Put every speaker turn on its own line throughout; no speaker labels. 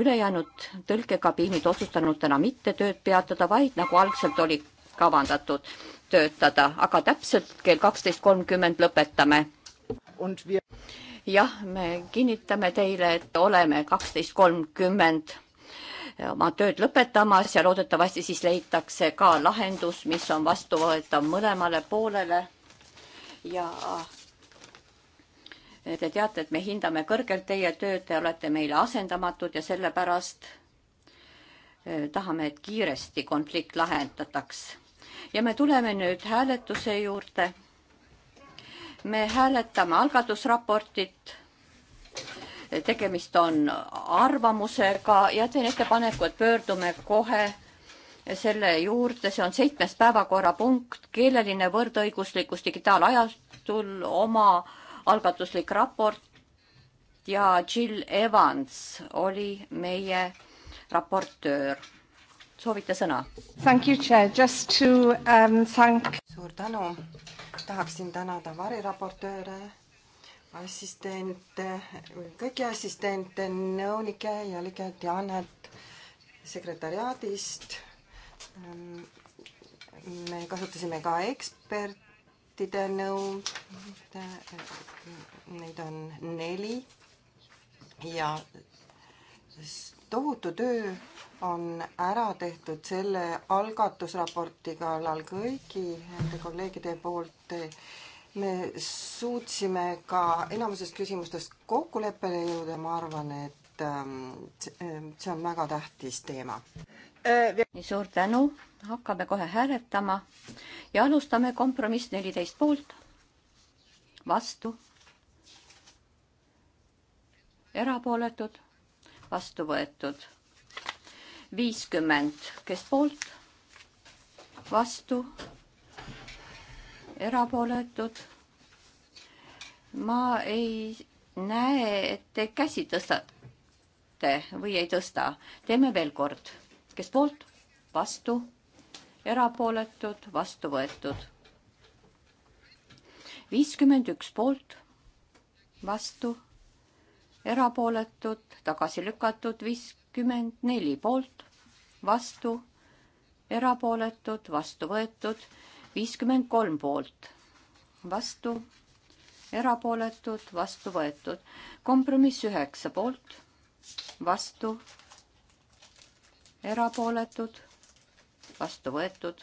ülejäänud tõlkekabiinid otsustanud täna mitte tööd peatada, vaid nagu algselt oli kavandatud töötada, aga täpselt kell kaksteist kolmkümmend lõpetame. jah, me kinnitame teile, et oleme kaksteist kolmkümmend oma tööd lõpetamas ja loodetavasti siis leitakse ka lahendus, mis on vastuvõetav mõlemale poolele ja Te teate, et me hindame kõrgelt teie tööd, te olete meile asendamatud ja sellepärast eh, tahame, et kiiresti konflikt lahendataks. ja me tuleme nüüd hääletuse juurde. me hääletame algatusraportit. tegemist on arvamusega ja teen ettepaneku, et pöördume kohe selle juurde, see on seitsmes päevakorrapunkt, keeleline võrdõiguslikkus digitaalajastul oma algatuslik raport ja Jill Evans oli meie
raportöör. soovite sõna?
Thank you, Chair, just
to um, thank. suur tänu. tahaksin tänada variraportööre, assistente, kõiki assistente, nõunikke, jälgijat Janet sekretäriaadist. me kasutasime ka eksperte juhtide nõud, neid on neli ja tohutu töö on ära tehtud selle algatusraporti kallal kõigi nende kolleegide poolt. me suutsime ka enamuses küsimustes kokkuleppele jõuda, ma arvan, et ähm, ähm, see on väga tähtis teema nii suur tänu, hakkame kohe hääletama
ja alustame kompromiss neliteist poolt, vastu, erapooletud, vastu võetud, viiskümmend, kes poolt, vastu, erapooletud. ma ei näe, et te käsi tõstate või ei tõsta, teeme veel kord kes poolt, vastu, erapooletud, vastu võetud. viiskümmend üks poolt, vastu, erapooletud, tagasi lükatud, viiskümmend neli poolt, vastu, erapooletud, vastu võetud, viiskümmend kolm poolt, vastu erapooletud, vastu võetud. kompromiss üheksa poolt, vastu, erapooletud, vastu võetud.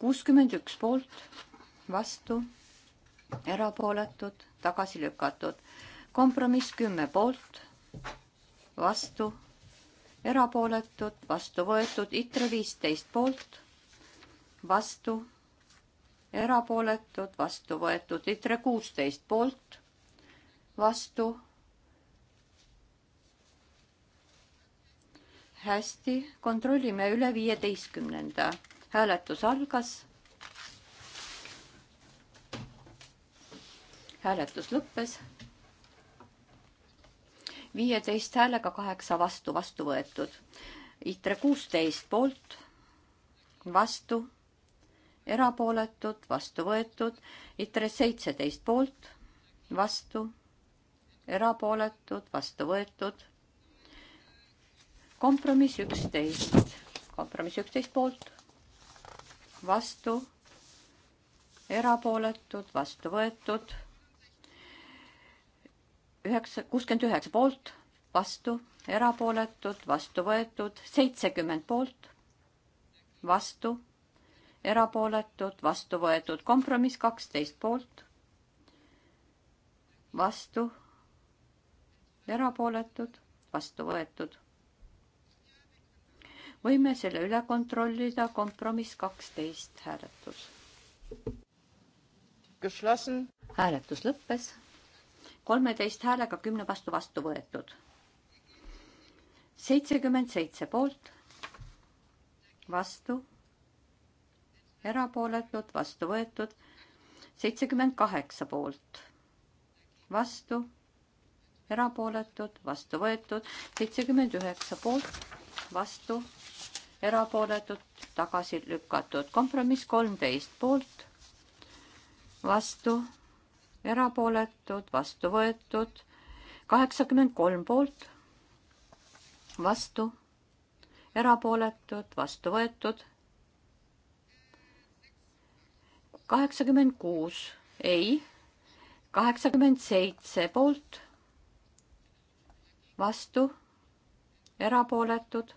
kuuskümmend üks poolt, vastu, erapooletud, tagasi lükatud. kompromiss kümme poolt, vastu, erapooletud, vastu võetud. ITRE viisteist poolt, vastu, erapooletud, vastu võetud. ITRE kuusteist poolt, vastu hästi, kontrollime üle viieteistkümnenda. hääletus algas. hääletus lõppes. viieteist häälega kaheksa vastu, vastu võetud. ITRE kuusteist poolt, vastu, erapooletud, vastu võetud. ITRE seitseteist poolt, vastu, erapooletud, vastu võetud kompromiss üksteist, kompromiss üksteist poolt, vastu, erapooletud, vastu võetud. üheksa, kuuskümmend üheksa poolt, vastu, erapooletud, vastu võetud, seitsekümmend poolt, vastu, erapooletud, vastu võetud, kompromiss kaksteist poolt, vastu, erapooletud, vastu võetud võime selle üle kontrollida, kompromiss kaksteist hääletus. hääletus lõppes, kolmeteist häälega kümne vastu vastu võetud. seitsekümmend seitse poolt, vastu, erapooletud, vastu võetud, seitsekümmend kaheksa poolt, vastu erapooletud, vastu võetud seitsekümmend üheksa poolt, vastu, erapooletud, tagasi lükatud. kompromiss kolmteist poolt, vastu, erapooletud, vastu võetud, kaheksakümmend kolm poolt, vastu, erapooletud, vastu võetud, kaheksakümmend kuus ei, kaheksakümmend seitse poolt, vastu erapooletud,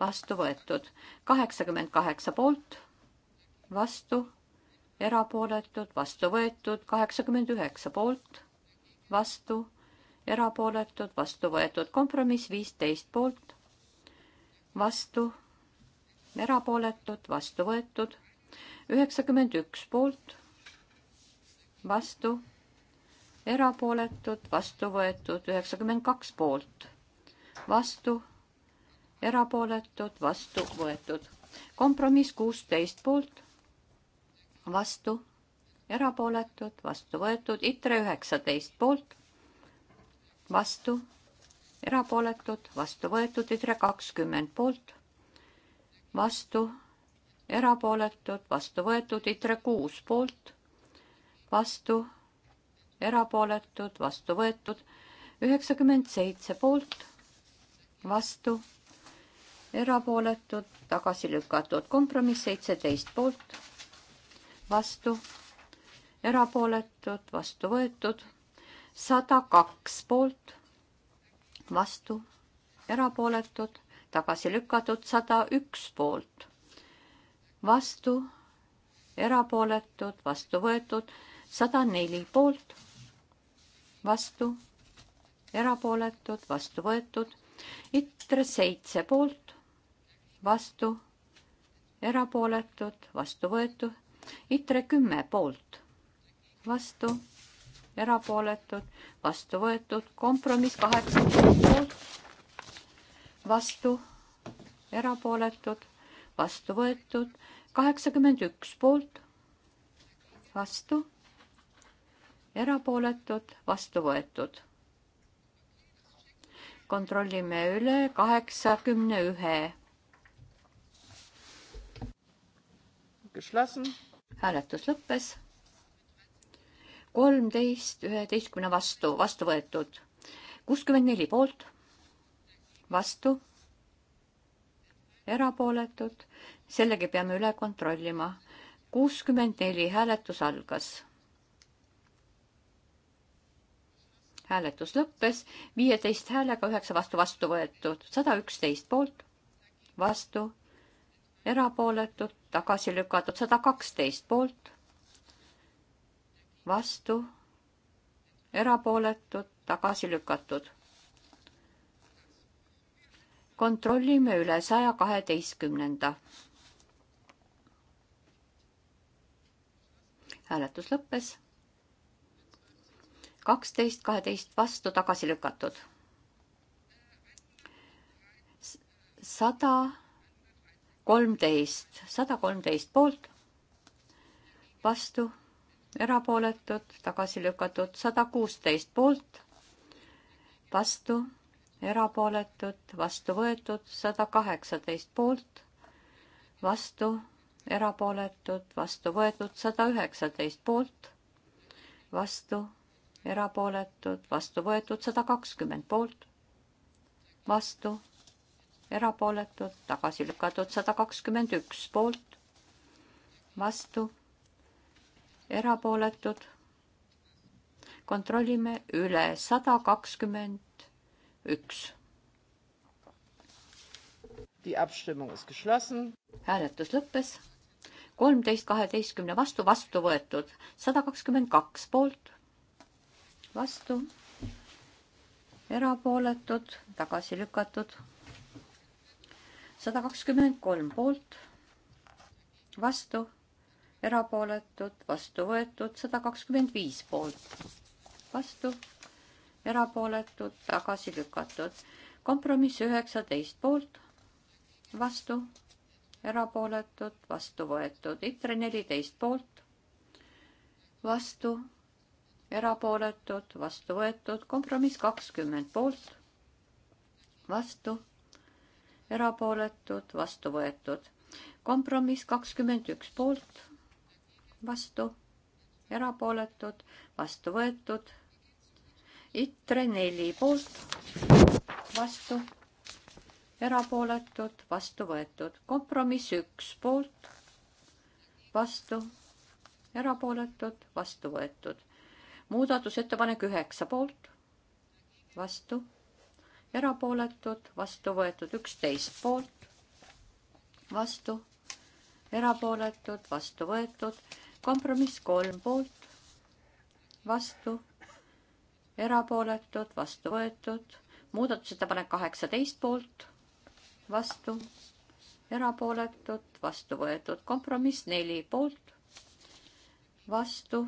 vastu võetud. kaheksakümmend kaheksa poolt, vastu, erapooletud, vastu võetud. kaheksakümmend üheksa poolt, vastu, erapooletud, vastu võetud. kompromiss viisteist poolt, vastu, erapooletud, vastu võetud. üheksakümmend üks poolt, vastu erapooletud, vastu võetud üheksakümmend kaks poolt, vastu, erapooletud, vastu võetud. kompromiss kuusteist poolt, vastu, erapooletud, vastu võetud, ITRE üheksateist poolt, vastu, erapooletud, vastu võetud, ITRE kakskümmend poolt, vastu, erapooletud, vastu võetud, ITRE kuus poolt, vastu, erapooletud, vastu võetud, üheksakümmend seitse poolt vastu, erapooletud, tagasi lükatud. kompromiss seitseteist poolt, vastu, erapooletud, vastu võetud. sada kaks poolt, vastu, erapooletud, tagasi lükatud. sada üks poolt, vastu, erapooletud, vastu võetud. sada neli poolt, vastu, erapooletud, vastu võetud ITRE seitse poolt, vastu, erapooletud, vastu võetud. ITRE kümme poolt, vastu, erapooletud, vastu võetud. kompromiss kaheksateist poolt, vastu, erapooletud, vastu võetud. kaheksakümmend üks poolt, vastu, erapooletud, vastu võetud kontrollime üle kaheksakümne ühe. hääletus lõppes. kolmteist üheteistkümne vastu, vastu võetud kuuskümmend neli poolt, vastu, erapooletud, sellegi peame üle kontrollima. kuuskümmend neli hääletus algas hääletus lõppes viieteist häälega üheksa vastu vastu võetud, sada üksteist poolt, vastu, erapooletud, tagasi lükatud, sada kaksteist poolt, vastu, erapooletud, tagasi lükatud. kontrollime üle saja kaheteistkümnenda. hääletus lõppes kaksteist, kaheteist vastu tagasi lükatud. sada kolmteist, sada kolmteist poolt, vastu, erapooletud, tagasi lükatud, sada kuusteist poolt, vastu, erapooletud, vastu võetud, sada kaheksateist poolt, vastu, erapooletud, vastu võetud, sada üheksateist poolt, vastu erapooletud, vastu võetud sada kakskümmend poolt, vastu, erapooletud, tagasi lükatud sada kakskümmend üks poolt, vastu, erapooletud. kontrollime üle sada kakskümmend üks. Die Abstimmung ist geschlossen. hääletus lõppes kolmteist kaheteistkümne vastu, vastu võetud sada kakskümmend kaks poolt vastu, erapooletud, tagasi lükatud. sada kakskümmend kolm poolt, vastu, erapooletud, vastu võetud, sada kakskümmend viis poolt, vastu, erapooletud, tagasi lükatud. kompromiss üheksateist poolt, vastu, erapooletud, vastu võetud, ITRE neliteist poolt, vastu erapooletud, vastu võetud, kompromiss kakskümmend poolt, vastu, erapooletud, vastu võetud, kompromiss kakskümmend üks poolt, vastu, erapooletud, vastu võetud, ITRE neli poolt, vastu, erapooletud, vastu võetud, kompromiss üks poolt, vastu, erapooletud, vastu võetud muudatusettepanek üheksa poolt, vastu, erapooletud, vastu võetud üksteist poolt, vastu, erapooletud, vastu võetud, kompromiss kolm poolt, vastu, erapooletud, vastu võetud, muudatusettepanek kaheksateist poolt, vastu, erapooletud, vastu võetud, kompromiss neli poolt, vastu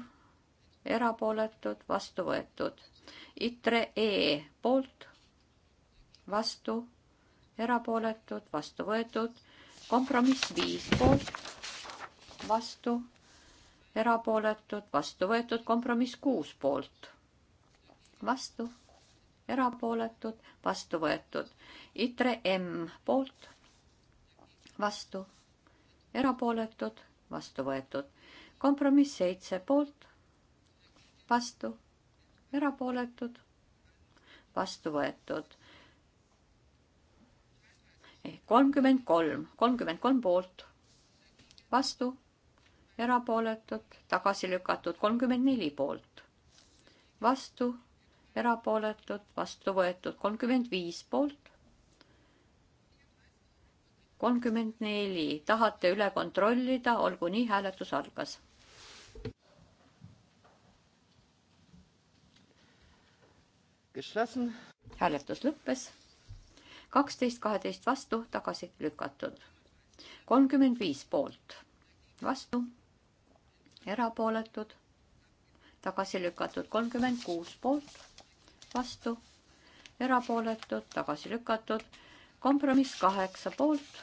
erapooletud, vastu võetud. ITRE E poolt, vastu, erapooletud, vastu võetud. kompromiss viis poolt, vastu, erapooletud, vastu võetud. kompromiss kuus poolt, vastu, erapooletud, vastu võetud. ITRE M poolt, vastu, erapooletud, vastu võetud. kompromiss seitse poolt vastu, erapooletud, vastu võetud. ehk kolmkümmend kolm, kolmkümmend kolm poolt, vastu, erapooletud, tagasi lükatud, kolmkümmend neli poolt, vastu, erapooletud, vastu võetud, kolmkümmend viis poolt, kolmkümmend neli, tahate üle kontrollida, olgu nii, hääletus algas hääletus lõppes. kaksteist, kaheteist vastu, tagasi lükatud. kolmkümmend viis poolt, vastu, erapooletud, tagasi lükatud, kolmkümmend kuus poolt, vastu, erapooletud, tagasi lükatud, kompromiss kaheksa poolt,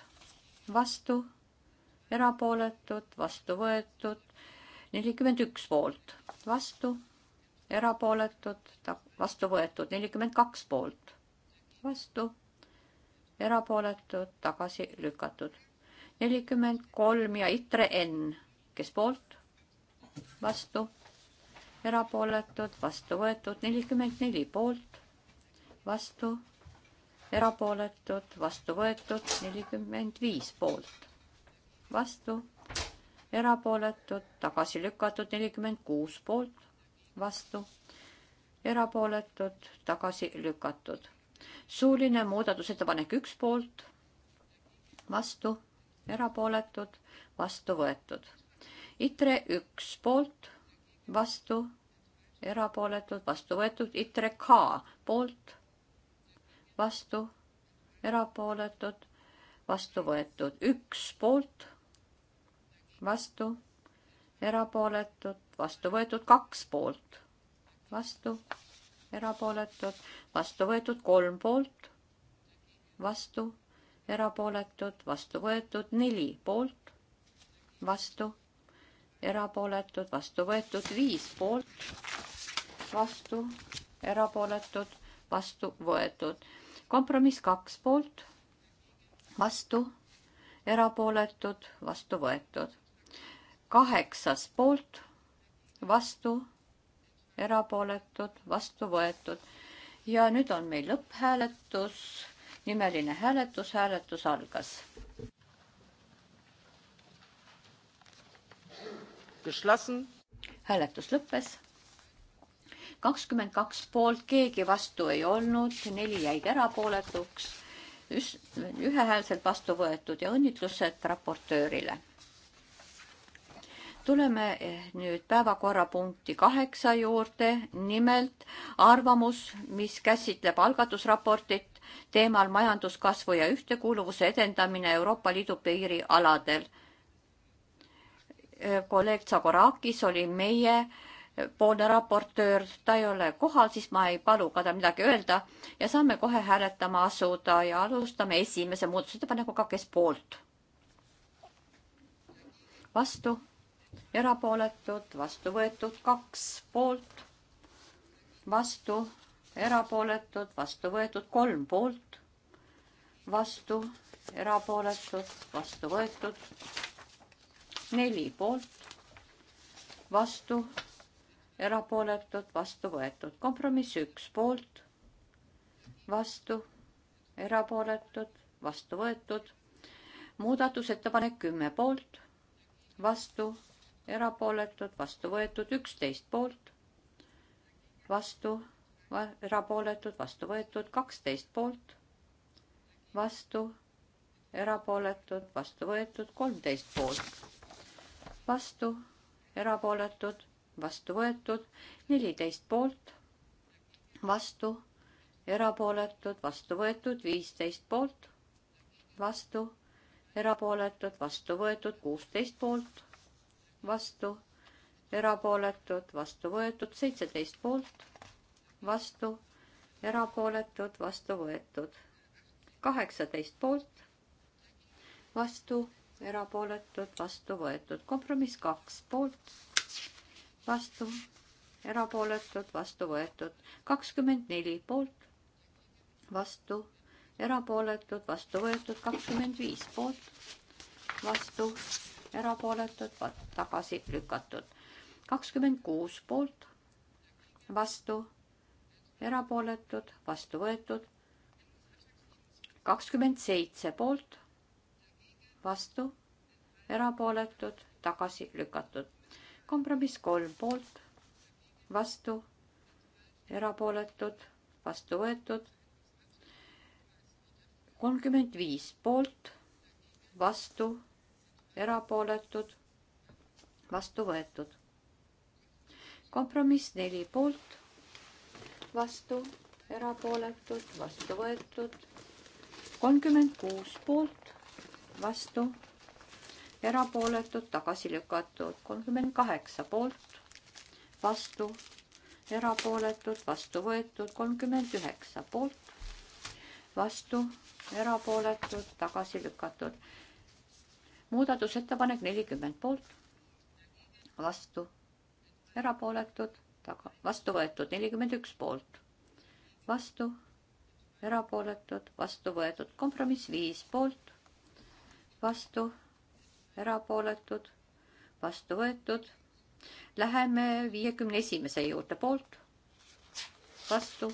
vastu, erapooletud, vastu võetud, nelikümmend üks poolt, vastu erapooletud, vastu võetud nelikümmend kaks poolt, vastu, erapooletud, tagasi lükatud. nelikümmend kolm ja Itre N, kes poolt, vastu, erapooletud, vastu võetud, nelikümmend neli poolt, vastu, erapooletud, vastu võetud, nelikümmend viis poolt, vastu, erapooletud, tagasi lükatud, nelikümmend kuus poolt vastu, erapooletud, tagasi lükatud. suuline muudatusettepanek üks poolt, vastu, erapooletud, vastu võetud. ITRE üks poolt, vastu, erapooletud, vastu võetud, ITRE K poolt, vastu, erapooletud, vastu võetud, üks poolt, vastu, erapooletud, vastu võetud kaks poolt, vastu, erapooletud, vastu võetud kolm poolt, vastu, erapooletud, vastu võetud neli poolt, vastu, erapooletud, vastu võetud viis poolt, vastu, erapooletud, vastu võetud. kompromiss kaks poolt, vastu, erapooletud, vastu võetud. kaheksas poolt, vastu, erapooletud, vastu võetud. ja nüüd on meil lõpphääletus, nimeline hääletus, hääletus algas. hääletus lõppes. kakskümmend kaks poolt, keegi vastu ei olnud, neli jäid erapooletuks ühehäälselt vastu võetud ja õnnitlused raportöörile tuleme eh, nüüd päevakorrapunkti kaheksa juurde, nimelt arvamus, mis käsitleb algatusraportit teemal majanduskasvu ja ühtekuuluvuse edendamine Euroopa Liidu piirialadel. Eh, kolleeg Zagorakis oli meie eh, poolne raportöör, ta ei ole kohal, siis ma ei palu ka tal midagi öelda ja saame kohe hääletama asuda ja alustame esimese muudatusettepanekuga, kes poolt? vastu erapooletud, vastu võetud kaks poolt, vastu, erapooletud, vastu võetud kolm poolt, vastu, erapooletud, vastu võetud neli poolt, vastu, erapooletud, vastu võetud, kompromiss üks poolt, vastu, erapooletud, vastu võetud, muudatusettepanek kümme poolt, vastu erapooletud, vastu võetud, üksteist poolt, vastu, erapooletud, vastu võetud, kaksteist poolt, vastu, erapooletud, vastu võetud, kolmteist poolt, vastu, erapooletud, vastu võetud, neliteist poolt, vastu, erapooletud, vastu võetud, viisteist poolt, vastu, erapooletud, vastu võetud, kuusteist poolt vastu, erapooletud, vastu võetud, seitseteist poolt, vastu, erapooletud, vastu võetud, kaheksateist poolt, vastu, erapooletud, vastu võetud, kompromiss kaks poolt, vastu, erapooletud, vastu võetud, kakskümmend neli poolt, vastu, erapooletud, vastu võetud, kakskümmend viis poolt, vastu, erapooletud, tagasi lükatud. kakskümmend kuus poolt, vastu, erapooletud, vastu võetud. kakskümmend seitse poolt, vastu, erapooletud, tagasi lükatud. kompromiss kolm poolt, vastu, erapooletud, vastu võetud kolmkümmend viis poolt, vastu, erapooletud, vastu võetud. kompromiss neli poolt, vastu, erapooletud, vastu võetud. kolmkümmend kuus poolt, vastu, erapooletud, tagasi lükatud. kolmkümmend kaheksa poolt, vastu, erapooletud, vastu võetud. kolmkümmend üheksa poolt, vastu, erapooletud, tagasi lükatud muudatusettepanek nelikümmend poolt, vastu, erapooletud, taga, vastu võetud nelikümmend üks poolt, vastu, erapooletud, vastu võetud, kompromiss viis poolt, vastu, erapooletud, vastu võetud. Läheme viiekümne esimese juurde poolt, vastu,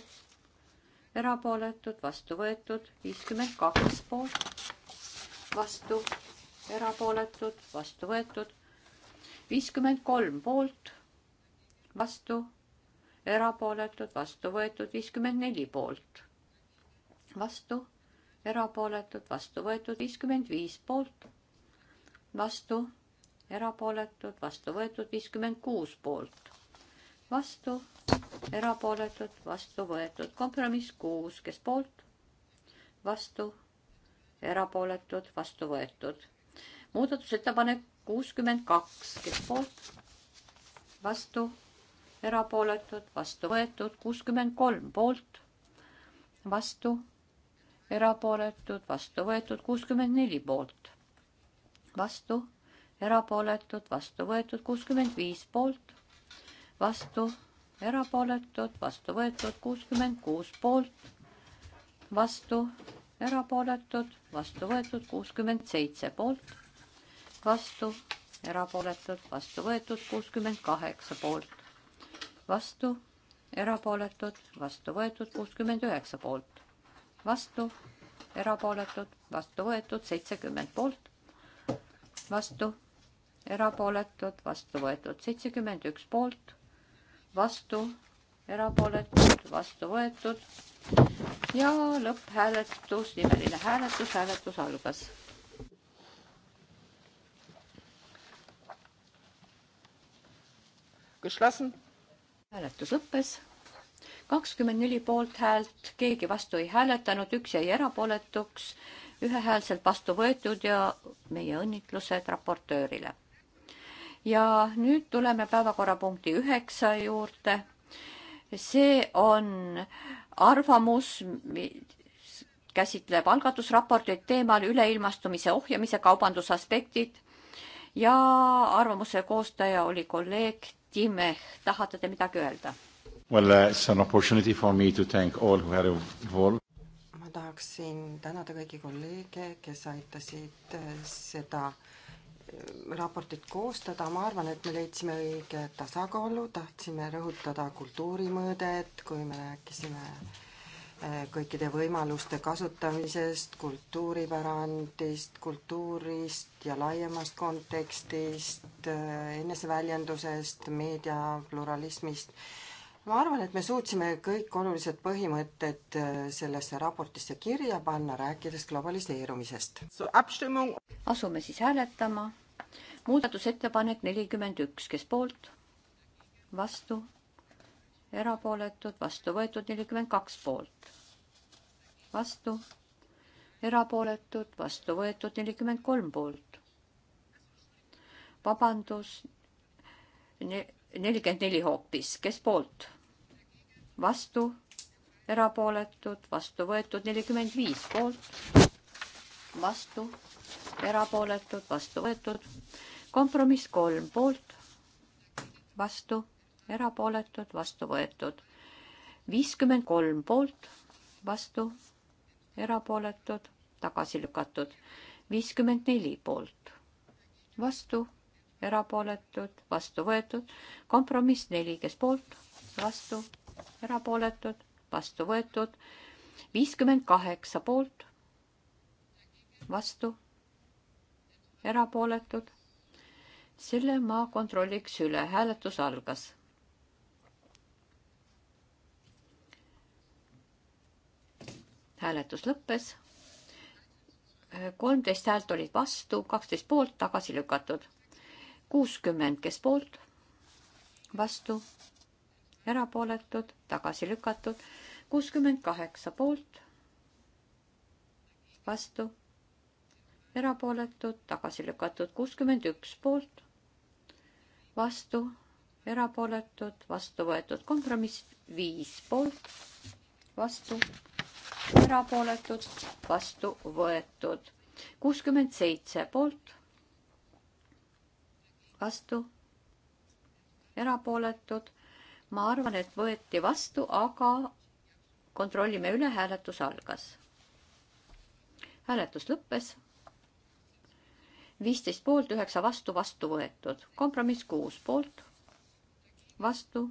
erapooletud, vastu võetud, viiskümmend kaks poolt, vastu erapooletud, vastu võetud. viiskümmend kolm poolt, vastu, erapooletud, vastu võetud, viiskümmend neli poolt, vastu, erapooletud, vastu võetud, viiskümmend viis poolt, vastu, erapooletud, vastu võetud, viiskümmend kuus poolt, vastu, erapooletud, vastu võetud, kompromiss kuus, kes poolt, vastu, erapooletud, vastu võetud muudatusettepanek kuuskümmend kaks, kes poolt, vastu, erapooletud, vastu võetud, kuuskümmend kolm poolt, vastu, erapooletud, vastu võetud, kuuskümmend neli poolt, vastu, erapooletud, vastu võetud, kuuskümmend viis poolt, vastu, erapooletud, vastu võetud, kuuskümmend kuus poolt, vastu, erapooletud, vastu võetud, kuuskümmend seitse poolt vastu, erapooletud, vastu võetud, kuuskümmend kaheksa poolt, vastu, erapooletud, vastu võetud, kuuskümmend üheksa poolt, vastu, erapooletud, vastu võetud, seitsekümmend poolt, vastu, erapooletud, vastu võetud, seitsekümmend üks poolt, vastu, erapooletud, vastu võetud ja lõpphääletus, nimeline hääletus, hääletus algas geschlossen. hääletus lõppes. kakskümmend neli poolthäält, keegi vastu ei hääletanud, üks jäi erapooletuks, ühehäälselt vastu võetud ja meie õnnitlused raportöörile. ja nüüd tuleme päevakorrapunkti üheksa juurde. see on arvamus, käsitleb algatusraportit teemal üleilmastumise ohjamise kaubandusaspektid ja arvamuse koostaja oli kolleeg Timeh, tahate te midagi öelda?
Well, uh, it's an opportunity for me to thank all who are involved. ma tahaksin tänada kõiki kolleege, kes aitasid äh, seda äh, raportit koostada, ma arvan, et me leidsime õige tasakaalu, tahtsime rõhutada kultuurimõõdet, kui me rääkisime kõikide võimaluste kasutamisest, kultuuripärandist, kultuurist ja laiemast kontekstist, eneseväljendusest, meediapluralismist. ma arvan, et me suutsime kõik olulised põhimõtted äh, sellesse raportisse kirja panna, rääkides globaliseerumisest. asume siis hääletama.
muudatusettepanek nelikümmend üks, kes poolt? vastu erapooletud, vastu võetud nelikümmend kaks poolt, vastu, erapooletud, vastu võetud nelikümmend kolm poolt. vabandus, nelikümmend neli hoopis, kes poolt? vastu, erapooletud, vastu võetud nelikümmend viis poolt, vastu, erapooletud, vastu võetud, kompromiss kolm poolt, vastu erapooletud, vastu võetud. viiskümmend kolm poolt, vastu, erapooletud, tagasi lükatud. viiskümmend neli poolt, vastu, erapooletud, vastu võetud. kompromiss neli, kes poolt, vastu, erapooletud, vastu võetud. viiskümmend kaheksa poolt, vastu, erapooletud, selle ma kontrolliks üle, hääletus algas. hääletus lõppes. kolmteist häält olid vastu, kaksteist poolt, tagasi lükatud. kuuskümmend, kes poolt, vastu, erapooletud, tagasi lükatud. kuuskümmend kaheksa poolt, vastu, erapooletud, tagasi lükatud. kuuskümmend üks poolt, vastu, erapooletud, vastu võetud. kompromiss viis poolt, vastu erapooletud, vastu võetud. kuuskümmend seitse poolt, vastu, erapooletud. ma arvan, et võeti vastu, aga kontrollime üle, hääletus algas. hääletus lõppes. viisteist poolt, üheksa vastu, vastu võetud. kompromiss kuus poolt, vastu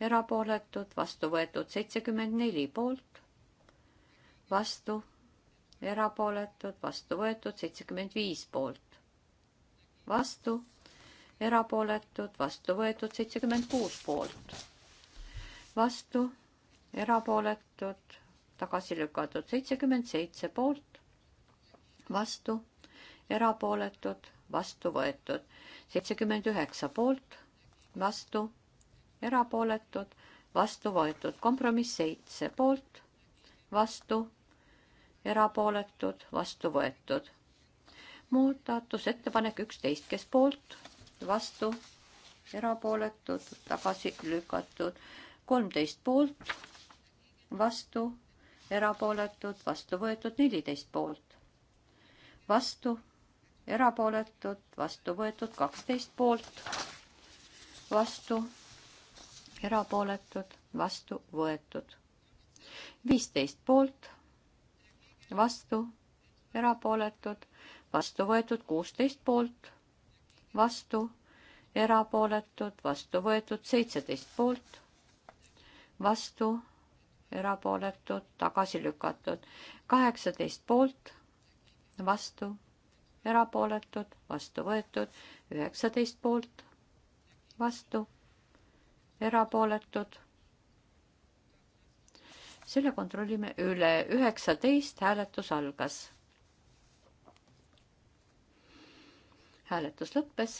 erapooletud, vastu võetud seitsekümmend neli poolt, vastu, erapooletud, vastu võetud, seitsekümmend viis poolt, vastu, erapooletud, vastu võetud, seitsekümmend kuus poolt, vastu, erapooletud, tagasi lükatud, seitsekümmend seitse poolt, vastu, erapooletud, vastu võetud, seitsekümmend üheksa poolt, vastu, erapooletud, vastu võetud, kompromiss seitse poolt, vastu erapooletud, vastu võetud. muudatusettepanek üksteist, kes poolt, vastu, erapooletud, tagasi lükatud, kolmteist poolt, vastu, erapooletud, vastu võetud, neliteist poolt, vastu, erapooletud, vastu võetud, kaksteist poolt, vastu, erapooletud, vastu võetud, viisteist poolt vastu, erapooletud, vastu võetud kuusteist poolt, vastu, erapooletud, vastu võetud seitseteist poolt, vastu, erapooletud, tagasi lükatud, kaheksateist poolt, vastu, erapooletud, vastu võetud, üheksateist poolt, vastu, erapooletud selle kontrollime üle. üheksateist hääletus algas. hääletus lõppes.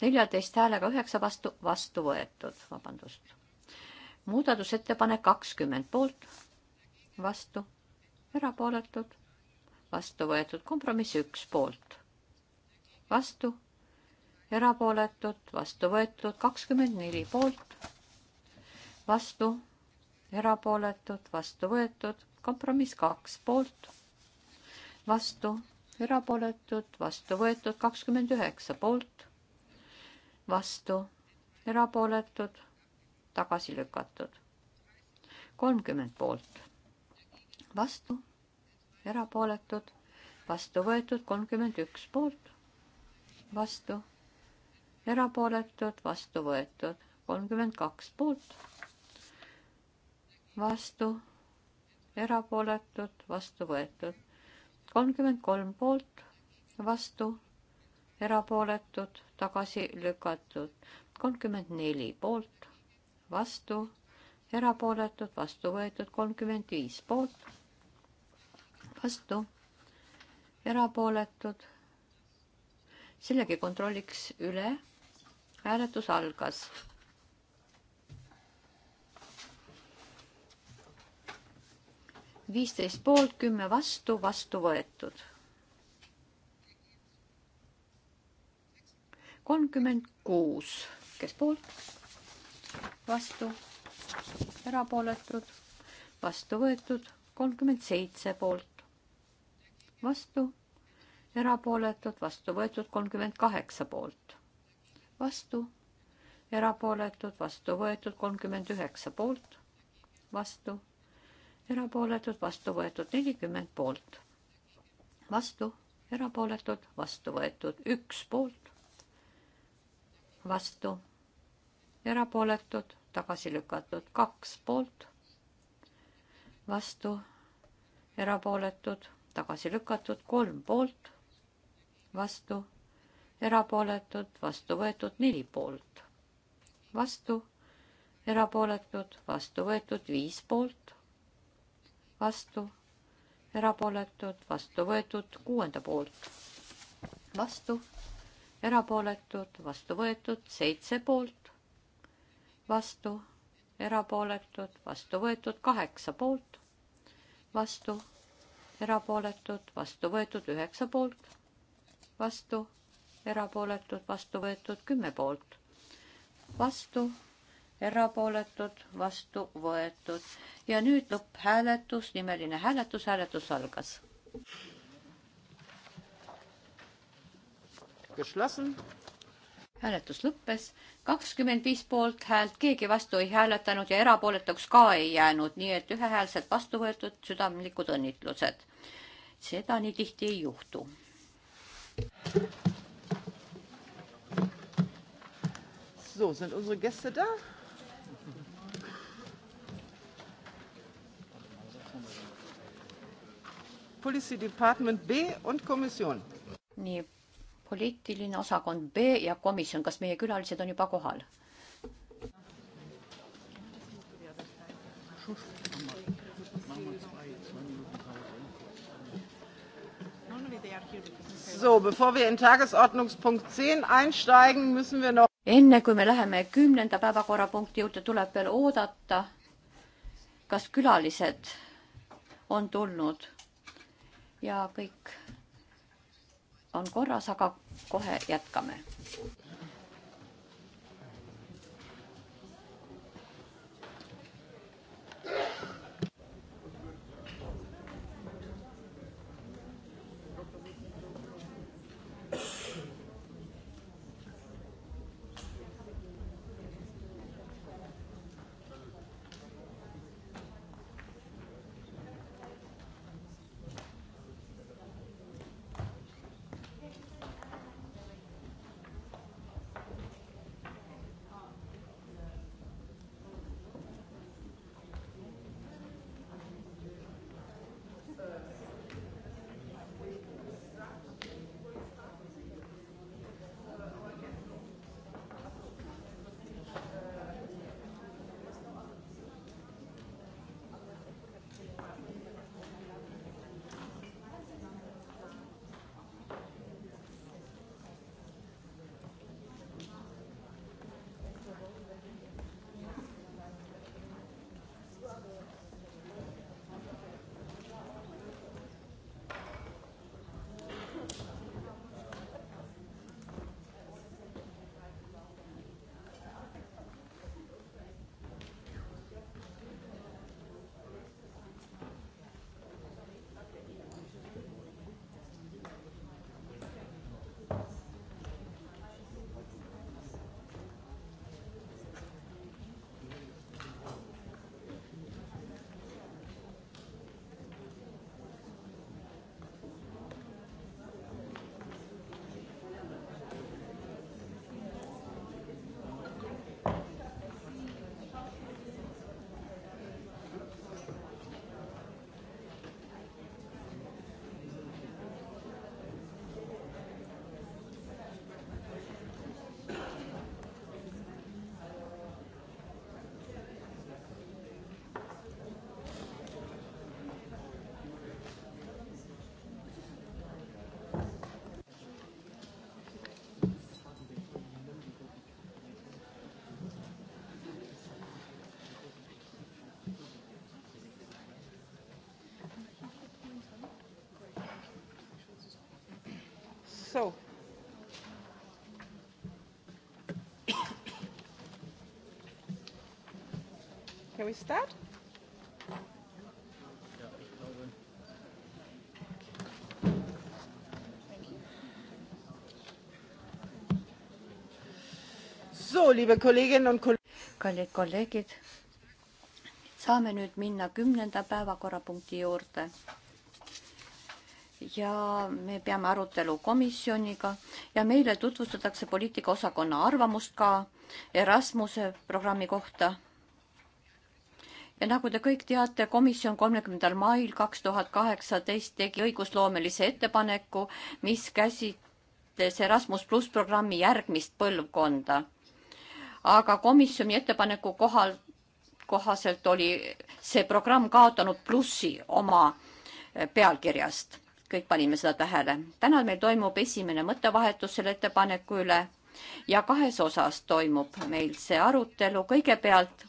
neljateist häälega üheksa vastu, vastu võetud, vabandust. muudatusettepanek kakskümmend poolt, vastu, erapooletud, vastu võetud, kompromiss üks poolt, vastu, erapooletud, vastu võetud, kakskümmend neli poolt, vastu erapooletud, vastu võetud, kompromiss kaks poolt, vastu, erapooletud, vastu võetud, kakskümmend üheksa poolt, vastu, erapooletud, tagasi lükatud, kolmkümmend poolt, vastu, erapooletud, vastu võetud, kolmkümmend üks poolt, vastu, erapooletud, vastu võetud, kolmkümmend kaks poolt vastu, erapooletud, vastu võetud. kolmkümmend kolm poolt, vastu, erapooletud, tagasi lükatud. kolmkümmend neli poolt, vastu, erapooletud, vastu võetud. kolmkümmend viis poolt, vastu, erapooletud. sellegi kontrolliks üle. hääletus algas viisteist poolt, kümme vastu, vastu võetud. kolmkümmend kuus, kes poolt, vastu, erapooletud, vastu võetud, kolmkümmend seitse poolt, vastu, erapooletud, vastu võetud, kolmkümmend kaheksa poolt, vastu, erapooletud, vastu võetud, kolmkümmend üheksa poolt, vastu erapooletud, vastu võetud nelikümmend poolt, vastu, erapooletud, vastu võetud üks poolt, vastu, erapooletud, tagasi lükatud kaks poolt, vastu, erapooletud, tagasi lükatud kolm poolt, vastu, erapooletud, vastu võetud neli poolt, vastu, erapooletud, vastu võetud viis poolt vastu, erapooletud, vastu võetud, kuuenda poolt, vastu, erapooletud, vastu võetud, seitse poolt, vastu, erapooletud, vastu võetud, kaheksa poolt, vastu, erapooletud, vastu võetud, üheksa poolt, vastu, erapooletud, vastu võetud, kümme poolt, vastu erapooletud, vastu võetud. ja nüüd lõpphääletus, nimeline hääletus, hääletus algas. hääletus lõppes, kakskümmend viis poolthäält, keegi vastu ei hääletanud ja erapooletuks ka ei jäänud, nii et ühehäälselt vastu võetud südamlikud õnnitlused. seda nii tihti ei juhtu.
So, sind unsere Gäste da? Policy Department B und Kommission.
nii, poliitiline osakond B ja komisjon, kas meie külalised on juba kohal?
So, bevor wir in Tagesordnungspunkt
10 einsteigen, müssen wir noch enne kui me läheme kümnenda päevakorrapunkti juurde, tuleb veel oodata, kas külalised on tulnud ja kõik on korras, aga kohe jätkame. Can we start?
So, liebe Kolleginnen und Kollegen. Kallid kolleegid,
saame nüüd minna kümnenda päevakorrapunkti juurde. ja me peame arutelu komisjoniga ja meile tutvustatakse poliitikaosakonna arvamust ka Erasmuse programmi kohta ja nagu te kõik teate, komisjon kolmekümnendal mail kaks tuhat kaheksateist tegi õigusloomelise ettepaneku, mis käsitles Erasmus pluss programmi järgmist põlvkonda. aga komisjoni ettepaneku kohal, kohaselt oli see programm kaotanud plussi oma eh, pealkirjast. kõik panime seda tähele. täna meil toimub esimene mõttevahetus selle ettepaneku üle ja kahes osas toimub meil see arutelu. kõigepealt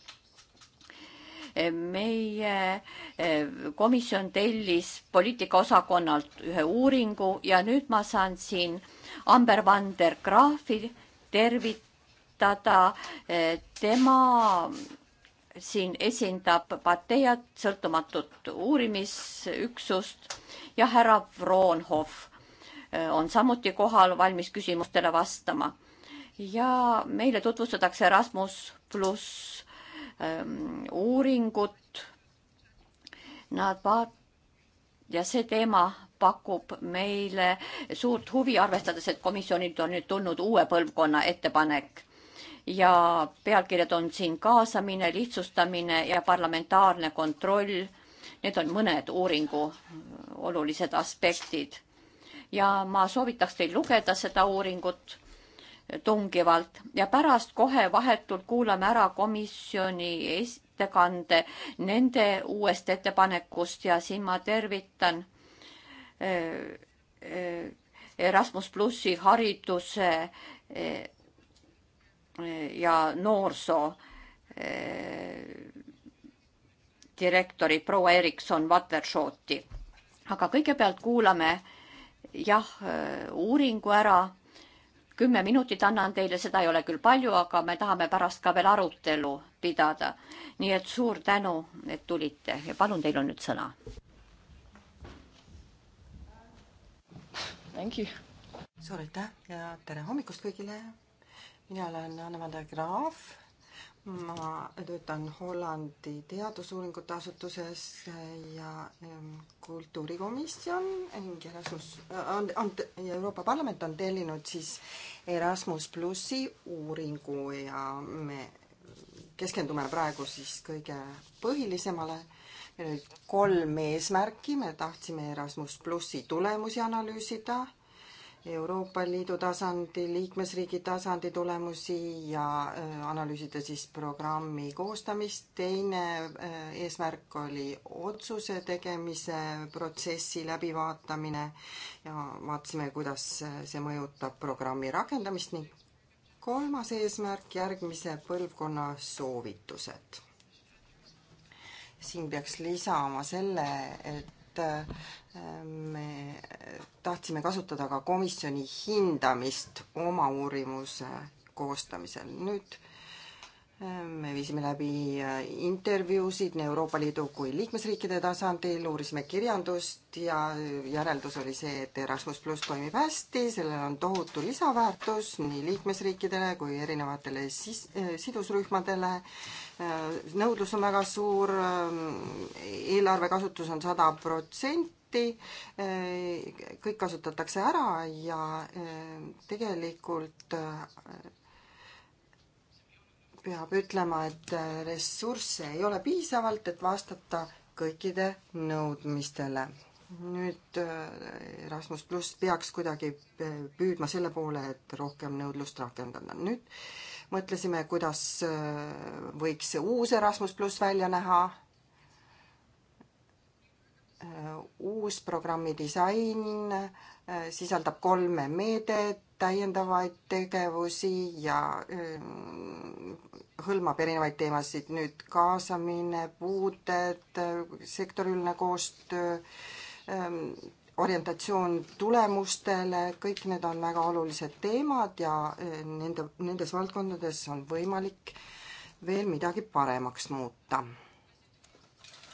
meie eh, komisjon tellis poliitikaosakonnalt ühe uuringu ja nüüd ma saan siin Amber van der Graafi tervitada. Eh, tema siin esindab Pateat, sõltumatut uurimisüksust ja härra Vroonhoff eh, on samuti kohal valmis küsimustele vastama. ja meile tutvustatakse Rasmus pluss Ähm, uuringut. Nad vaat- ja see teema pakub meile suurt huvi, arvestades, et komisjonilt on nüüd tulnud uue põlvkonna ettepanek ja pealkirjad on siin kaasamine, lihtsustamine ja parlamentaarne kontroll. Need on mõned uuringu äh, olulised aspektid ja ma soovitaks teil lugeda seda uuringut tungivalt ja pärast kohe vahetult kuulame ära komisjoni ettekande nende uuest ettepanekust ja siin ma tervitan äh, äh, Erasmus plussi hariduse äh, ja noorsoo direktori proua Erikson Watershooti. aga kõigepealt kuulame jah, uuringu ära kümme minutit annan teile, seda ei ole küll palju, aga me tahame pärast ka veel arutelu pidada. nii et suur tänu, et tulite ja palun, teil on nüüd sõna.
suur aitäh ja tere hommikust kõigile. mina olen Anne-Manda Graaf ma töötan Hollandi teadusuuringute asutuses ja ähm, kultuurikomisjon ning Erasmus, äh, on, Euroopa Parlament on tellinud siis Erasmus plussi uuringu ja me keskendume praegu siis kõige põhilisemale. meil olid kolm eesmärki, me tahtsime Erasmus plussi tulemusi analüüsida Euroopa Liidu tasandi, liikmesriigi tasandi tulemusi ja äh, analüüsida siis programmi koostamist. teine äh, eesmärk oli otsuse tegemise protsessi läbivaatamine ja vaatasime, kuidas äh, see mõjutab programmi rakendamist ning kolmas eesmärk, järgmise põlvkonna soovitused siin peaks lisama selle, et Ähm, me tahtsime kasutada ka komisjoni hindamist oma uurimuse koostamisel. nüüd ähm, me viisime läbi äh, intervjuusid nii Euroopa Liidu kui liikmesriikide tasandil, uurisime kirjandust ja järeldus oli see, et Erasmus pluss toimib hästi, sellel on tohutu lisaväärtus nii liikmesriikidele kui erinevatele sis-, äh, sidusrühmadele Äh, nõudlus on väga suur, äh, eelarve kasutus on sada protsenti, äh, kõik kasutatakse ära ja tegelikult peab ütlema, et ressursse ei ole piisavalt, et vastata kõikide nõudmistele. nüüd Erasmus pluss peaks kuidagi püüdma selle poole, et rohkem nõudlust rakendada. nüüd äh, mõtlesime, kuidas äh, võiks see uus Erasmus pluss välja näha. Äh, uus programmi disain äh, sisaldab kolme meedet, täiendavaid tegevusi ja hõlmab erinevaid teemasid, nüüd kaasamine, puuded, sektoriline koostöö, ähm, orientatsioon tulemustele, kõik need on väga olulised teemad ja eh, nende, nendes valdkondades on võimalik veel midagi paremaks muuta.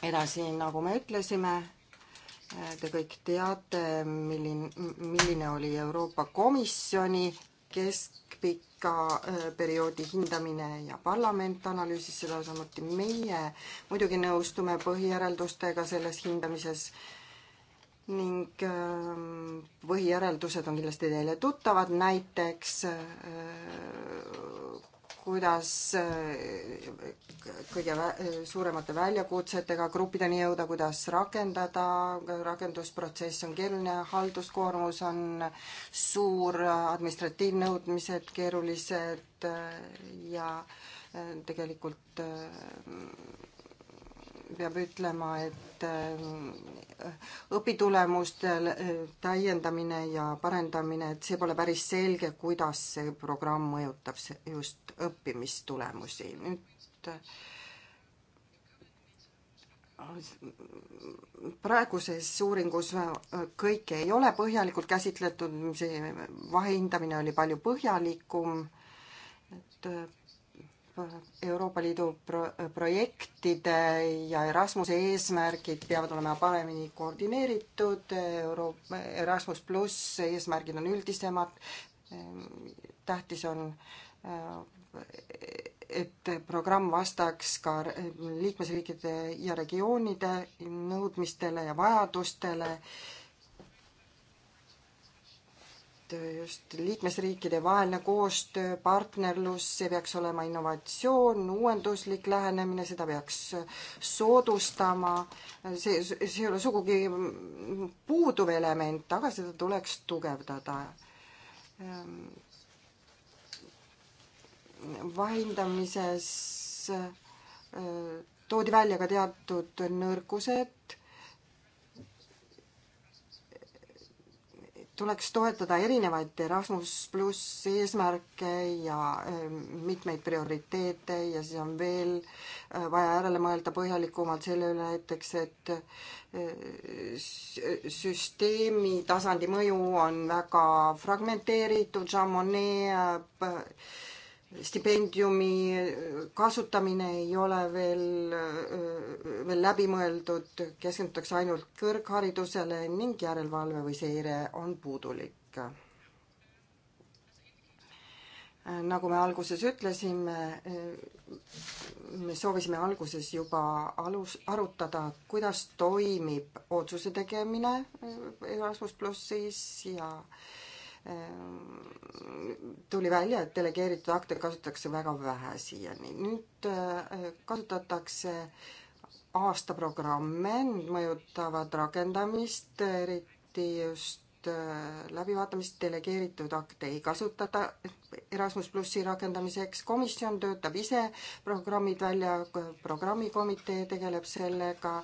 edasi, nagu me ütlesime, eh, te kõik teate, milline, milline oli Euroopa Komisjoni keskpika eh, perioodi hindamine ja parlament analüüsis seda samuti meie. muidugi nõustume põhijäreldustega selles hindamises äh, ning ähm, põhijäreldused on kindlasti teile tuttavad, näiteks äh, kuidas äh, kõige suuremate väljakutsetega gruppideni jõuda, kuidas rakendada, rakendusprotsess on keeruline, halduskoormus on suur, administratiivnõudmised keerulised äh, ja tegelikult peab ütlema, et äh, õpitulemuste täiendamine ja parendamine, et see pole päris selge, kuidas see programm mõjutab just õppimistulemusi. nüüd äh, praeguses uuringus kõike ei ole põhjalikult käsitletud, see vahehindamine oli palju põhjalikum, et Euroopa Liidu pro-, projektide ja Erasmuse eesmärgid peavad olema paremini koordineeritud, Euro-, Erasmus pluss eesmärgid on üldisemad, tähtis on, et programm vastaks ka liikmesriikide ja regioonide nõudmistele ja vajadustele koostöö, just liikmesriikide vaheline koostöö, partnerlus, see peaks olema innovatsioon, uuenduslik lähenemine, seda peaks soodustama. see, see ei ole sugugi puuduv element, aga seda tuleks tugevdada. vahindamises äh, toodi välja ka teatud nõrgused, tuleks toetada erinevaid Erasmus pluss eesmärke ja ähm, mitmeid prioriteete ja siis on veel äh, vaja järele mõelda põhjalikumalt selle üle näiteks, et äh, süsteemi tasandi mõju on väga fragmenteeritud, Jean Monnet stipendiumi kasutamine ei ole veel, veel läbi mõeldud, keskendutakse ainult kõrgharidusele ning järelevalve või seire on puudulik. nagu me alguses ütlesime, me soovisime alguses juba alus, arutada, kuidas toimib otsuse tegemine Erasmus plussis ja äh, tuli välja, et delegeeritud akte kasutatakse väga vähe siiani. nüüd äh, kasutatakse aastaprogramme, need mõjutavad rakendamist, eriti just äh, läbivaatamist delegeeritud akte ei kasutata Erasmus plussi rakendamiseks. komisjon töötab ise programmid välja, programmikomitee tegeleb sellega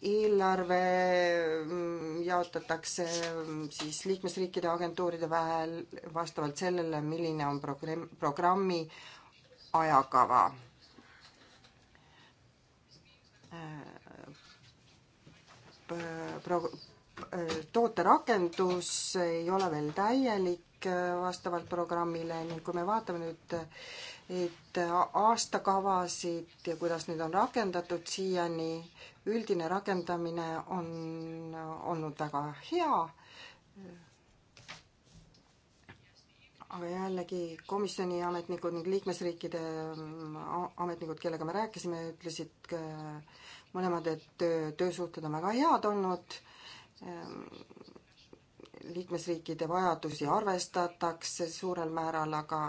eelarve mm, jaotatakse mm, siis liikmesriikide agentuuride vahel vastavalt sellele, milline on programm, programmi ajakava. Pro-, tooterakendus ei ole veel täielik vastavalt programmile ning kui me vaatame nüüd et aastakavasid ja kuidas neid on rakendatud siiani, üldine rakendamine on olnud väga hea. aga jällegi komisjoni ametnikud ning liikmesriikide mm, ametnikud, kellega me rääkisime, ütlesid mõlemad, et töö, töösuhted on väga head olnud ehm, liikmesriikide vajadusi arvestatakse suurel määral, aga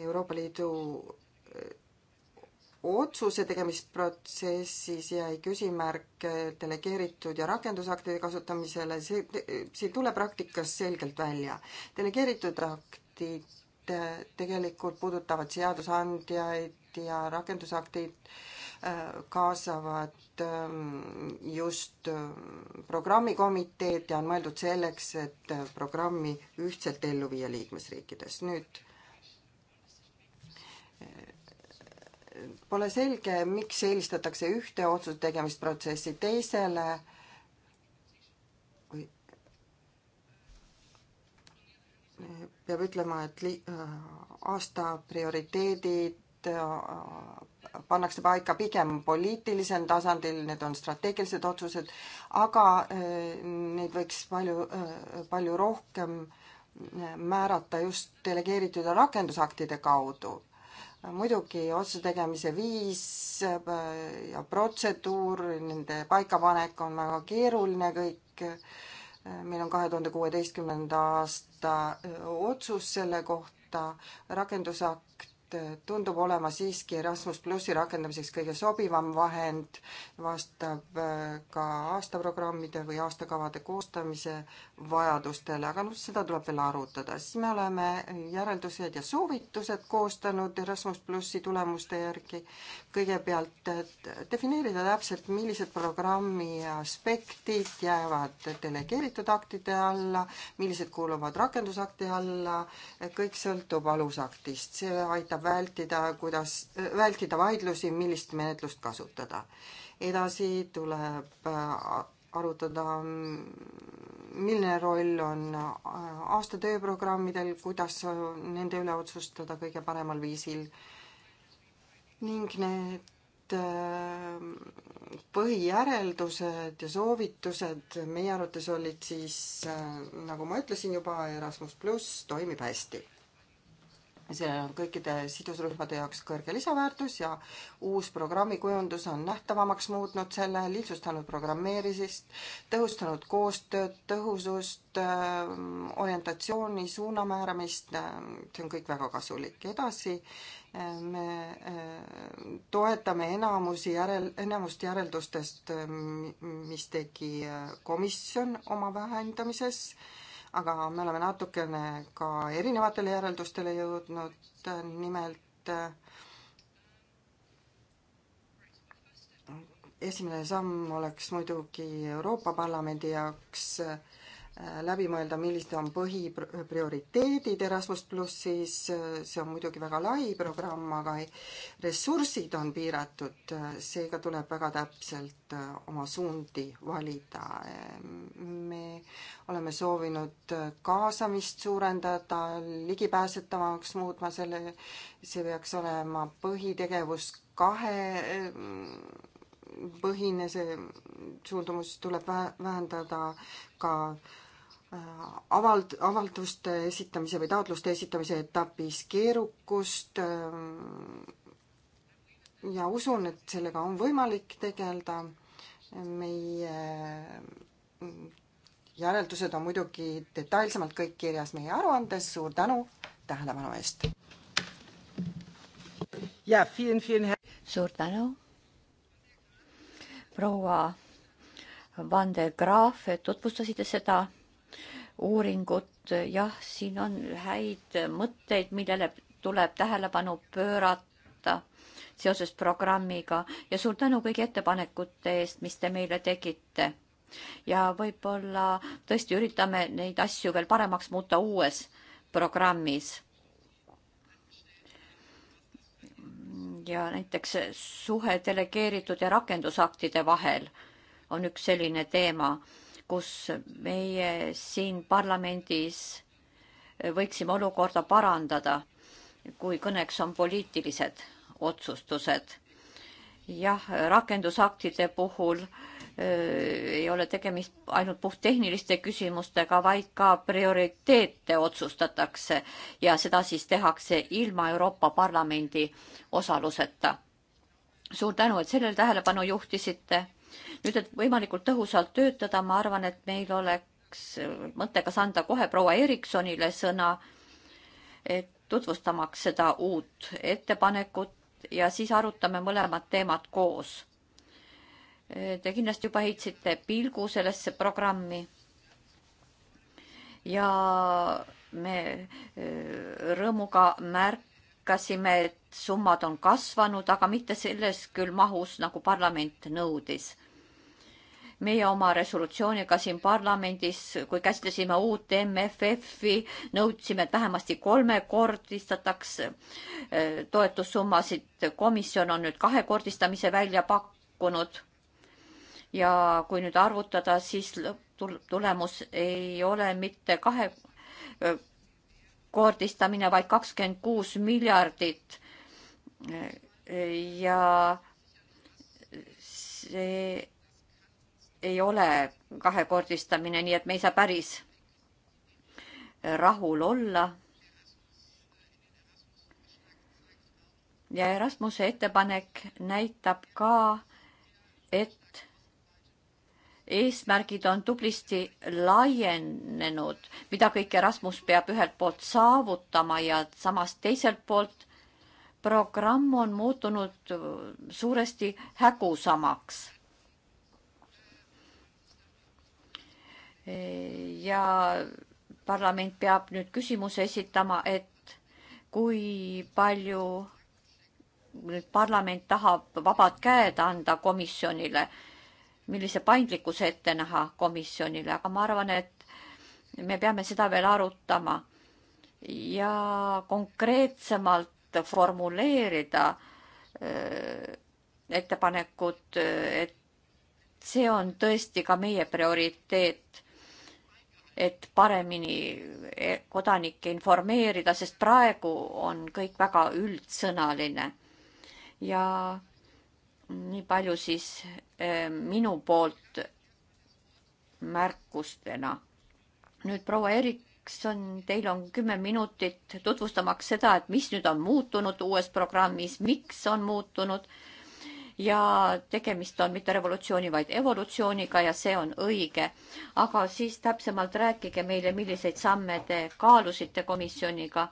Euroopa Liidu eh, otsuse tegemisprotsessis jäi küsimärk delegeeritud ja rakendusaktide kasutamisele, see, see ei tule praktikas selgelt välja. delegeeritud aktid eh, tegelikult puudutavad seadusandjaid ja rakendusaktid eh, kaasavad just programmikomiteed ja on mõeldud selleks, et programmi ühtselt ellu viia liikmesriikides. nüüd Pole selge, miks eelistatakse ühte otsuse tegemisprotsessi teisele peab ütlema, et li-, aasta prioriteedid äh, pannakse paika pigem poliitilisel tasandil, need on strateegilised otsused, aga äh, neid võiks palju, äh, palju rohkem määrata just delegeeritud ja rakendusaktide kaudu muidugi otsuse tegemise viis äh, ja protseduur, nende paikapanek on väga keeruline kõik. Äh, meil on kahe tuhande kuueteistkümnenda aasta äh, otsus selle kohta, rakendusakt tundub olema siiski Erasmus plussi rakendamiseks kõige sobivam vahend, vastab äh, ka aastaprogrammide või aastakavade koostamise vajadustele, aga noh, seda tuleb veel arutada. siis me oleme järeldused ja soovitused koostanud Erasmus plussi tulemuste järgi. kõigepealt defineerida täpselt, millised programmi aspektid jäävad delegeeritud aktide alla, millised kuuluvad rakendusakti alla, kõik sõltub alusaktist, see aitab aitab vältida, kuidas, vältida vaidlusi, millist menetlust kasutada. edasi tuleb äh, arutada, milline roll on äh, aasta tööprogrammidel, kuidas nende üle otsustada kõige paremal viisil ning need äh, põhijäreldused ja soovitused meie arvates olid siis, nagu ma ütlesin juba, Erasmus pluss toimib hästi sellel on kõikide sidusrühmade jaoks kõrge lisaväärtus ja uus programmikujundus on nähtavamaks muutnud selle, lihtsustanud programmeerimist, tõhustanud koostööd, tõhusust, ähm, orientatsiooni, suuna määramist, ähm, see on kõik väga kasulik. edasi äh, me äh, toetame enamusi järel, enamust järeldustest, äh, mis tegi komisjon oma vähendamises aga me oleme natukene ka erinevatele järeldustele jõudnud, nimelt äh, esimene samm oleks muidugi Euroopa Parlamendi jaoks äh, läbi mõelda, millised on põhiprioriteedid Erasmus plussis, äh, see on muidugi väga lai programm, aga ressursid on piiratud, äh, seega tuleb väga täpselt äh, oma suundi valida. me oleme soovinud kaasamist suurendada, ligipääsetavamaks muutma selle, see peaks olema põhitegevus kahe põhine see suundumus tuleb vähendada ka äh, Äh, avald-, avalduste esitamise või taotluste esitamise etapis keerukust ähm, ja usun, et sellega on võimalik tegeleda. meie äh, järeldused on muidugi detailsemalt kõik kirjas meie aruandes, suur tänu tähelepanu eest!
suur tänu, proua Van de Graaf, et tutvustasite seda uuringut. jah, siin on häid mõtteid, millele tuleb tähelepanu pöörata seoses programmiga ja suur tänu kõigi ettepanekute eest, mis te meile tegite. ja võib-olla tõesti üritame neid asju veel paremaks muuta uues programmis ja näiteks suhe delegeeritud ja rakendusaktide vahel on üks selline teema kus meie siin parlamendis võiksime olukorda parandada, kui kõneks on poliitilised otsustused. jah, rakendusaktide puhul öö, äh, ei ole tegemist ainult puhttehniliste küsimustega, vaid ka prioriteete otsustatakse ja seda siis tehakse ilma Euroopa Parlamendi osaluseta. suur tänu, et sellele tähelepanu juhtisite nüüd, et võimalikult tõhusalt töötada, ma arvan, et meil oleks mõttekas anda kohe proua Ericssonile sõna, et tutvustamaks seda uut ettepanekut ja siis arutame mõlemad teemad koos. Te kindlasti juba heitsite pilgu sellesse programmi. ja me e, rõõmuga märkasime, et summad on kasvanud, aga mitte selles küll mahus, nagu parlament nõudis meie oma resolutsiooniga siin parlamendis, kui käsitlesime uut MFF-i, nõudsime, et vähemasti kolmekordistataks äh, toetussummasid. komisjon on nüüd kahekordistamise välja pakkunud. ja kui nüüd arvutada, siis tulemus ei ole mitte kahe äh, kordistamine, vaid kakskümmend kuus miljardit. Äh, ja see ei ole kahekordistamine, nii et me ei saa päris rahul olla. ja Erasmuse ettepanek näitab ka, et eesmärgid on tublisti laienenud, mida kõik Erasmus peab ühelt poolt saavutama ja samas teiselt poolt programm on muutunud suuresti hägusamaks ja parlament peab nüüd küsimuse esitama, et kui palju nüüd parlament tahab vabad käed anda komisjonile, millise paindlikkuse ette näha komisjonile, aga ma arvan, et me peame seda veel arutama ja konkreetsemalt formuleerida äh, ettepanekud, äh, et see on tõesti ka meie prioriteet et paremini eh, kodanikke informeerida, sest praegu on kõik väga üldsõnaline. ja nii palju siis eh, minu poolt märkustena. nüüd proua Erikson, teil on kümme minutit tutvustamaks seda, et mis nüüd on muutunud uues programmis, miks on muutunud ja tegemist on mitte revolutsiooni, vaid evolutsiooniga ja see on õige. aga siis täpsemalt rääkige meile, milliseid samme te kaalusite komisjoniga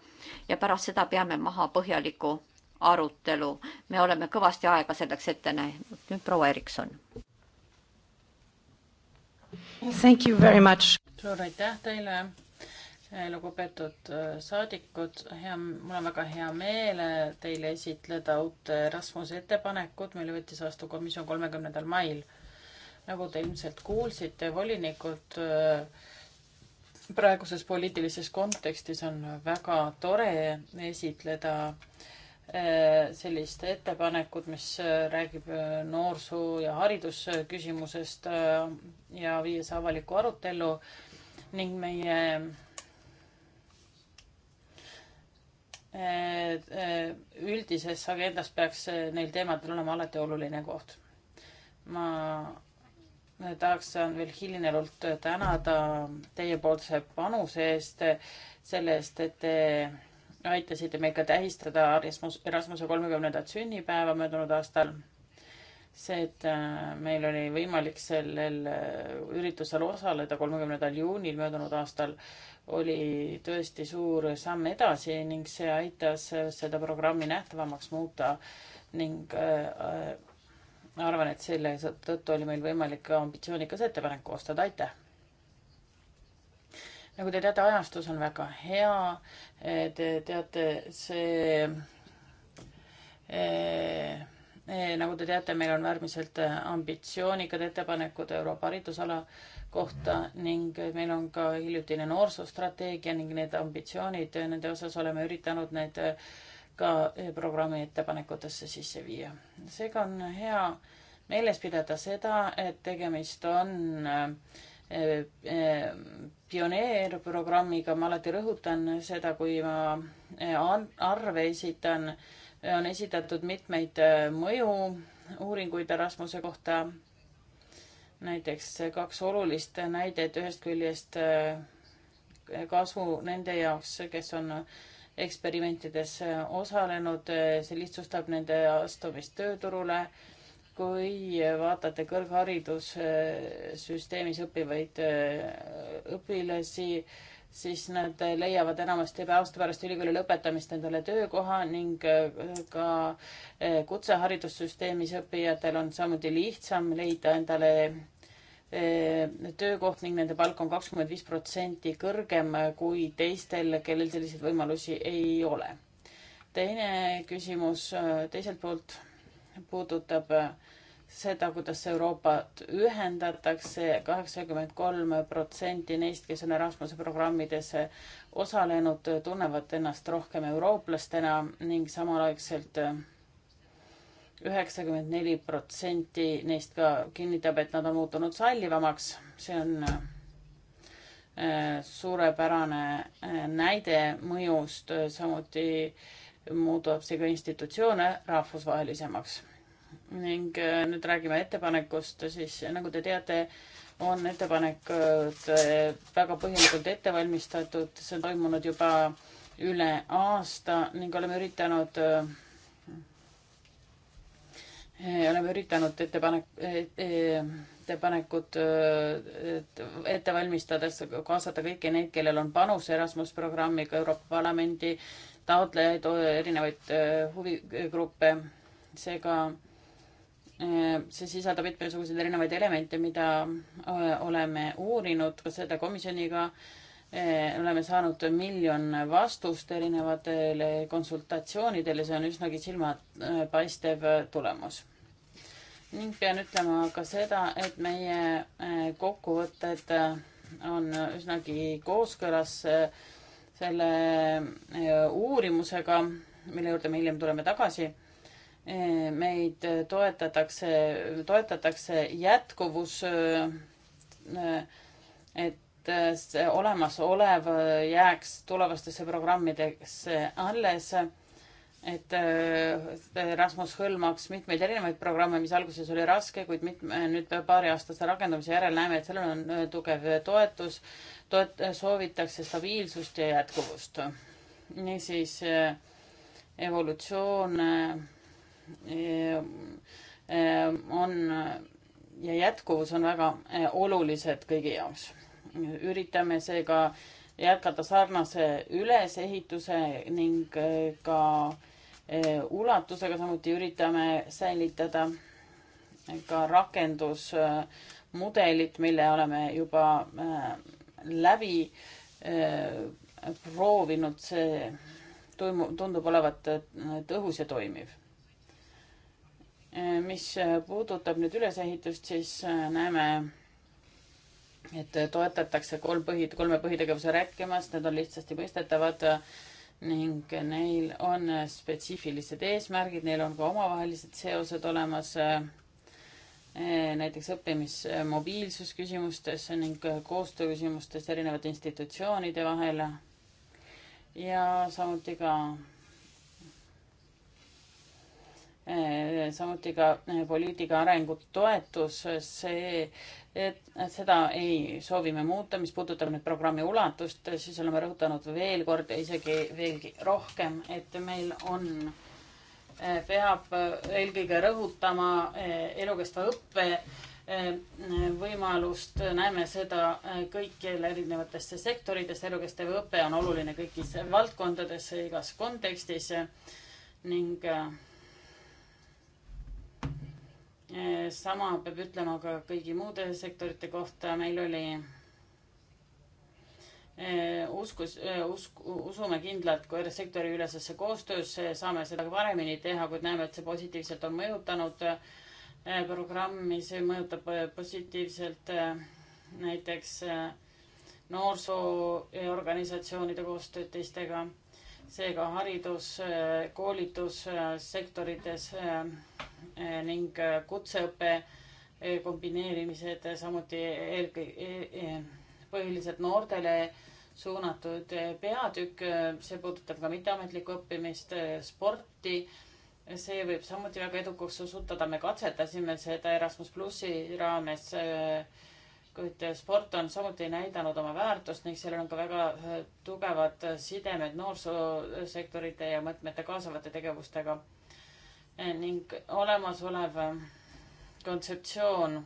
ja pärast seda peame maha põhjaliku arutelu. me oleme kõvasti aega selleks ette näinud. nüüd proua Erikson.
Thank you very much.
suur aitäh teile Eh, lugupeetud eh, saadikud, hea, mul on väga hea meel eh, teile esitleda uut Rasmuse ettepanekut, mille võttis vastu komisjon kolmekümnendal mail. nagu te ilmselt kuulsite, volinikud praeguses poliitilises kontekstis on väga tore esitleda sellist ettepanekut, mis räägib noorsoo- ja haridusküsimusest ja viies avalikku arutellu ning meie Äh, äh, üldises agendas peaks äh, neil teemadel olema alati oluline koht. ma tahaksin veel hilinenult tänada teiepoolse panuse eest, selle eest, et te aitasite meil ka tähistada Erasmus, Erasmuse kolmekümnendat sünnipäeva möödunud aastal. see, et meil oli võimalik sellel üritusel osaleda kolmekümnendal juunil möödunud aastal oli tõesti suur samm edasi ning see aitas äh, seda programmi nähtavamaks muuta ning äh, äh arvan, et selle tõttu oli meil võimalik ka ambitsioonikas ettepanek koostada, aitäh! nagu te teate, ajastus on väga hea, äh, te teate, see eh, eh, nagu te teate, meil on äärmiselt ambitsioonikad ettepanekud Euroopa haridusala eh, kohta ning meil on ka hiljutine noorsoostrateegia ning need ambitsioonid, nende osas oleme üritanud need ka programmi ettepanekutesse sisse viia. seega on hea meeles pidada seda, et tegemist on eh, eh, pioneerprogrammiga, ma alati rõhutan seda, kui ma eh, arve esitan, on esitatud mitmeid mõju-uuringuid Erasmuse kohta näiteks kaks olulist näidet, ühest küljest äh, kasu nende jaoks, kes on eksperimentides osalenud, äh, see lihtsustab nende astumist tööturule. kui vaatate kõrgharidussüsteemis õppivaid äh, õpilasi, siis nad leiavad enamasti juba aasta pärast ülikooli lõpetamist endale töökoha ning ka kutseharidussüsteemis õppijatel on samuti lihtsam leida endale töökoht ning nende palk on kakskümmend viis protsenti kõrgem kui teistel, kellel selliseid võimalusi ei ole. teine küsimus äh, teiselt poolt puudutab äh, seda, kuidas Euroopat ühendatakse. kaheksakümmend kolm protsenti neist, kes on Erasmuse programmides äh, osalenud, tunnevad ennast rohkem eurooplastena ning samalaegselt üheksakümmend neli protsenti neist ka kinnitab, et nad on muutunud sallivamaks. see on äh, suurepärane äh, näide mõjust, äh, samuti muudab see ka institutsioone rahvusvahelisemaks. ning nüüd räägime ettepanekust, siis nagu te teate, on ettepanekud väga põhjalikult ette valmistatud, see on toimunud juba üle aasta ning oleme üritanud äh, Eh, oleme üritanud ettepanek, eh, eh, ettepanekut ette valmistades kaasata kõiki neid, kellel on panus Erasmus programmiga Euroopa Parlamendi taotlejaid, erinevaid huvigruppe. seega see sisaldab mitmesuguseid erinevaid elemente, mida oleme uurinud ka seda komisjoniga Eh, oleme saanud miljon vastust erinevatele konsultatsioonidele, see on üsnagi silmapaistev eh, tulemus. ning pean ütlema ka seda, et meie eh, kokkuvõtted on üsnagi kooskõlas selle uurimusega, mille juurde me hiljem tuleme tagasi. meid toetatakse, toetatakse jätkuvus et Äh, see olemasolev äh, jääks tulevastesse programmidesse alles, et äh, Rasmus hõlmaks mitmeid erinevaid programme, mis alguses oli raske, kuid mitme, nüüd paariaastase rakendamise järel näeme, et sellel on tugev toetus, toet-, soovitakse stabiilsust ja jätkuvust. niisiis evolutsioon on ja jätkuvus on väga olulised kõigi jaoks üritame seega jätkata sarnase ülesehituse ning eh, ka eh, ulatusega, samuti üritame säilitada ka rakendusmudelit, mille oleme juba eh, läbi proovinud, see toimu-, tundub olevat tõhus ja toimiv. mis puudutab nüüd ülesehitust, siis näeme et toetatakse kolm põhi, kolme põhitegevuse rääkimast, need on lihtsasti mõistetavad ning neil on spetsiifilised eesmärgid, neil on ka omavahelised seosed olemas, näiteks õppimismobiilsus küsimustes ning koostöö küsimustes erinevate institutsioonide vahel ja samuti ka Eh, samuti ka eh, poliitika arengut toetus, eh, see, et seda ei soovi me muuta, mis puudutab nüüd programmi ulatust, siis oleme rõhutanud veel kord ja isegi veelgi rohkem, et meil on, peab eelkõige rõhutama elukestva õppe võimalust, näeme seda kõikjal erinevatesse sektoritesse, elukestev õpe on oluline kõigis valdkondades, igas kontekstis ning äh, Äh, sama peab ütlema ka kõigi muude sektorite kohta, meil oli äh, uskus, äh, usk, usume kindlalt sektori ülesesse koostöösse, saame seda paremini teha, kuid näeme, et see positiivselt on mõjutanud programmi, see mõjutab positiivselt näiteks noorsooorganisatsioonide koostööd teistega. seega haridus, koolitussektorites Eh, ning eh, kutseõppe eh, kombineerimised, samuti eelkõige põhiliselt noortele suunatud peatükk, see puudutab ka mitteametlikku õppimist, sporti. see võib samuti väga edukaks osutuda, me katsetasime seda Erasmus plussi raames. kuid sport on samuti näidanud oma väärtust ning sellel on ka väga tugevad sidemed noorsoosektorite ja mõtmete kaasavate tegevustega ning olemasolev kontseptsioon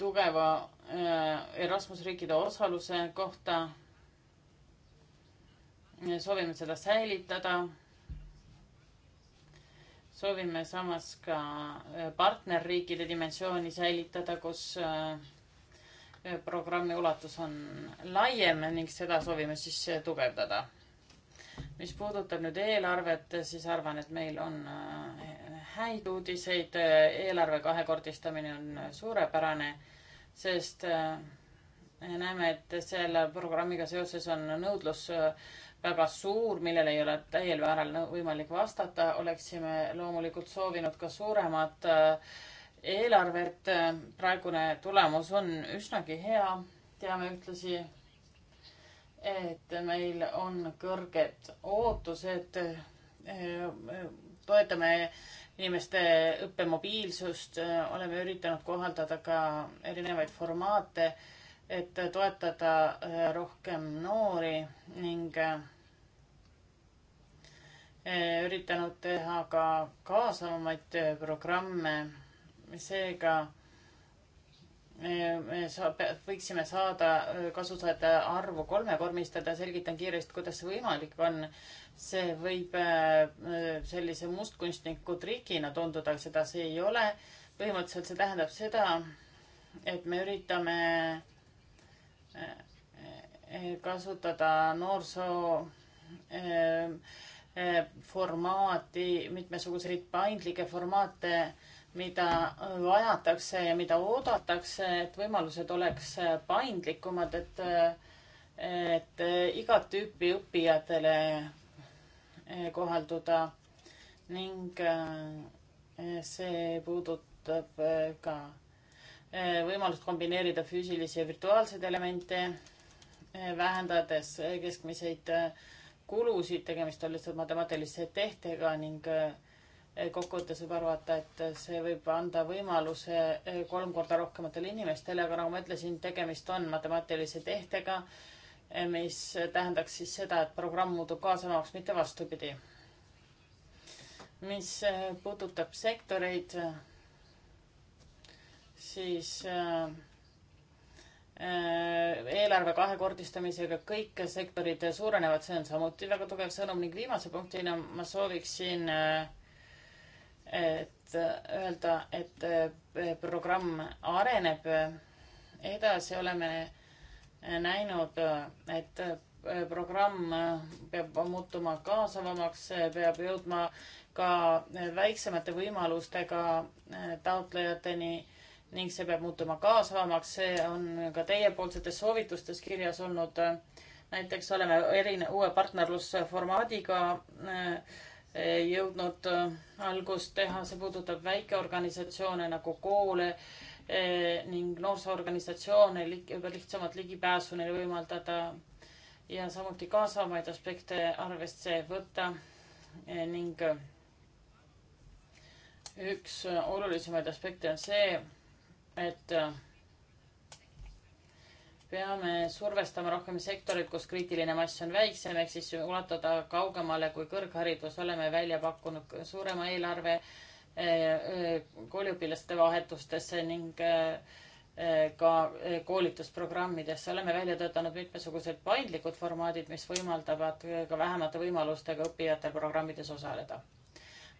tugeva äh, Erasmus riikide osaluse kohta soovime seda säilitada. soovime samas ka äh, partnerriikide dimensiooni säilitada, kus äh, programmi ulatus on laiem ning seda soovime siis tugevdada mis puudutab nüüd eelarvet, siis arvan, et meil on äh, häid uudiseid. eelarve kahekordistamine on suurepärane, sest äh, näeme, et selle programmiga seoses on nõudlus äh, väga suur, millele ei ole täiel määral võimalik vastata. oleksime loomulikult soovinud ka suuremat eelarvet. praegune tulemus on üsnagi hea. teame ühtlasi et meil on kõrged ootused, toetame inimeste õppemobiilsust, oleme üritanud kohaldada ka erinevaid formaate, et toetada rohkem noori ning e, üritanud teha ka kaasavamaid programme, seega saab, võiksime saada äh, kasutajate arvu kolmekordistada, selgitan kiiresti, kuidas see võimalik on. see võib äh, sellise mustkunstniku trikina tunduda, seda see ei ole. põhimõtteliselt see tähendab seda, et me üritame äh, kasutada noorsoo formaati, mitmesuguseid paindlikke formaate mida vajatakse ja mida oodatakse, et võimalused oleks paindlikumad, et, et igat tüüpi õppijatele eh, kohalduda ning eh, see puudutab eh, ka võimalust kombineerida füüsilisi ja virtuaalseid elemente, vähendades keskmiseid kulusid, tegemist on lihtsalt matemaatilise tehtega ning äh, kokkuvõttes võib arvata, et see võib anda võimaluse eh, kolm korda rohkematele inimestele, aga nagu ma ütlesin, tegemist on matemaatilise tehtega, eh, mis tähendaks siis seda, et programm muutub kaasamaks, mitte vastupidi. mis eh, puudutab sektoreid, siis eelarve kahekordistamisega kõik sektorid suurenevad, see on samuti väga tugev sõnum ning viimase punktina ma sooviksin äh, et öelda, et eh, programm areneb edasi, oleme näinud, et eh, programm peab muutuma kaasavamaks, peab jõudma ka väiksemate võimalustega eh, taotlejateni ning see peab muutuma kaasavamaks, see on ka teiepoolsetes soovitustes kirjas olnud. näiteks oleme erine-, uue partnerlusformaadiga äh, jõudnud äh, algust teha, see puudutab väikeorganisatsioone nagu koole äh, ning noorsooorganisatsioone lihtsamat ligipääsu neile võimaldada ja samuti kaasavaid aspekte arvesse võtta äh, ning üks olulisemaid aspekte on see, et peame survestama rohkem sektorit, kus kriitiline mass on väiksem, ehk siis ulatada kaugemale kui kõrgharidus, oleme välja pakkunud suurema eelarve eh, eh, kooliõpilaste vahetustesse ning eh, ka koolitusprogrammidesse. oleme välja töötanud mitmesugused paindlikud formaadid, mis võimaldavad ka vähemate võimalustega õppijatel programmides osaleda.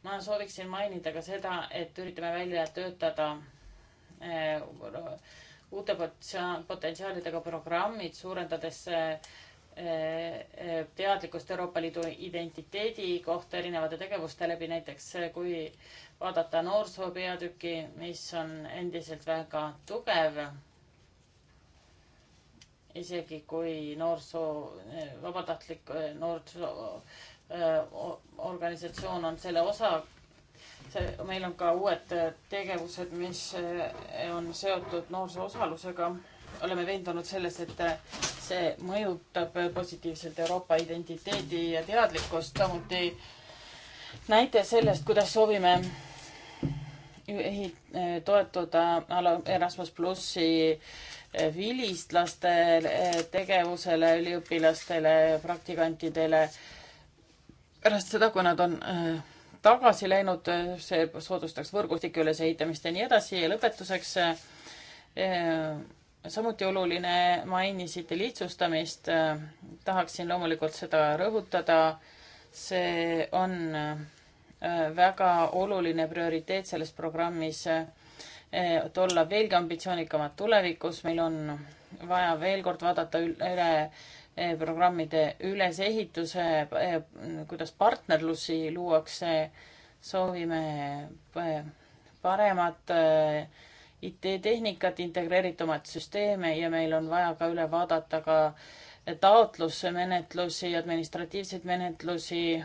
ma sooviksin mainida ka seda, et üritame välja töötada uute potentsiaalidega programmid, suurendades eh, eh, teadlikkust Euroopa Liidu identiteedi kohta erinevate tegevuste läbi, näiteks eh, kui vaadata noorsoo peatüki, mis on endiselt väga tugev. isegi kui noorsoo, vabatahtlik noorsoo organisatsioon on selle osa see, meil on ka uued äh, tegevused, mis äh, on seotud noorsoo osalusega. oleme veendunud selles, et äh, see mõjutab positiivselt Euroopa identiteedi ja teadlikkust, samuti näide sellest, kuidas soovime toetuda Erasmus plussi vilistlaste tegevusele, üliõpilastele, praktikantidele pärast seda, kui nad on äh, tagasi läinud, see soodustaks võrgustike ülesehitamist ja nii edasi ja lõpetuseks eh, samuti oluline, mainisite lihtsustamist, tahaksin loomulikult seda rõhutada. see on eh, väga oluline prioriteet selles programmis, et eh, olla veelgi ambitsioonikamad tulevikus, meil on vaja veel kord vaadata üle Eh, programmide ülesehituse, eh, kuidas partnerlusi luuakse, soovime eh, paremat IT-tehnikat, integreeritumat süsteeme ja meil on vaja ka üle vaadata ka taotlusmenetlusi, administratiivseid menetlusi,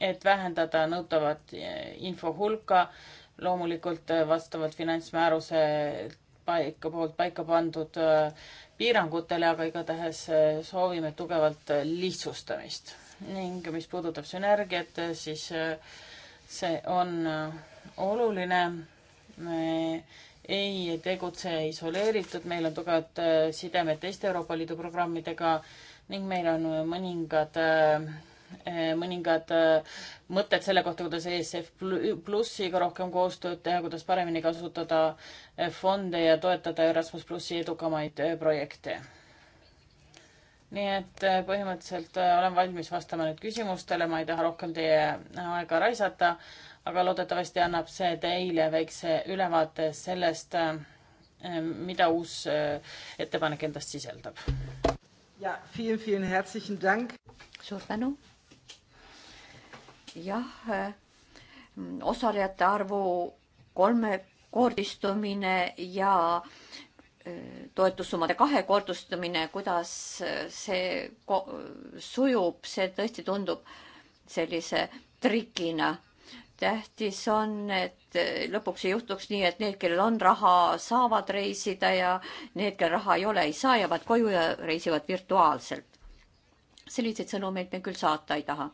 et vähendada nõutavat info hulka. loomulikult vastavalt finantsmääruse paika, poolt paika pandud piirangutele, aga igatahes äh, soovime tugevalt äh, lihtsustamist. ning mis puudutab sünergiat, äh, siis see on oluline. me ei tegutse isoleeritud, meil on tugevad sidemed teiste Euroopa Liidu programmidega ning meil on mõningad äh, Eh, mõningad eh, mõtted selle kohta, kuidas ESF Plussiga rohkem koostööd teha, kuidas paremini kasutada eh, fonde ja toetada Erasmus Plussi edukamaid projekte. nii et põhimõtteliselt olen valmis vastama nüüd küsimustele, ma ei taha rohkem teie aega raisata, aga loodetavasti annab see teile väikse ülevaate sellest, mida uus ettepanek endast sisaldab.
ja, vielen, vielen herzlichen Dank. suur tänu
jah, osalejate arvu kolmekordistumine ja e, toetussummade kahekordistumine, kuidas see sujub, see tõesti tundub sellise trikina. tähtis on, et lõpuks ei juhtuks nii, et need, kellel on raha, saavad reisida ja need, kel raha ei ole, ei saa, jäävad koju ja reisivad virtuaalselt. selliseid sõnumeid me küll saata ei taha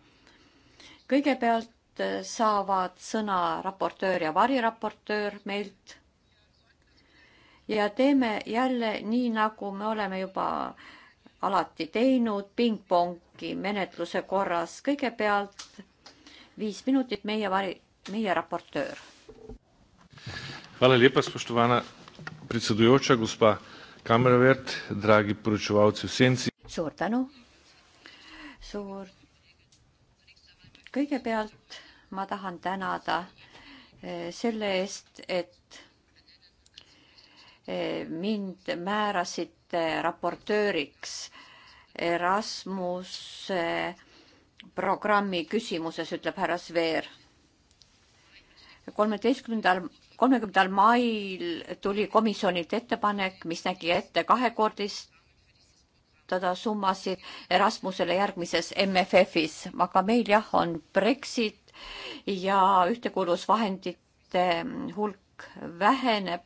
kõigepealt äh, saavad sõna raportöör ja variraportöör meilt. ja teeme jälle nii, nagu me oleme juba alati teinud pingpongi menetluse korras. kõigepealt viis minutit meie vari, meie raportöör.
Hvala lepa, spoštovana predsedujoča, gospa Kammervert,
dragi poročevalci v senci.
suur tänu. suur kõigepealt ma tahan tänada eh, selle eest, et eh, mind määrasite raportööriks Erasmuse programmi küsimuses, ütleb härra Sveer. kolmeteistkümnendal, kolmekümnendal mail tuli komisjonilt ettepanek, mis nägi ette kahekordist kasutada summasid Erasmusele järgmises MFF-is, aga meil jah, on Brexit ja ühtekuuluvusvahendite hulk väheneb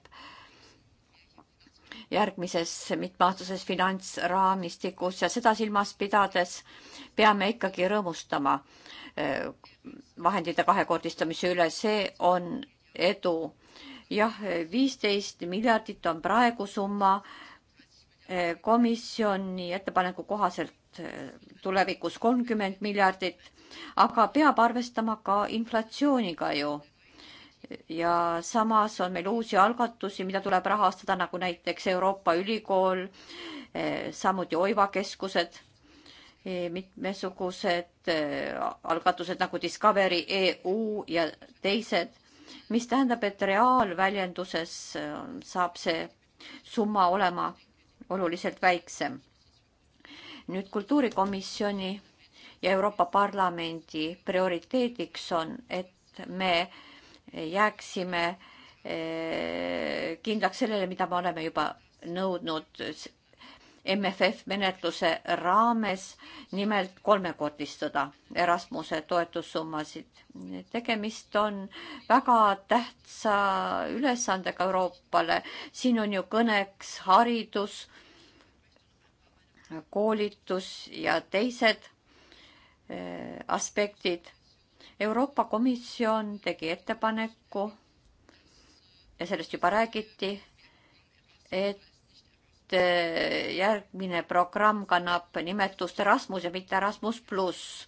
järgmises mitmeaastases finantsraamistikus ja seda silmas pidades peame ikkagi rõõmustama eh, vahendite kahekordistamise üle, see on edu. jah, viisteist miljardit on praegu summa komisjoni ettepaneku kohaselt eh, tulevikus kolmkümmend miljardit, aga peab arvestama ka inflatsiooniga ju. ja samas on meil uusi algatusi, mida tuleb rahastada, nagu näiteks Euroopa Ülikool, eh, samuti Oiva keskused, eh, mitmesugused algatused nagu Discovery EU ja teised, mis tähendab, et reaalväljenduses saab see summa olema oluliselt väiksem. nüüd kultuurikomisjoni ja Euroopa Parlamendi prioriteediks on, et me jääksime eh, kindlaks sellele, mida me oleme juba nõudnud MFF menetluse raames nimelt kolmekordistada Erasmuse toetussummasid. tegemist on väga tähtsa ülesandega Euroopale. siin on ju kõneks haridus, koolitus ja teised eh, aspektid. Euroopa Komisjon tegi ettepaneku ja sellest juba räägiti, et et eh, järgmine programm kannab nimetust Erasmus ja mitte Erasmus pluss.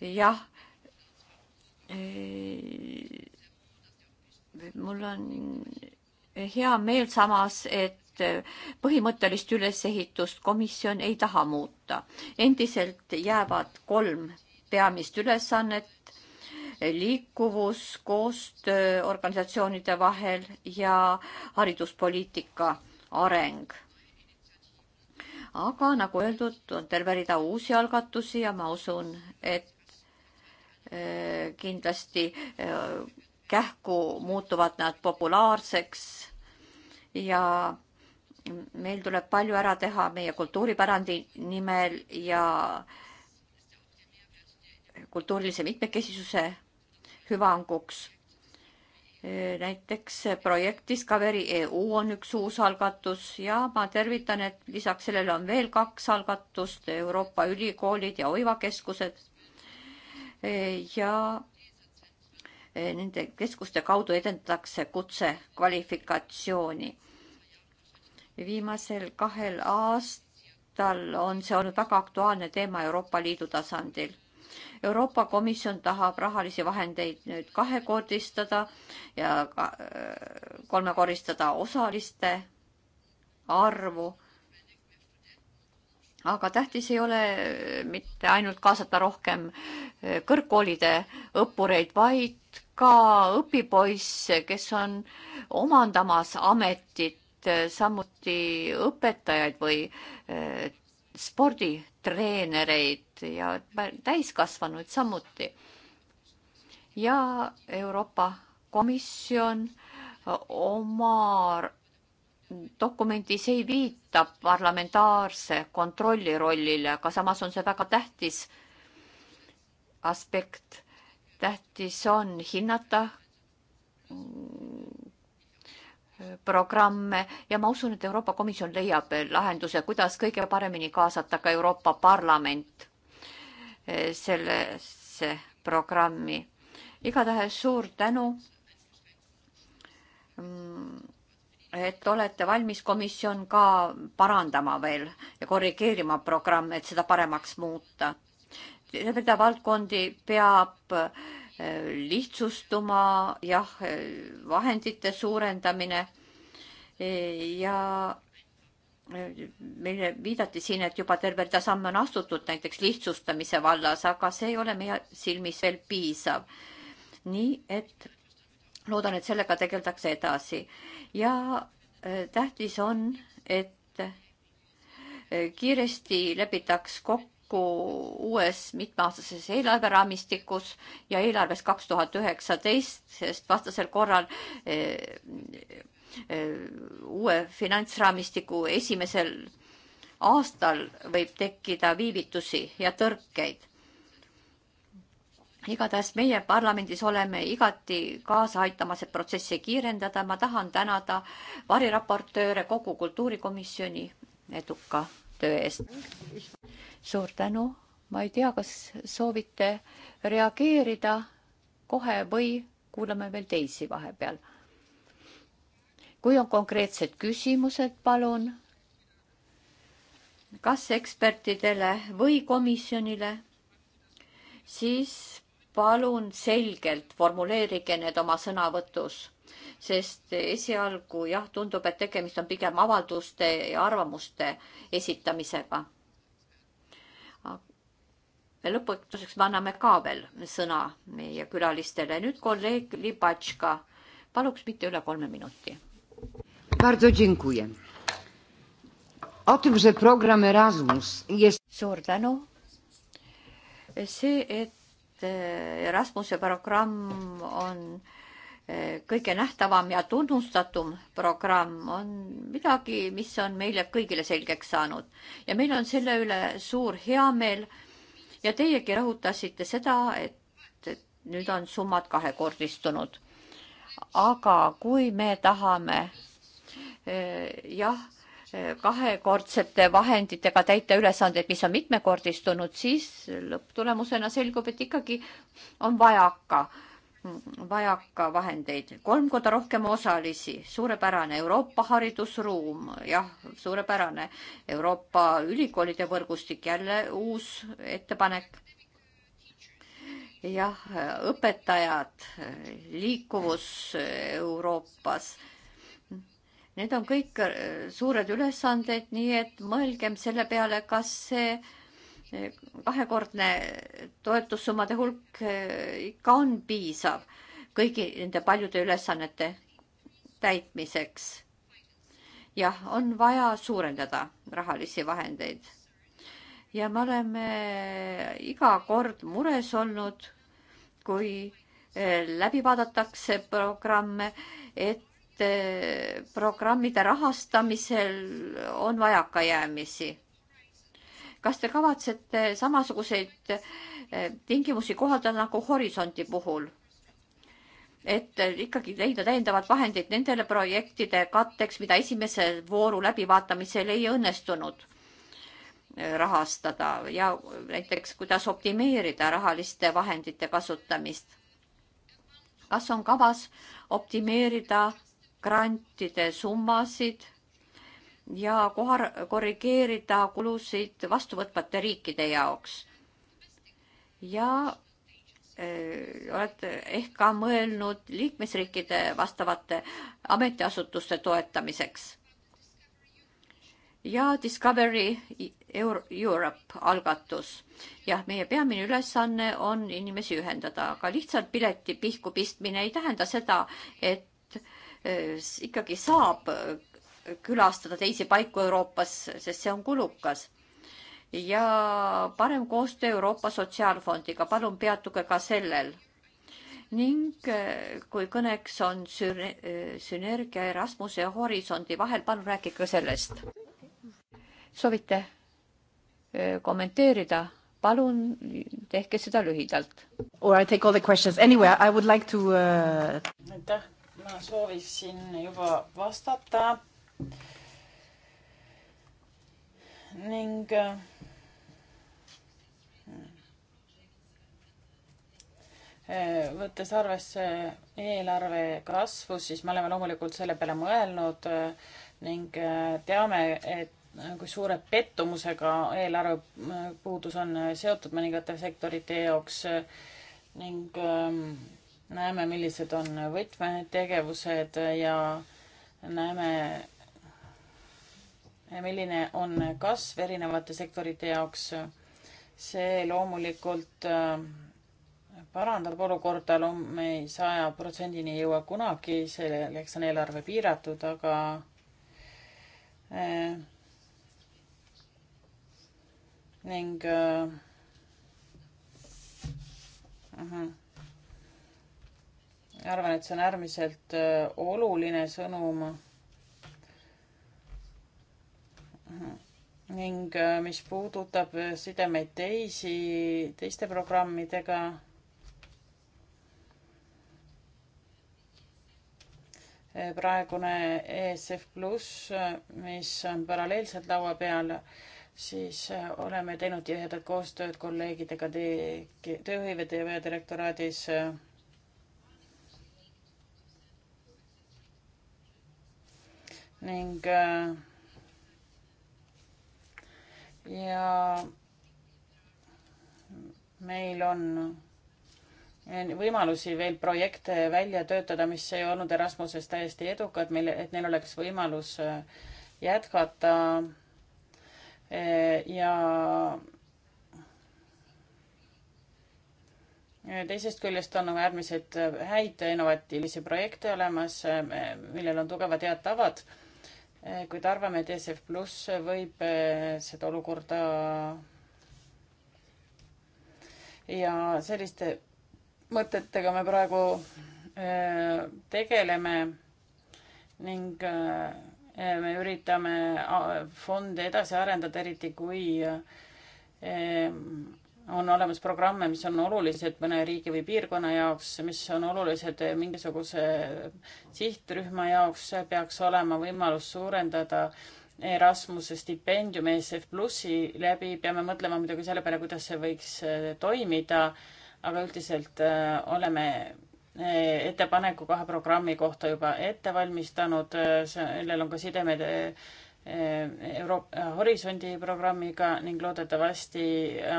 jah. Eh, mul on hea meel samas, et põhimõttelist ülesehitust komisjon ei taha muuta. endiselt jäävad kolm peamist ülesannet, liikuvus, koostöö organisatsioonide vahel ja hariduspoliitika areng. aga nagu öeldud, on terve rida uusi algatusi ja ma usun, et eh, kindlasti eh, kähku muutuvad nad populaarseks ja meil tuleb palju ära teha meie kultuuripärandi nimel ja kultuurilise mitmekesisuse hüvanguks näiteks projekt Discovery EU on üks uus algatus ja ma tervitan, et lisaks sellele on veel kaks algatust, Euroopa ülikoolid ja Oiva keskused. ja nende keskuste kaudu edendatakse kutsekvalifikatsiooni. viimasel kahel aastal on see olnud väga aktuaalne teema Euroopa Liidu tasandil Euroopa Komisjon tahab rahalisi vahendeid nüüd kahekordistada ja ka, äh, kolmekordistada osaliste arvu. aga tähtis ei ole äh, mitte ainult kaasata rohkem äh, kõrgkoolide õppureid, vaid ka õpipoisse, kes on omandamas ametit, samuti õpetajaid või spordi treenereid ja täiskasvanuid samuti. ja Euroopa Komisjon oma dokumendis ei viita parlamentaarse kontrolli rollile, aga samas on see väga tähtis aspekt. tähtis on hinnata programme ja ma usun, et Euroopa Komisjon leiab lahenduse, kuidas kõige paremini kaasata ka Euroopa Parlament eh, sellesse programmi. igatahes suur tänu, mm, et olete valmis, komisjon, ka parandama veel ja korrigeerima programme, et seda paremaks muuta. terve valdkondi peab äh, lihtsustuma, jah, vahendite suurendamine ja meile viidati siin, et juba terve rida samme on astutud näiteks lihtsustamise vallas, aga see ei ole meie silmis veel piisav. nii et loodan, et sellega tegeldakse edasi ja e, tähtis on, et e, kiiresti lepitaks kokku kokku uues mitmeaastases eelarveraamistikus ja eelarves kaks tuhat üheksateist, sest vastasel korral eh, eh, uue finantsraamistiku esimesel aastal võib tekkida viivitusi ja tõrkeid. igatahes meie parlamendis oleme igati kaasa aitamas, et protsessi kiirendada. ma tahan tänada variraportööre kogu kultuurikomisjoni eduka töö eest suur tänu, ma ei tea, kas soovite reageerida kohe või kuulame veel teisi vahepeal. kui on konkreetsed küsimused, palun kas ekspertidele või komisjonile, siis palun selgelt formuleerige need oma sõnavõtus, sest esialgu jah, tundub, et tegemist on pigem avalduste ja arvamuste esitamisega lõpetuseks me anname ka veel sõna meie külalistele. nüüd kolleeg Libatška, paluks mitte üle kolme minuti. suur tänu. see, et e, Erasmuse programm on kõige nähtavam ja tunnustatum programm on midagi, mis on meile kõigile selgeks saanud ja meil on selle üle suur heameel. ja teiegi rõhutasite seda, et nüüd on summad kahekordistunud. aga kui me tahame e, jah, e, kahekordsete vahenditega täita ülesandeid, mis on mitmekordistunud, siis lõpptulemusena selgub, et ikkagi on vajaka vajaka vahendeid, kolm korda rohkem osalisi, suurepärane Euroopa haridusruum, jah, suurepärane Euroopa ülikoolide võrgustik, jälle uus ettepanek. jah, õpetajad, liikuvus Euroopas. Need on kõik suured ülesanded, nii et mõelgem selle peale, kas see äh, kahekordne toetussummade hulk eh, ikka on piisav kõigi nende paljude ülesannete täitmiseks. jah, on vaja suurendada rahalisi vahendeid. ja me oleme iga kord mures olnud, kui eh, läbi vaadatakse programme, et eh, programmide rahastamisel on vajakajäämisi kas te kavatsete samasuguseid eh, tingimusi kohaldada nagu Horisondi puhul? et eh, ikkagi leida täiendavad vahendid nendele projektide katteks, mida esimese vooru läbivaatamisel ei õnnestunud eh, rahastada ja näiteks kuidas optimeerida rahaliste vahendite kasutamist. kas on kavas optimeerida grantide summasid ja kohar-, korrigeerida kulusid vastuvõtvate riikide jaoks. ja öö, olete ehk ka mõelnud liikmesriikide vastavate ametiasutuste toetamiseks. ja Discovery Euro Europe algatus. jah, meie peamine ülesanne on inimesi ühendada, aga lihtsalt pileti pihku pistmine ei tähenda seda, et ikkagi saab külastada teisi paiku Euroopas, sest see on kulukas. ja parem koostöö Euroopa Sotsiaalfondiga, palun peatuge ka sellel. ning eh, kui kõneks on eh, sünergia Erasmuse ja Horisondi vahel, palun rääkige sellest. soovite eh, kommenteerida? palun tehke seda lühidalt.
Or I take all the questions. Anyway, I would like to uh....
aitäh, ma sooviksin juba vastata ning äh, hmm. äh, võttes arvesse eelarve kasvu, siis me oleme loomulikult selle peale mõelnud äh, ning teame, et kui suure pettumusega eelarve puudus on seotud mõningate sektorite jaoks ning ähm, näeme, millised on võtmetegevused ja näeme milline on kasv erinevate sektorite jaoks. see loomulikult äh, parandab olukorda, me ei saja protsendini ei jõua kunagi, selleks on eelarve piiratud, aga äh, ning äh, -huh. arvan, et see on äärmiselt äh, oluline sõnum ning äh, mis puudutab äh, sidemeid teisi, teiste programmidega, äh, praegune ESF pluss, mis on paralleelselt laua peal, siis oleme teinud tihedat koostööd kolleegidega tööhõive TV direktoraadis. ning äh, ja meil on võimalusi veel projekte välja töötada, mis ei olnud Erasmuses täiesti edukad, meil, et neil oleks võimalus äh, jätkata äh, ja teisest küljest on nagu äärmiselt äh, häid innovaatilisi projekte olemas, millel on tugevad head tavad Eh, kuid arvame, et ESF pluss võib eh, seda olukorda ja selliste mõtetega me praegu eh, tegeleme ning me üritame fonde edasi arendada, eriti kui on olemas programme, mis on olulised mõne riigi või piirkonna jaoks, mis on olulised mingisuguse sihtrühma jaoks, peaks olema võimalus suurendada Erasmuse stipendiumi SF Plussi läbi, peame mõtlema muidugi selle peale, kuidas see võiks eh, toimida, aga üldiselt eh, oleme eh, ettepaneku kahe programmi kohta juba ette valmistanud, sellel on ka sidemed Euroopa Horisondi programmiga ning loodetavasti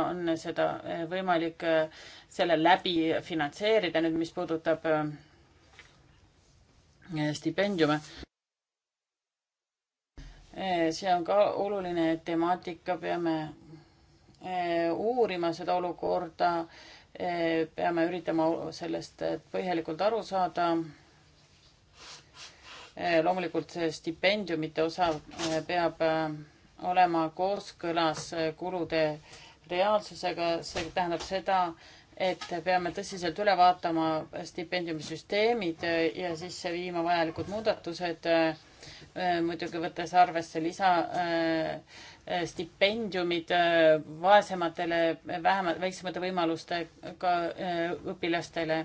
on seda võimalik äh, selle läbi finantseerida nüüd, mis puudutab äh, stipendiume. Äh, see on ka oluline temaatika, peame uurima seda olukorda, peame üritama sellest põhjalikult aru saada Eh, loomulikult stipendiumite osa eh, peab eh, olema kooskõlas kulude reaalsusega, see tähendab seda, et peame tõsiselt üle vaatama stipendiumisüsteemid ja sisse viima vajalikud muudatused Äh, muidugi võttes arvesse lisa äh, äh, stipendiumid vaesematele, vähemalt, väiksemate võimalustega õpilastele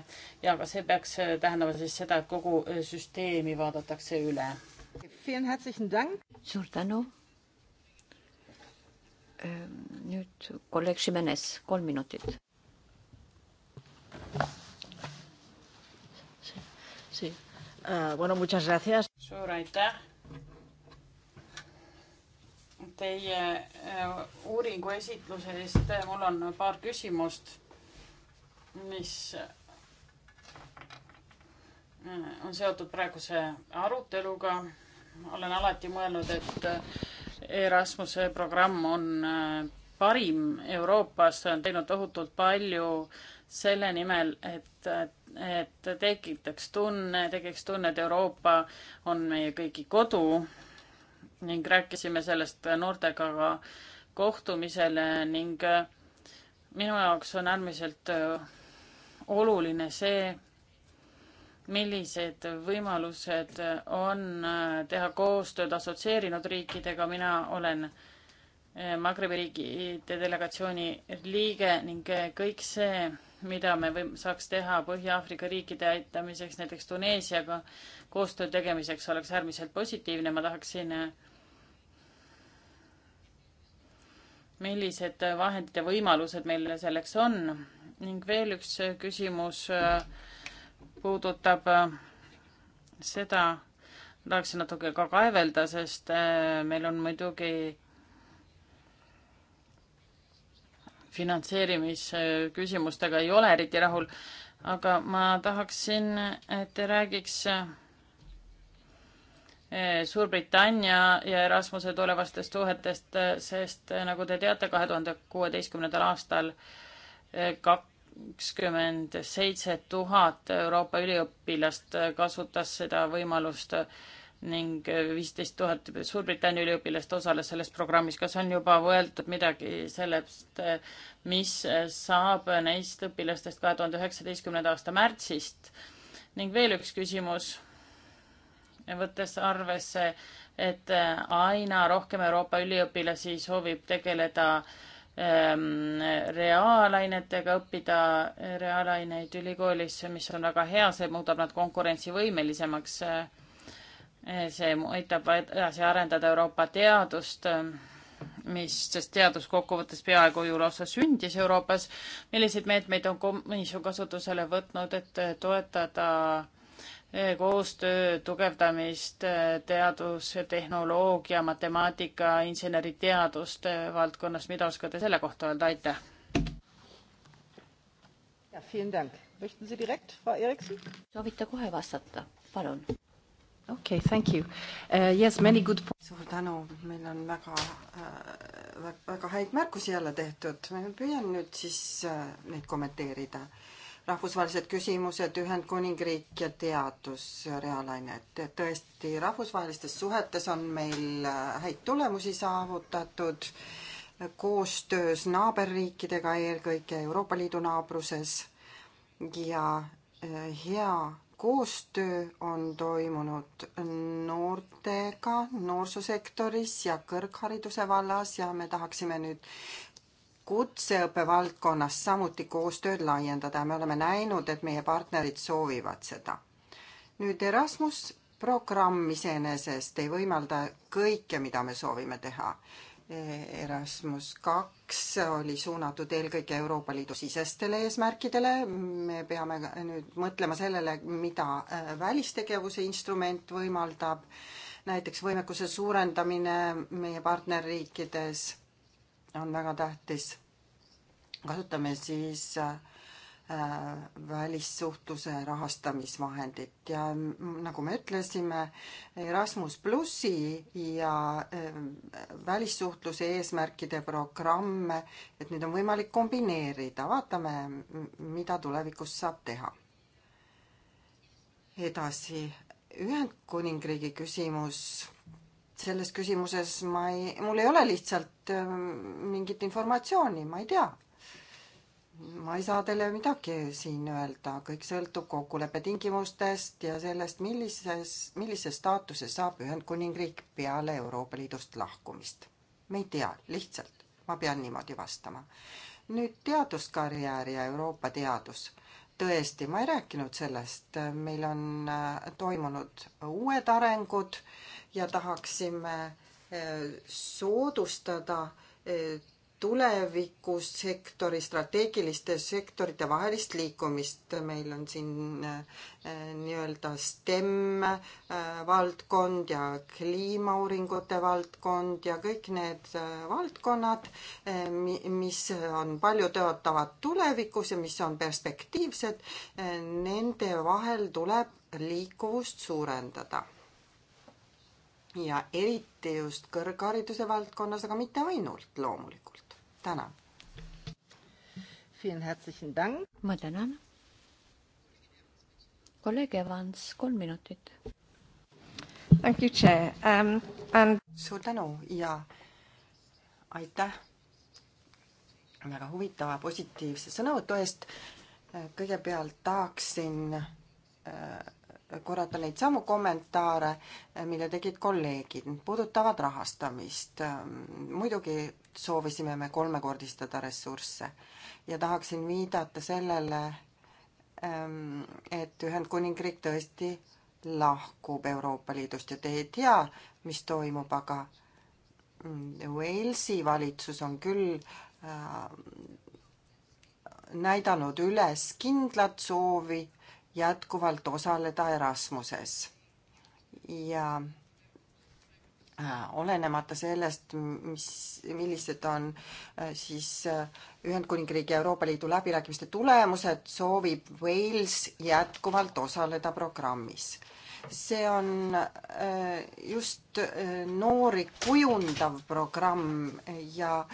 ja ka see peaks tähendama siis seda, et kogu süsteemi vaadatakse üle.
suur tänu.
Ähm, nüüd kolleeg Šimenes, kolm minutit. Sí.
Uh, bueno, muchas gracias. Suur aitäh teie äh, uuringu esitluse eest. mul on paar küsimust, mis äh, on seotud praeguse aruteluga. olen alati mõelnud, et äh, Erasmuse programm on parim Euroopas, ta on teinud tohutult palju selle nimel, et, et tekitaks tunne, tekiks tunne, et Euroopa on meie kõigi kodu ning rääkisime sellest noortega ka kohtumisel ning äh, minu jaoks on äärmiselt äh, oluline see, millised võimalused on äh, teha koostööd assotsieerinud riikidega, mina olen Magrebi riikide delegatsiooni liige ning kõik see, mida me võim, saaks teha Põhja-Aafrika riikide aitamiseks, näiteks Tuneesiaga koostöö tegemiseks oleks äärmiselt positiivne, ma tahaksin äh, millised vahendid ja võimalused meil selleks on ning veel üks küsimus äh, puudutab äh, seda, tahaksin natuke ka kaevelda, sest meil on muidugi finantseerimisküsimustega ei ole eriti rahul, aga ma tahaksin, et te räägiks eh, Suurbritannia ja Erasmuse tulevastest suhetest, eh, sest eh, nagu te teate, kahe tuhande kuueteistkümnendal aastal kakskümmend seitse tuhat Euroopa üliõpilast kasutas seda võimalust ning äh, viisteist tuhat Suurbritannia üliõpilast osales selles programmis. kas on juba mõeldud midagi sellest, äh, mis äh, saab neist õpilastest kahe tuhande üheksateistkümnenda aasta märtsist? ning veel üks küsimus, võttes arvesse, et aina rohkem Euroopa üliõpilasi soovib tegeleda ähm, reaalainetega õppida reaalaineid ülikoolis, mis on väga hea, see muudab nad konkurentsivõimelisemaks äh, see aitab edasi arendada Euroopa teadust, mis, sest teadus kokkuvõttes peaaegu ju lausa sündis Euroopas. milliseid meetmeid on komisjon kasutusele võtnud, et toetada eh, koostöö tugevdamist eh, teadus, tehnoloogia, matemaatika, inseneriteaduste valdkonnas, mida oskate selle kohta öelda, aitäh!
soovite kohe vastata, palun? okei okay,, thank you uh,. Yes, many good suur tänu, meil on väga äh,, väga häid märkusi jälle tehtud. ma püüan nüüd siis äh, neid kommenteerida. rahvusvahelised küsimused, Ühendkuningriik ja teadus, äh, reaalained. tõesti, rahvusvahelistes suhetes on meil äh, häid tulemusi saavutatud äh, koostöös naaberriikidega, eelkõige Euroopa Liidu naabruses ja hea koostöö on toimunud noortega noorsoosektoris ja kõrghariduse vallas ja me tahaksime nüüd kutseõppe valdkonnas samuti koostööd laiendada ja me oleme näinud, et meie partnerid soovivad seda. nüüd Erasmus programm iseenesest ei võimalda kõike, mida me soovime teha. Erasmus kaks oli suunatud eelkõige Euroopa Liidu sisestele eesmärkidele, me peame nüüd mõtlema sellele, mida äh, välistegevuse instrument võimaldab, näiteks võimekuse suurendamine meie partnerriikides on väga tähtis. kasutame siis äh, Äh, välissuhtluse rahastamisvahendit ja nagu me ütlesime, Erasmus plussi ja äh, välissuhtluse eesmärkide programme, et neid on võimalik kombineerida, vaatame, mida tulevikus saab teha. edasi, Ühendkuningriigi küsimus selles küsimuses ma ei, mul ei ole lihtsalt äh, mingit informatsiooni, ma ei tea ma ei saa teile midagi siin öelda, kõik sõltub kokkuleppe tingimustest ja sellest, millises, millise staatuse saab Ühendkuningriik peale Euroopa Liidust lahkumist. me ei tea, lihtsalt, ma pean niimoodi vastama. nüüd teaduskarjäär ja Euroopa teadus. tõesti, ma ei rääkinud sellest, meil on äh, toimunud uued arengud ja tahaksime äh, soodustada äh, tulevikus sektori, strateegiliste sektorite vahelist liikumist. meil on siin äh, äh, nii-öelda STEM äh, valdkond ja kliimauuringute valdkond ja kõik need valdkonnad, mis on paljutõotavad tulevikus ja mis on perspektiivsed, nende vahel tuleb liikuvust suurendada ja eriti just kõrghariduse valdkonnas, aga mitte ainult loomulikult tänan.
ma tänan. kolleeg Evans, kolm minutit. Um,
and... suur tänu ja aitäh väga huvitava positiivse sõnavõtu eest. kõigepealt tahaksin äh, korrata neid samu kommentaare, mille tegid kolleegid, need puudutavad rahastamist. muidugi soovisime me kolmekordistada ressursse ja tahaksin viidata sellele, ehm, et Ühendkuningriik tõesti lahkub Euroopa Liidust ja te ei tea, mis toimub, aga mm, Walesi valitsus on küll ehm, näidanud üles kindlat soovi jätkuvalt osaleda Erasmuses. ja äh, olenemata sellest, mis, millised on äh, siis äh, Ühendkuningriigi ja Euroopa Liidu läbirääkimiste tulemused, soovib Wales jätkuvalt osaleda programmis. see on just noori kujundav programm ja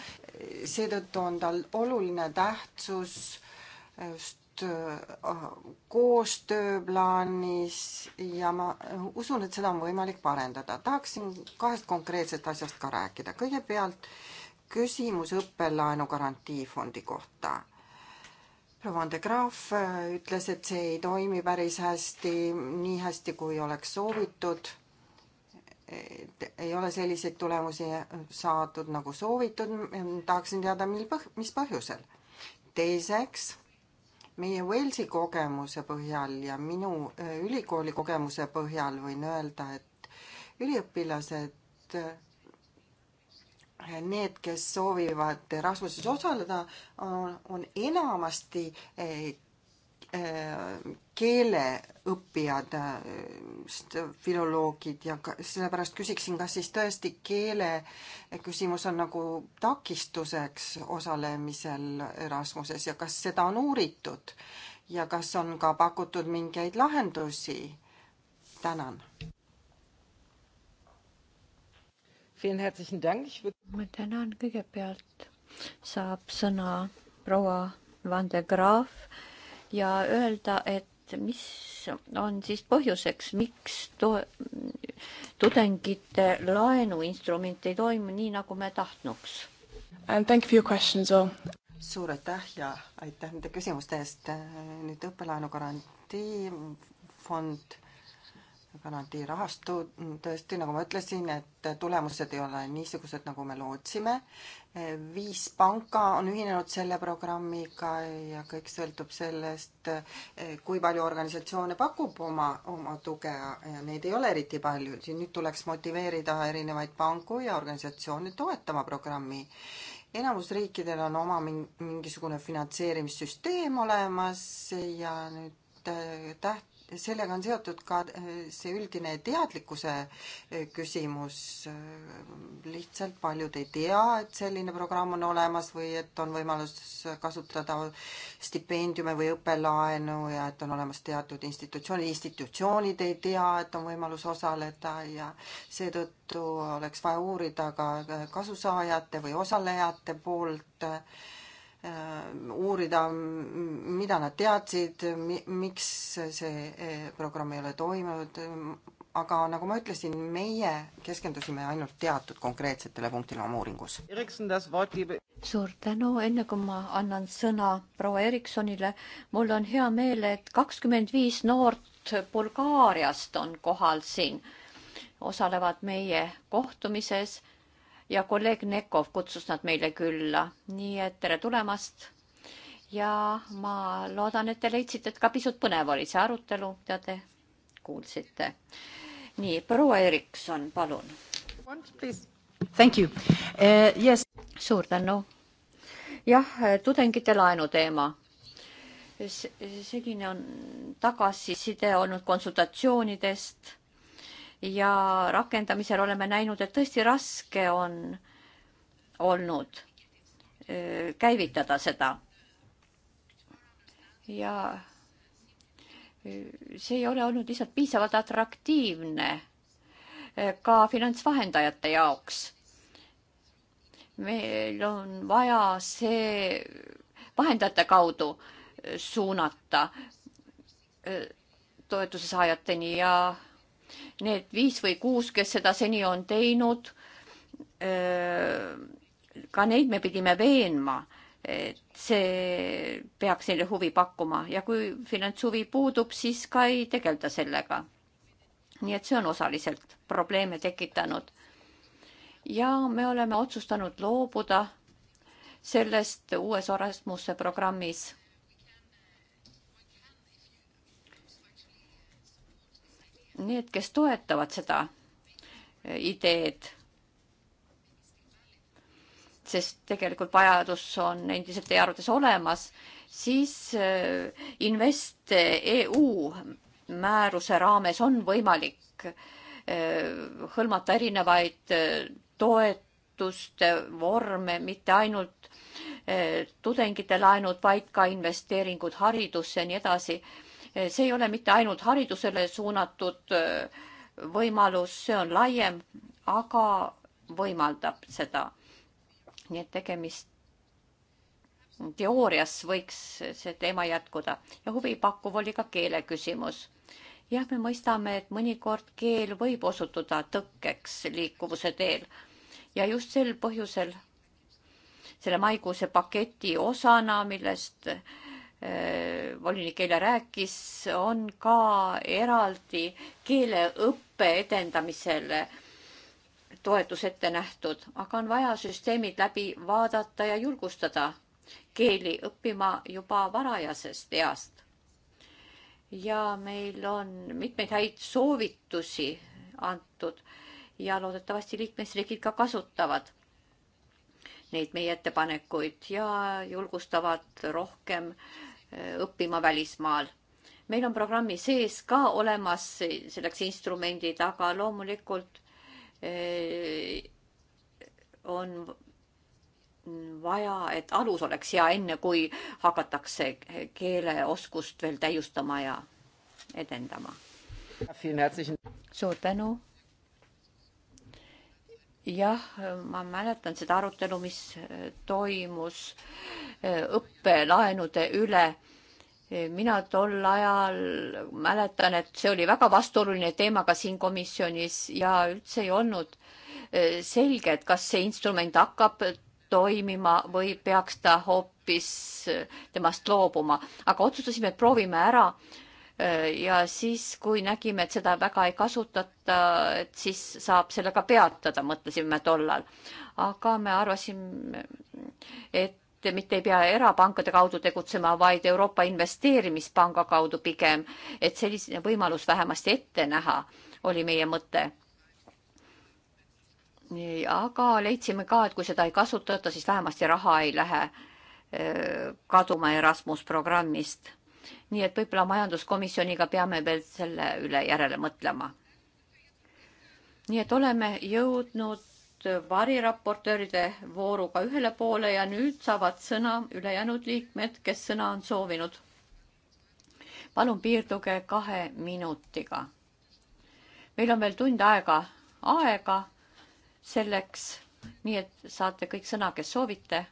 seetõttu on tal oluline tähtsus just Äh, koostööplaanis ja ma usun, et seda on võimalik parendada. tahaksin kahest konkreetsest asjast ka rääkida. kõigepealt küsimus õppelaenu garantiifondi kohta. proua Ande Graaf äh, ütles, et see ei toimi päris hästi, nii hästi, kui oleks soovitud. ei ole selliseid tulemusi saadud, nagu soovitud. tahaksin teada, mil põh-, mis põhjusel. teiseks meie Walesi kogemuse põhjal ja minu äh, ülikooli kogemuse põhjal võin öelda, et üliõpilased, äh, need, kes soovivad Erasmuses osaleda, on enamasti äh, Äh, keeleõppijad, äh, filoloogid ja ka, sellepärast küsiksin, kas siis tõesti keele küsimus on nagu takistuseks osalemisel Erasmuses ja kas seda on uuritud ja kas on ka pakutud mingeid lahendusi? tänan. ma
tänan, kõigepealt saab sõna proua Van de Graaf ja öelda, et mis on siis põhjuseks, miks to-, tudengite laenuinstrument ei toimu nii, nagu me tahtnuks. And thank you for
your question as well. suur aitäh ja aitäh nende küsimuste eest. nüüd õppelaenu garantiifond garantiirahastu, tõesti, nagu ma ütlesin, et tulemused ei ole niisugused, nagu me lootsime. viis panka on ühinenud selle programmiga ja kõik sõltub sellest, kui palju organisatsioone pakub oma, oma tuge ja neid ei ole eriti palju. nüüd tuleks motiveerida erinevaid panku ja organisatsioone toetama programmi enamus riikidel on oma mingisugune finantseerimissüsteem olemas ja nüüd eh, täht-, sellega on seotud ka eh, see üldine teadlikkuse eh, küsimus. Eh, lihtsalt paljud ei tea, et selline programm on olemas või et on võimalus kasutada stipendiume või õppelaenu ja et on olemas teatud institutsioonid, institutsioonid ei tea, et on võimalus osaleda ja seetõttu oleks vaja uurida ka kasusaajate või osalejate poolt äh, Äh, uurida, mida nad teadsid, mi-, miks see e, programm ei ole toiminud, aga nagu ma ütlesin, meie keskendusime ainult teatud konkreetsetele punktile oma uuringus.
suur tänu, enne kui ma annan sõna proua Ericssonile, mul on hea meel, et kakskümmend viis noort Bulgaariast on kohal siin, osalevad meie kohtumises ja kolleeg Nekov kutsus nad meile külla, nii et tere tulemast. ja ma loodan, et te leidsite, et ka pisut põnev oli see arutelu, mida te kuulsite. nii, proua Erikson, palun.
Thank you uh,.
Yes. suur tänu. jah, tudengite laenu teema selline on tagasiside olnud konsultatsioonidest ja rakendamisel oleme näinud, et tõesti raske on olnud käivitada seda. ja see ei ole olnud lihtsalt piisavalt atraktiivne ka finantsvahendajate jaoks. meil on vaja see vahendajate kaudu suunata toetuse saajateni ja Need viis või kuus, kes seda seni on teinud, ka neid me pidime veenma, et see peaks neile huvi pakkuma ja kui finantshuvi puudub, siis ka ei tegelda sellega. nii et see on osaliselt probleeme tekitanud. ja me oleme otsustanud loobuda sellest uues Orasmuse programmis need, kes toetavad seda äh, ideed, sest tegelikult vajadus on endiselt teie arvates olemas, siis äh, Invest EU määruse raames on võimalik äh, hõlmata erinevaid toetuste vorme, mitte ainult tudengite laenud, vaid ka investeeringud haridusse ja nii edasi Eh, see ei ole mitte ainult haridusele suunatud eh, võimalus, see on laiem, aga võimaldab seda. nii et tegemist, teoorias võiks see teema jätkuda ja huvipakkuv oli ka keele küsimus. jah, me mõistame, et mõnikord keel võib osutuda tõkkeks liikuvuse teel ja just sel põhjusel selle maikuuse paketi osana, millest Äh, volinik eile rääkis, on ka eraldi keeleõppe edendamisele toetus ette nähtud, aga on vaja süsteemid läbi vaadata ja julgustada keeli õppima juba varajasest east. ja meil on mitmeid häid soovitusi antud ja loodetavasti liikmesriigid ka kasutavad neid meie ettepanekuid ja julgustavad rohkem äh, õppima välismaal. meil on programmi sees ka olemas selleks instrumendid, aga loomulikult eh, on vaja, et alus oleks hea, enne kui hakatakse keeleoskust veel täiustama ja edendama.
suur tänu
jah, ma mäletan seda arutelu, mis eh, toimus eh, õppelaenude üle. Eh, mina tol ajal mäletan, et see oli väga vastuoluline teema ka siin komisjonis ja üldse ei olnud selge, et kas see instrument hakkab toimima või peaks ta hoopis temast loobuma, aga otsustasime, et proovime ära ja siis, kui nägime, et seda väga ei kasutata, et siis saab sellega peatada, mõtlesime tollal. aga me arvasime, et mitte ei pea erapankade kaudu tegutsema, vaid Euroopa Investeerimispanga kaudu pigem, et selline võimalus vähemasti ette näha, oli meie mõte. aga leidsime ka, et kui seda ei kasutata, siis vähemasti raha ei lähe eh, kaduma Erasmus programmist nii et võib-olla majanduskomisjoniga peame veel selle üle järele mõtlema. nii et oleme jõudnud variraportööride vooruga ühele poole ja nüüd saavad sõna ülejäänud liikmed, kes sõna on soovinud. palun piirduge kahe minutiga. meil on veel tund aega, aega selleks, nii et saate kõik sõna, kes soovite.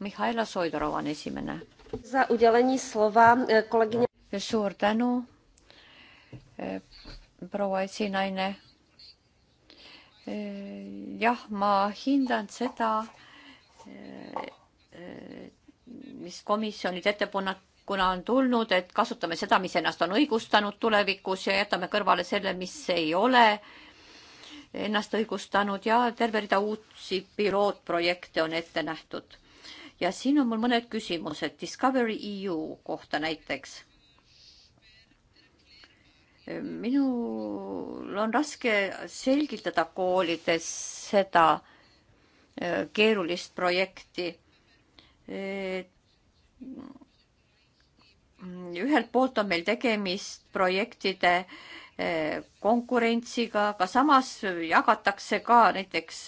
Mihhail Soidorov on esimene Eh, suur tänu, eh, proua esinaine. Eh, jah, ma hindan seda, mis komisjonid ettepanek kuna on tulnud, et kasutame seda, mis ennast on õigustanud tulevikus ja jätame kõrvale selle, mis ei ole ennast õigustanud ja terve rida uusi pilootprojekte on ette nähtud ja siin on mul mõned küsimused Discovery EU kohta näiteks. minul on raske selgitada koolides seda äh, keerulist projekti ühelt poolt on meil tegemist projektide äh, konkurentsiga, aga samas jagatakse ka näiteks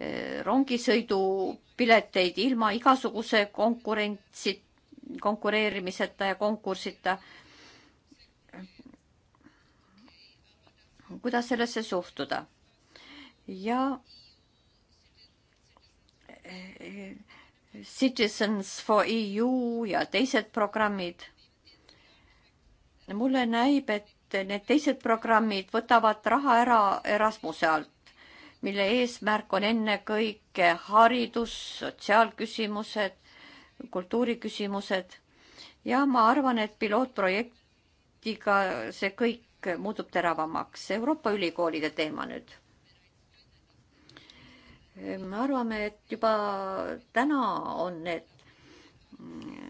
Eh, rongisõidupileteid ilma igasuguse konkurentsi, konkureerimiseta ja konkursita. kuidas sellesse suhtuda? ja eh, Citizens for EU ja teised programmid. mulle näib, et need teised programmid võtavad raha ära Erasmuse alt mille eesmärk on ennekõike haridus, sotsiaalküsimused, kultuuriküsimused ja ma arvan, et pilootprojektiga see kõik muutub teravamaks. Euroopa ülikoolide teema nüüd. me arvame, et juba täna on need mm,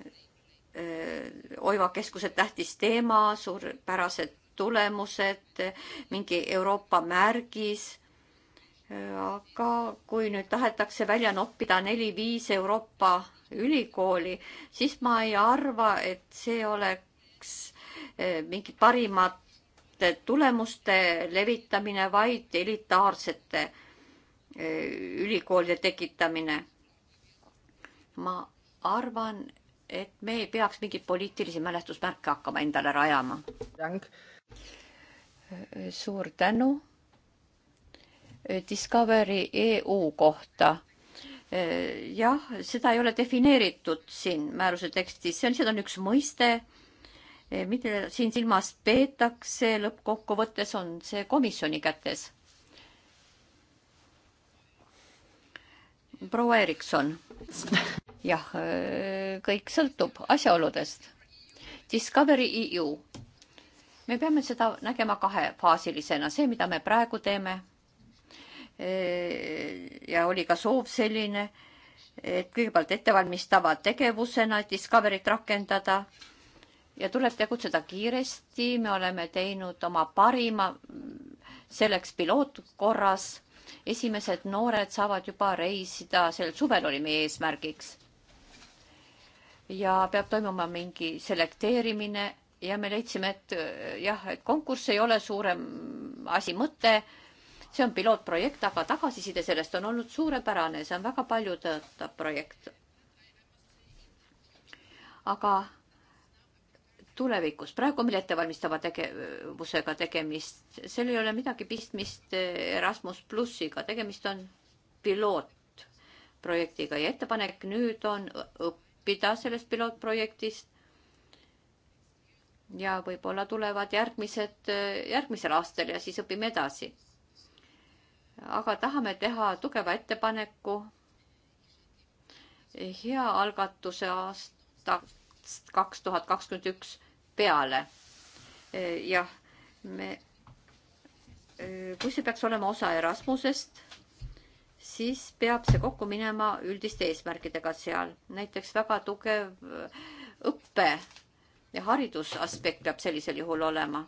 Oiva keskused tähtis teema, suurepärased tulemused, mingi Euroopa märgis aga kui nüüd tahetakse välja noppida neli-viis Euroopa ülikooli, siis ma ei arva, et see oleks eh, mingi parimate tulemuste levitamine, vaid elitaarsete eh, ülikoolide tekitamine. ma arvan, et me ei peaks mingeid poliitilisi mälestusmärke hakkama endale rajama. suur tänu Discovery EU kohta. E, jah, seda ei ole defineeritud siin määruse tekstis, see on, see on üks mõiste, e, mida siin silmas peetakse, lõppkokkuvõttes on see komisjoni kätes. proua Erikson. jah, e, kõik sõltub asjaoludest. Discovery EU me peame seda nägema kahefaasilisena, see, mida me praegu teeme ja oli ka soov selline, et kõigepealt ettevalmistava tegevusena Discoveryt rakendada ja tuleb tegutseda kiiresti, me oleme teinud oma parima selleks pilootkorras. esimesed noored saavad juba reisida, sel suvel oli meie eesmärgiks. ja peab toimuma mingi selekteerimine ja me leidsime, et äh, jah, et konkurss ei ole suurem asi, mõte see on pilootprojekt, aga tagasiside sellest on olnud suurepärane, see on väga palju tõotav projekt. aga tulevikus, praegu on meil ettevalmistava tegevusega tegemist, seal ei ole midagi pistmist Erasmus plussiga, tegemist on pilootprojektiga ja ettepanek nüüd on õppida sellest pilootprojektist ja võib-olla tulevad järgmised, järgmisel aastal ja siis õpime edasi aga tahame teha tugeva ettepaneku hea algatuse aastast kaks tuhat kakskümmend üks peale. E, jah, me, e, kui see peaks olema osa Erasmusest, siis peab see kokku minema üldiste eesmärkidega seal, näiteks väga tugev õppe ja haridusaspekt peab sellisel juhul olema.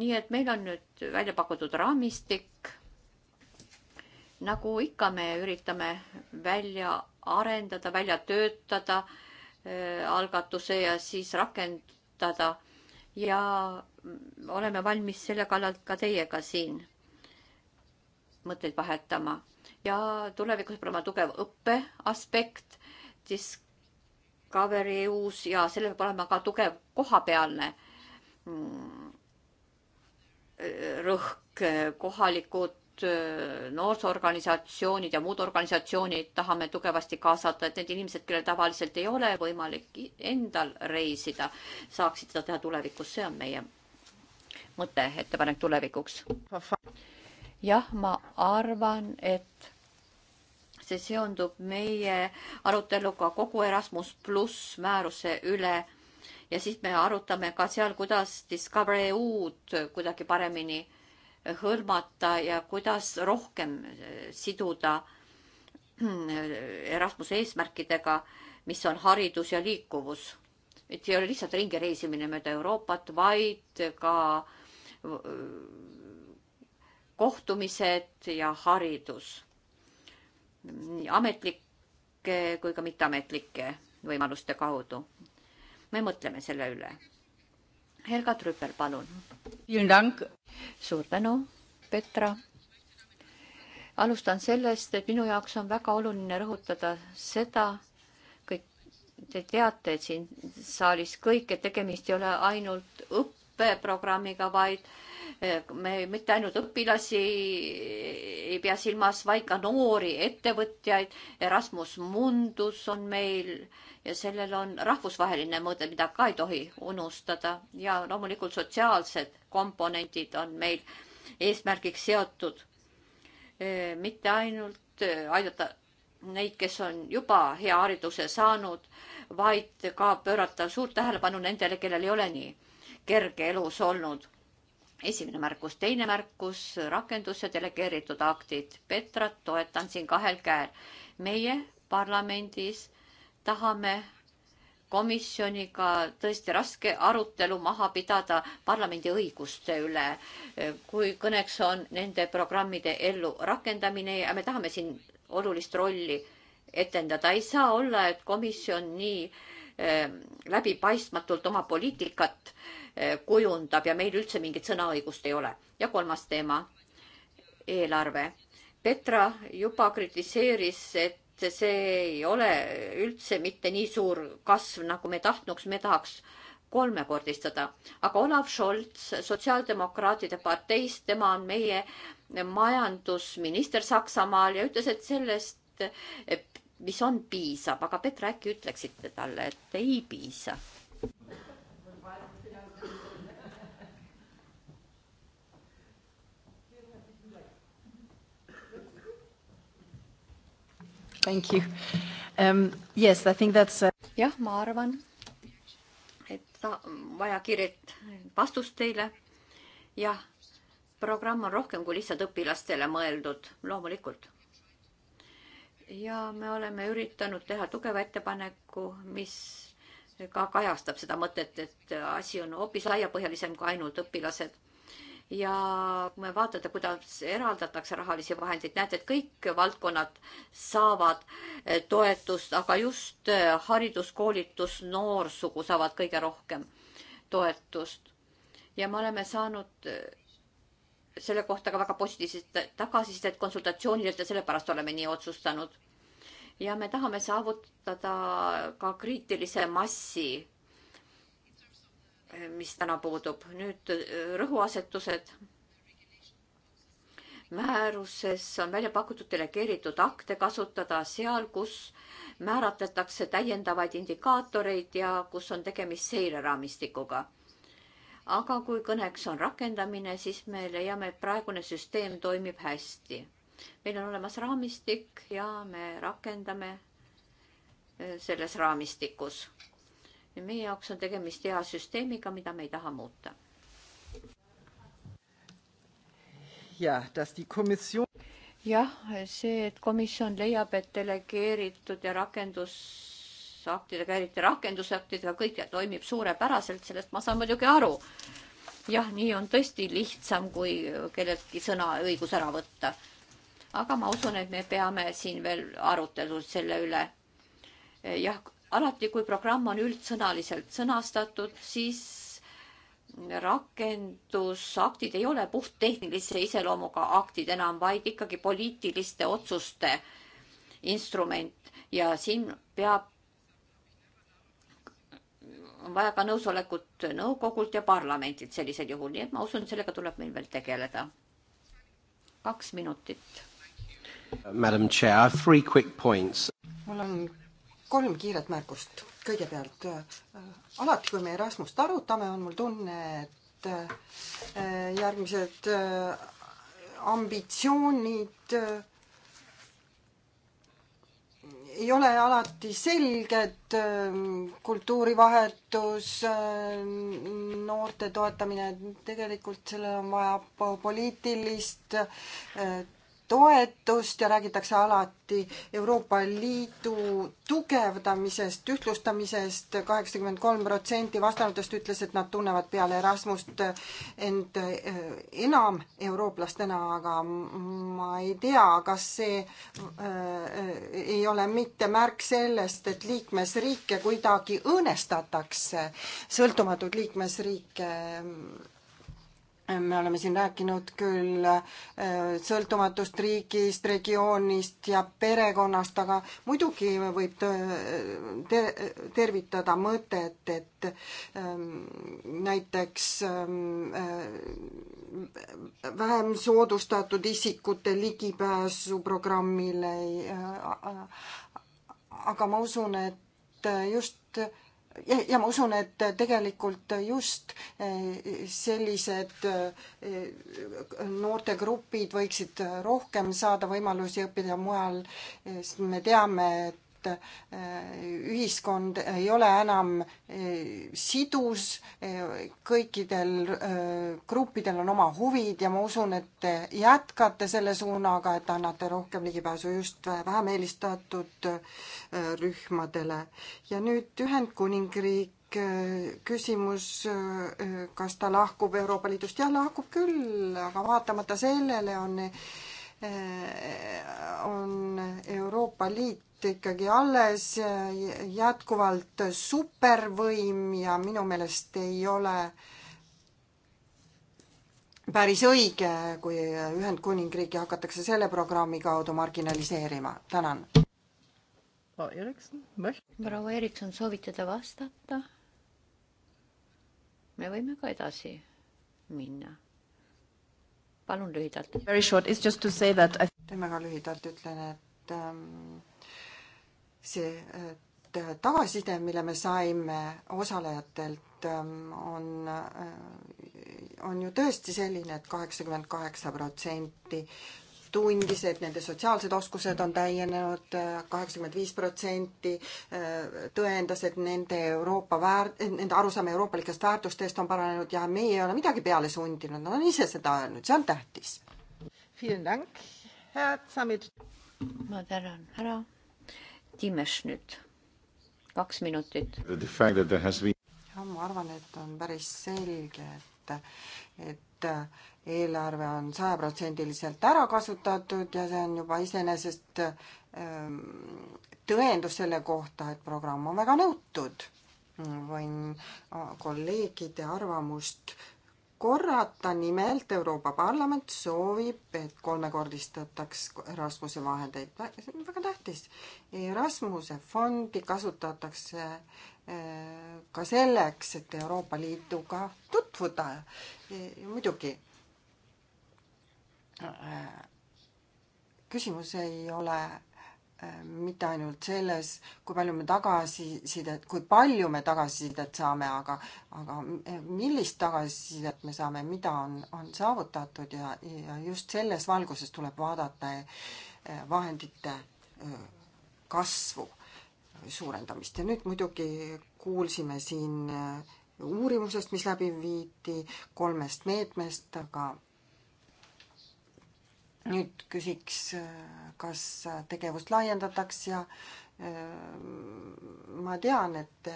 nii et meil on nüüd välja pakutud raamistik nagu ikka, me üritame välja arendada, välja töötada äh, algatuse ja siis rakendada ja oleme valmis selle kallal ka teiega siin mõtteid vahetama ja tulevikus peab olema tugev õppe aspekt, Discovery uus ja sellel peab olema ka tugev kohapealne mm, rõhk, kohalikud Äh, noorsoorganisatsioonid ja muud organisatsioonid tahame tugevasti kaasata, et need inimesed, kellel tavaliselt ei ole võimalik endal reisida, saaksid seda teha tulevikus, see on meie mõte, ettepanek tulevikuks. jah, ma arvan, et see seondub meie aruteluga kogu Erasmus pluss määruse üle ja siis me arutame ka seal, kuidas Discover EU-d kuidagi paremini hõlmata ja kuidas rohkem siduda Erasmuse eesmärkidega, mis on haridus ja liikuvus. et ei ole lihtsalt ringi reisimine mööda Euroopat, vaid ka äh, kohtumised ja haridus. nii ametlikke kui ka mitteametlikke võimaluste kaudu. me mõtleme selle üle Helga Trüppel, palun. suur tänu, Petra. alustan sellest, et minu jaoks on väga oluline rõhutada seda, kõik te teate, et siin saalis kõik, et tegemist ei ole ainult õppimisega, õppeprogrammiga, vaid eh, me mitte ainult õpilasi ei pea silmas, vaid ka noori ettevõtjaid. Erasmus Mundus on meil ja sellel on rahvusvaheline mõõde, mida ka ei tohi unustada ja loomulikult sotsiaalsed komponendid on meil eesmärgiks seotud. Eh, mitte ainult eh, aidata neid, kes on juba hea hariduse saanud, vaid ka pöörata suurt tähelepanu nendele, kellel ei ole nii kerge elus olnud. esimene märkus, teine märkus, rakendus ja delegeeritud aktid. Petrat toetan siin kahel käel. meie parlamendis tahame komisjoniga tõesti raske arutelu maha pidada parlamendi õiguste üle, kui kõneks on nende programmide ellurakendamine ja me tahame siin olulist rolli etendada. ei saa olla, et komisjon nii äh, Eh, läbipaistmatult oma poliitikat eh, kujundab ja meil üldse mingit sõnaõigust ei ole. ja kolmas teema, eelarve. Petra juba kritiseeris, et see ei ole üldse mitte nii suur kasv, nagu me tahtnuks, me tahaks kolmekordistada. aga Olav Scholz Sotsiaaldemokraatide parteist, tema on meie majandusminister Saksamaal ja ütles, et sellest mis on piisav, aga Petra, äkki ütleksite talle, et ei piisa?
Thank you um,. Yes, I think that's a... Uh, jah, ma arvan, et
ta, vaja kiiret vastust teile. jah, programm on rohkem kui lihtsalt õpilastele mõeldud, loomulikult ja me oleme üritanud teha tugeva ettepaneku, mis ka kajastab seda mõtet, et asi on hoopis laiapõhjalisem kui ainult õpilased. ja kui me vaatate, kuidas eraldatakse rahalisi vahendeid, näete, et kõik valdkonnad saavad eh, toetust, aga just eh, haridus, koolitus, noorsugu saavad kõige rohkem toetust. ja me oleme saanud eh, selle kohta ka väga positiivset tagasisidet konsultatsioonidelt ja sellepärast oleme nii otsustanud. ja me tahame saavutada ka kriitilise massi, mis täna puudub. nüüd äh, rõhuasetused. määruses on välja pakutud delegeeritud akte kasutada seal, kus määratletakse täiendavaid indikaatoreid ja kus on tegemist seireraamistikuga aga kui kõneks on rakendamine, siis me leiame, et praegune süsteem toimib hästi. meil on olemas raamistik ja me rakendame e, selles raamistikus. meie jaoks on tegemist hea süsteemiga, mida me ei taha muuta. jah, jah, see, et komisjon leiab, et delegeeritud ja rakendus õigusaktidega, eriti rakendusaktidega, kõik toimib suurepäraselt, sellest ma saan muidugi aru. jah, nii on tõesti lihtsam, kui kelleltki sõnaõigus ära võtta. aga ma usun, et me peame siin veel arutelud selle üle. jah, alati, kui programm on üldsõnaliselt sõnastatud, siis rakendusaktid ei ole puht tehnilise iseloomuga aktid enam, vaid ikkagi poliitiliste otsuste instrument ja siin peab on vaja ka nõusolekut nõukogult ja parlamendilt sellisel juhul, nii et ma usun, sellega tuleb meil veel tegeleda.
kaks minutit.
Madam Chair, three quick
points. mul on kolm kiiret märkust. kõigepealt äh, alati, kui me Erasmust arutame, on mul tunne, et äh, järgmised äh, ambitsioonid ei ole alati selged, ähm, kultuurivahetus, ähm, noorte toetamine, tegelikult sellel on vaja poliitilist äh, toetust ja räägitakse alati Euroopa Liidu tugevdamisest, ühtlustamisest, kaheksakümmend kolm protsenti vastanutest ütles, et nad tunnevad peale Erasmust end äh, enam eurooplastena, aga ma ei tea, kas see äh, ei ole mitte märk sellest, et liikmesriike kuidagi õõnestatakse, sõltumatud liikmesriike me oleme siin rääkinud küll äh, sõltumatust riigist, regioonist ja perekonnast, aga muidugi võib te tervitada mõtet, et ähm, näiteks ähm, äh, vähem soodustatud isikute ligipääsu programmile. Äh, aga ma usun, et just ja, ja ma usun, et tegelikult just eh, sellised eh, noortegrupid võiksid rohkem saada võimalusi õppida mujal, sest me teame, et Äh, ühiskond ei ole enam äh, sidus, äh, kõikidel gruppidel on oma huvid ja ma usun, et te jätkate selle suunaga, et annate rohkem ligipääsu just vähem eelistatud rühmadele. ja nüüd Ühendkuningriik, küsimus, kas ta lahkub Euroopa Liidust, jah, lahkub küll, aga vaatamata sellele on on Euroopa Liit ikkagi alles jätkuvalt supervõim ja minu meelest ei ole päris õige, kui Ühendkuningriiki hakatakse selle programmi kaudu marginaliseerima. tänan.
proua Erikson, soovite te vastata?
me võime ka edasi minna. palun lühidalt. teeme ka lühidalt, ütlen, et ähm, see tagasiside, mille me saime osalejatelt, ähm, on, äh, on ju tõesti selline et, et kaheksakümmend kaheksa protsenti tundis, et nende sotsiaalsed oskused on täienenud, kaheksakümmend viis protsenti äh, tõendas, et nende Euroopa väär-, nende arusaam euroopalikest väärtustest on paranenud ja meie ei ole midagi peale sundinud, nad on ise seda öelnud, see on tähtis.
ma tänan, härra
Times nüüd, kaks minutit. ma arvan, et on päris selge, et, et äh, eelarve on sajaprotsendiliselt ära kasutatud ja see on juba iseenesest ähm, tõendus selle kohta, et programm on väga nõutud. võin äh, kolleegide arvamust korrata, nimelt Euroopa Parlament soovib, et kolmekordistataks Erasmuse vahendeid. see on väga tähtis. Erasmuse fondi kasutatakse eh, ka selleks, et Euroopa Liiduga tutvuda. muidugi eh, küsimus ei ole Äh, mitte ainult selles, kui palju me tagasisidet, kui palju me tagasisidet saame, aga, aga äh, millist tagasisidet me saame, mida on, on saavutatud ja, ja just selles valguses tuleb vaadata äh, vahendite kasvu, suurendamist ja nüüd muidugi kuulsime siin uurimusest, mis läbi viidi, kolmest meetmest, aga nüüd küsiks, äh, kas äh, tegevust laiendatakse ja äh, ma tean, et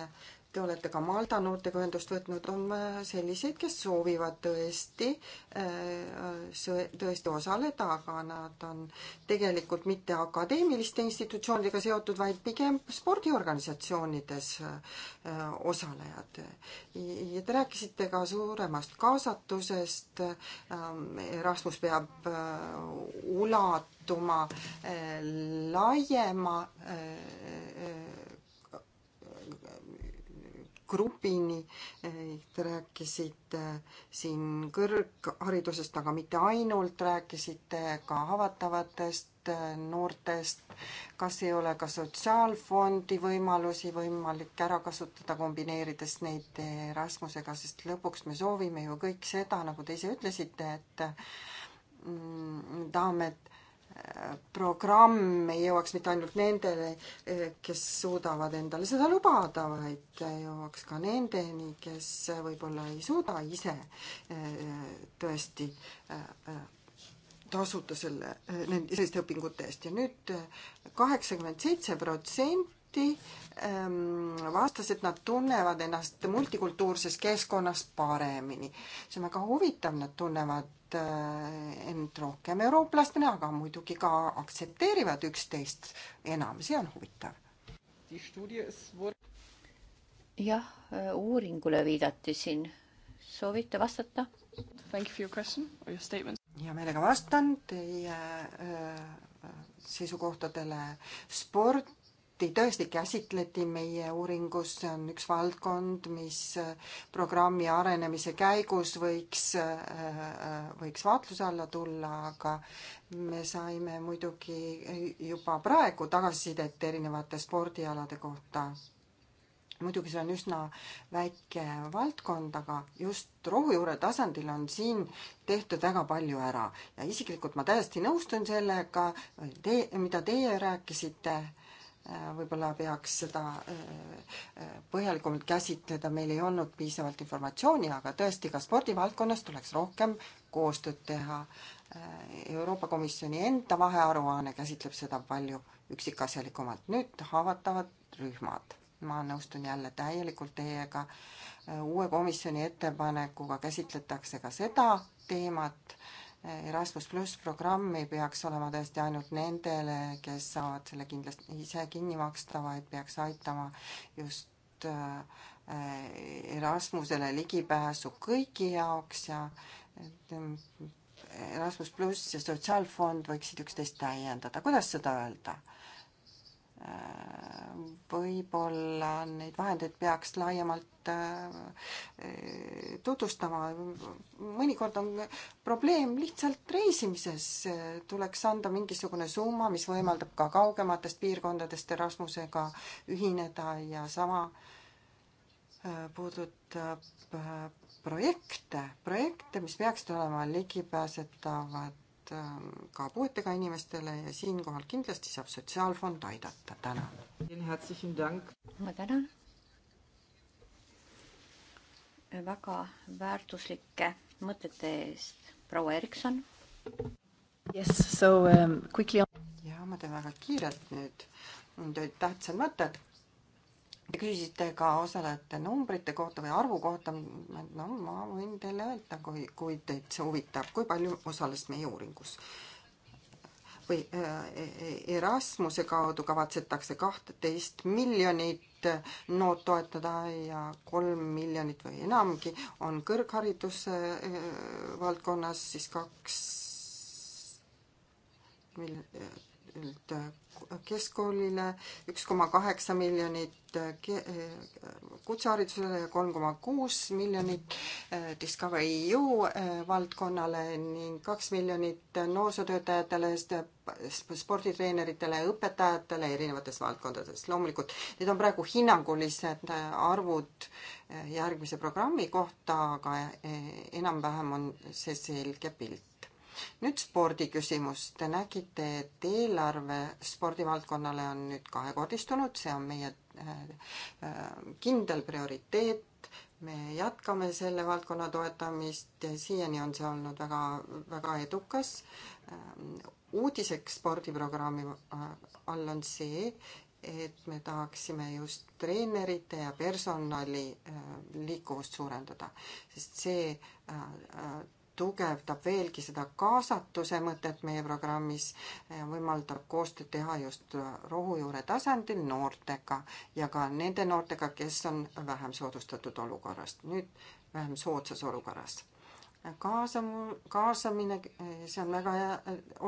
te olete ka Malta noortega ühendust võtnud, on selliseid, kes soovivad tõesti, äh, tõesti osaleda, aga nad on tegelikult mitte akadeemiliste institutsioonidega seotud, vaid pigem spordiorganisatsioonides äh, osalejad. ja te rääkisite ka suuremast kaasatusest, äh, Erasmus peab ulatuma laiema grupini, eh, te rääkisite eh, siin kõrgharidusest, aga mitte ainult, rääkisite ka haavatavatest eh, noortest, kas ei ole ka sotsiaalfondi võimalusi võimalik ära kasutada, kombineerides neid Erasmusega, sest lõpuks me soovime ju kõik seda, nagu te ise ütlesite, et mm, tahame, et programm ei jõuaks mitte ainult nendele, kes suudavad endale seda lubada, vaid jõuaks ka nendeni, kes võib-olla ei suuda ise äh, tõesti äh, tasuda selle, äh, selliste õpingute eest ja nüüd kaheksakümmend seitse protsenti samuti ähm, vastas, et nad tunnevad ennast multikultuurses keskkonnas paremini. see on väga huvitav, nad tunnevad äh, end rohkem eurooplastena, aga muidugi ka aktsepteerivad üksteist enam, see on huvitav. jah, äh, uuringule viidati siin. soovite vastata? hea meelega vastan teie äh, seisukohtadele. sport projekti tõesti käsitleti meie uuringus, see on üks valdkond, mis äh, programmi arenemise käigus võiks, äh, äh, võiks vaatluse alla tulla, aga me saime muidugi juba praegu tagasisidet erinevate spordialade kohta muidugi see on üsna väike valdkond, aga just rohujuure tasandil on siin tehtud väga palju ära ja isiklikult ma täiesti nõustun sellega, mida teie rääkisite Äh, võib-olla peaks seda äh, äh, põhjalikumalt käsitleda, meil ei olnud piisavalt informatsiooni, aga tõesti, ka spordivaldkonnas tuleks rohkem koostööd teha. Euroopa Komisjoni enda vahearuanne käsitleb seda palju üksikasjalikumalt. nüüd haavatavad rühmad. ma nõustun jälle täielikult teiega. uue komisjoni ettepanekuga käsitletakse ka seda teemat Erasmus pluss programmi peaks olema tõesti ainult nendele, kes saavad selle kindlasti ise kinni maksta, vaid peaks aitama just äh, Erasmusele ligipääsu kõigi jaoks ja ähm, Erasmus pluss ja Sotsiaalfond võiksid üksteist täiendada, kuidas seda öelda? võib-olla neid vahendeid peaks laiemalt äh, tutvustama. mõnikord on probleem lihtsalt reisimises, tuleks anda mingisugune summa, mis võimaldab ka kaugematest piirkondadest Erasmusega ühineda ja sama äh, puudutab äh, projekte, projekte, mis peaksid olema ligipääsetavad Ähm, ka puuetega inimestele ja siinkohal kindlasti saab Sotsiaalfond aidata, tänan. ma tänan.
väga väärtuslike mõtete eest, proua Erikson.
Yes, so um, quickly on. ja ma teen väga kiirelt nüüd. tähtsad mõtted Te küsisite ka osalejate numbrite kohta või arvu kohta. no ma võin teile öelda, kui, kui teid see huvitab, kui palju osales meie uuringus. või äh, e-, e-, Erasmuse kaudu kavatsetakse kahteteist miljonit äh, noort toetada ja kolm miljonit või enamgi on kõrghariduse äh, valdkonnas siis kaks miljonit üldkeskkoolile, äh, üks koma kaheksa miljonit äh, äh, kutseharidusele ja kolm koma kuus miljonit Discovery EU valdkonnale ning kaks miljonit noorsootöötajatele, sporditreeneritele, õpetajatele erinevates valdkondades. loomulikult need on praegu hinnangulised arvud järgmise programmi kohta, aga enam-vähem on see selge pilt nüüd spordiküsimus. Te nägite, et eelarve spordivaldkonnale on nüüd kahekordistunud, see on meie äh, äh, kindel prioriteet. me jätkame selle valdkonna toetamist, siiani on see olnud väga, väga edukas. Äh, uudiseks spordiprogrammi all on see, et me tahaksime just treenerite ja personali liikuvust suurendada, sest see tugevdab veelgi seda kaasatuse mõtet meie programmis, eh, võimaldab koostööd teha just rohujuure tasandil noortega ja ka nende noortega, kes on vähem soodustatud olukorrast, nüüd vähem soodsas olukorras kaasamu-, kaasamine, see on väga hea,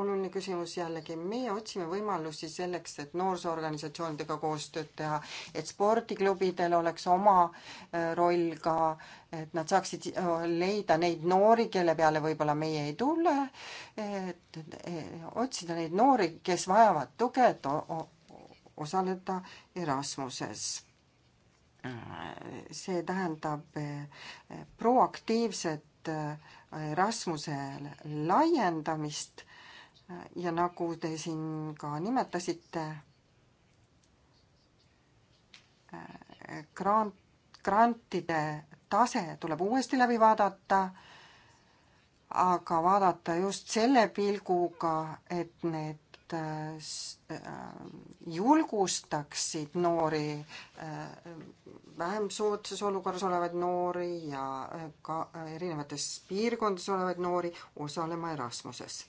oluline küsimus jällegi, meie otsime võimalusi selleks, et noorsoorganisatsioonidega koostööd teha, et spordiklubidel oleks oma äh, roll ka, et nad saaksid äh, leida neid noori, kelle peale võib-olla meie ei tule, et äh, otsida neid noori, kes vajavad tuge, et osaleda Erasmuses see tähendab proaktiivset Äh, Rasmuse laiendamist ja nagu te siin ka nimetasite, äh, grant, grantide tase tuleb uuesti läbi vaadata, aga vaadata just selle pilguga, et need Äh, äh, julgustaksid noori, äh, vähem soodsas olukorras olevaid noori ja ka erinevates piirkondades olevaid noori osalema Erasmuses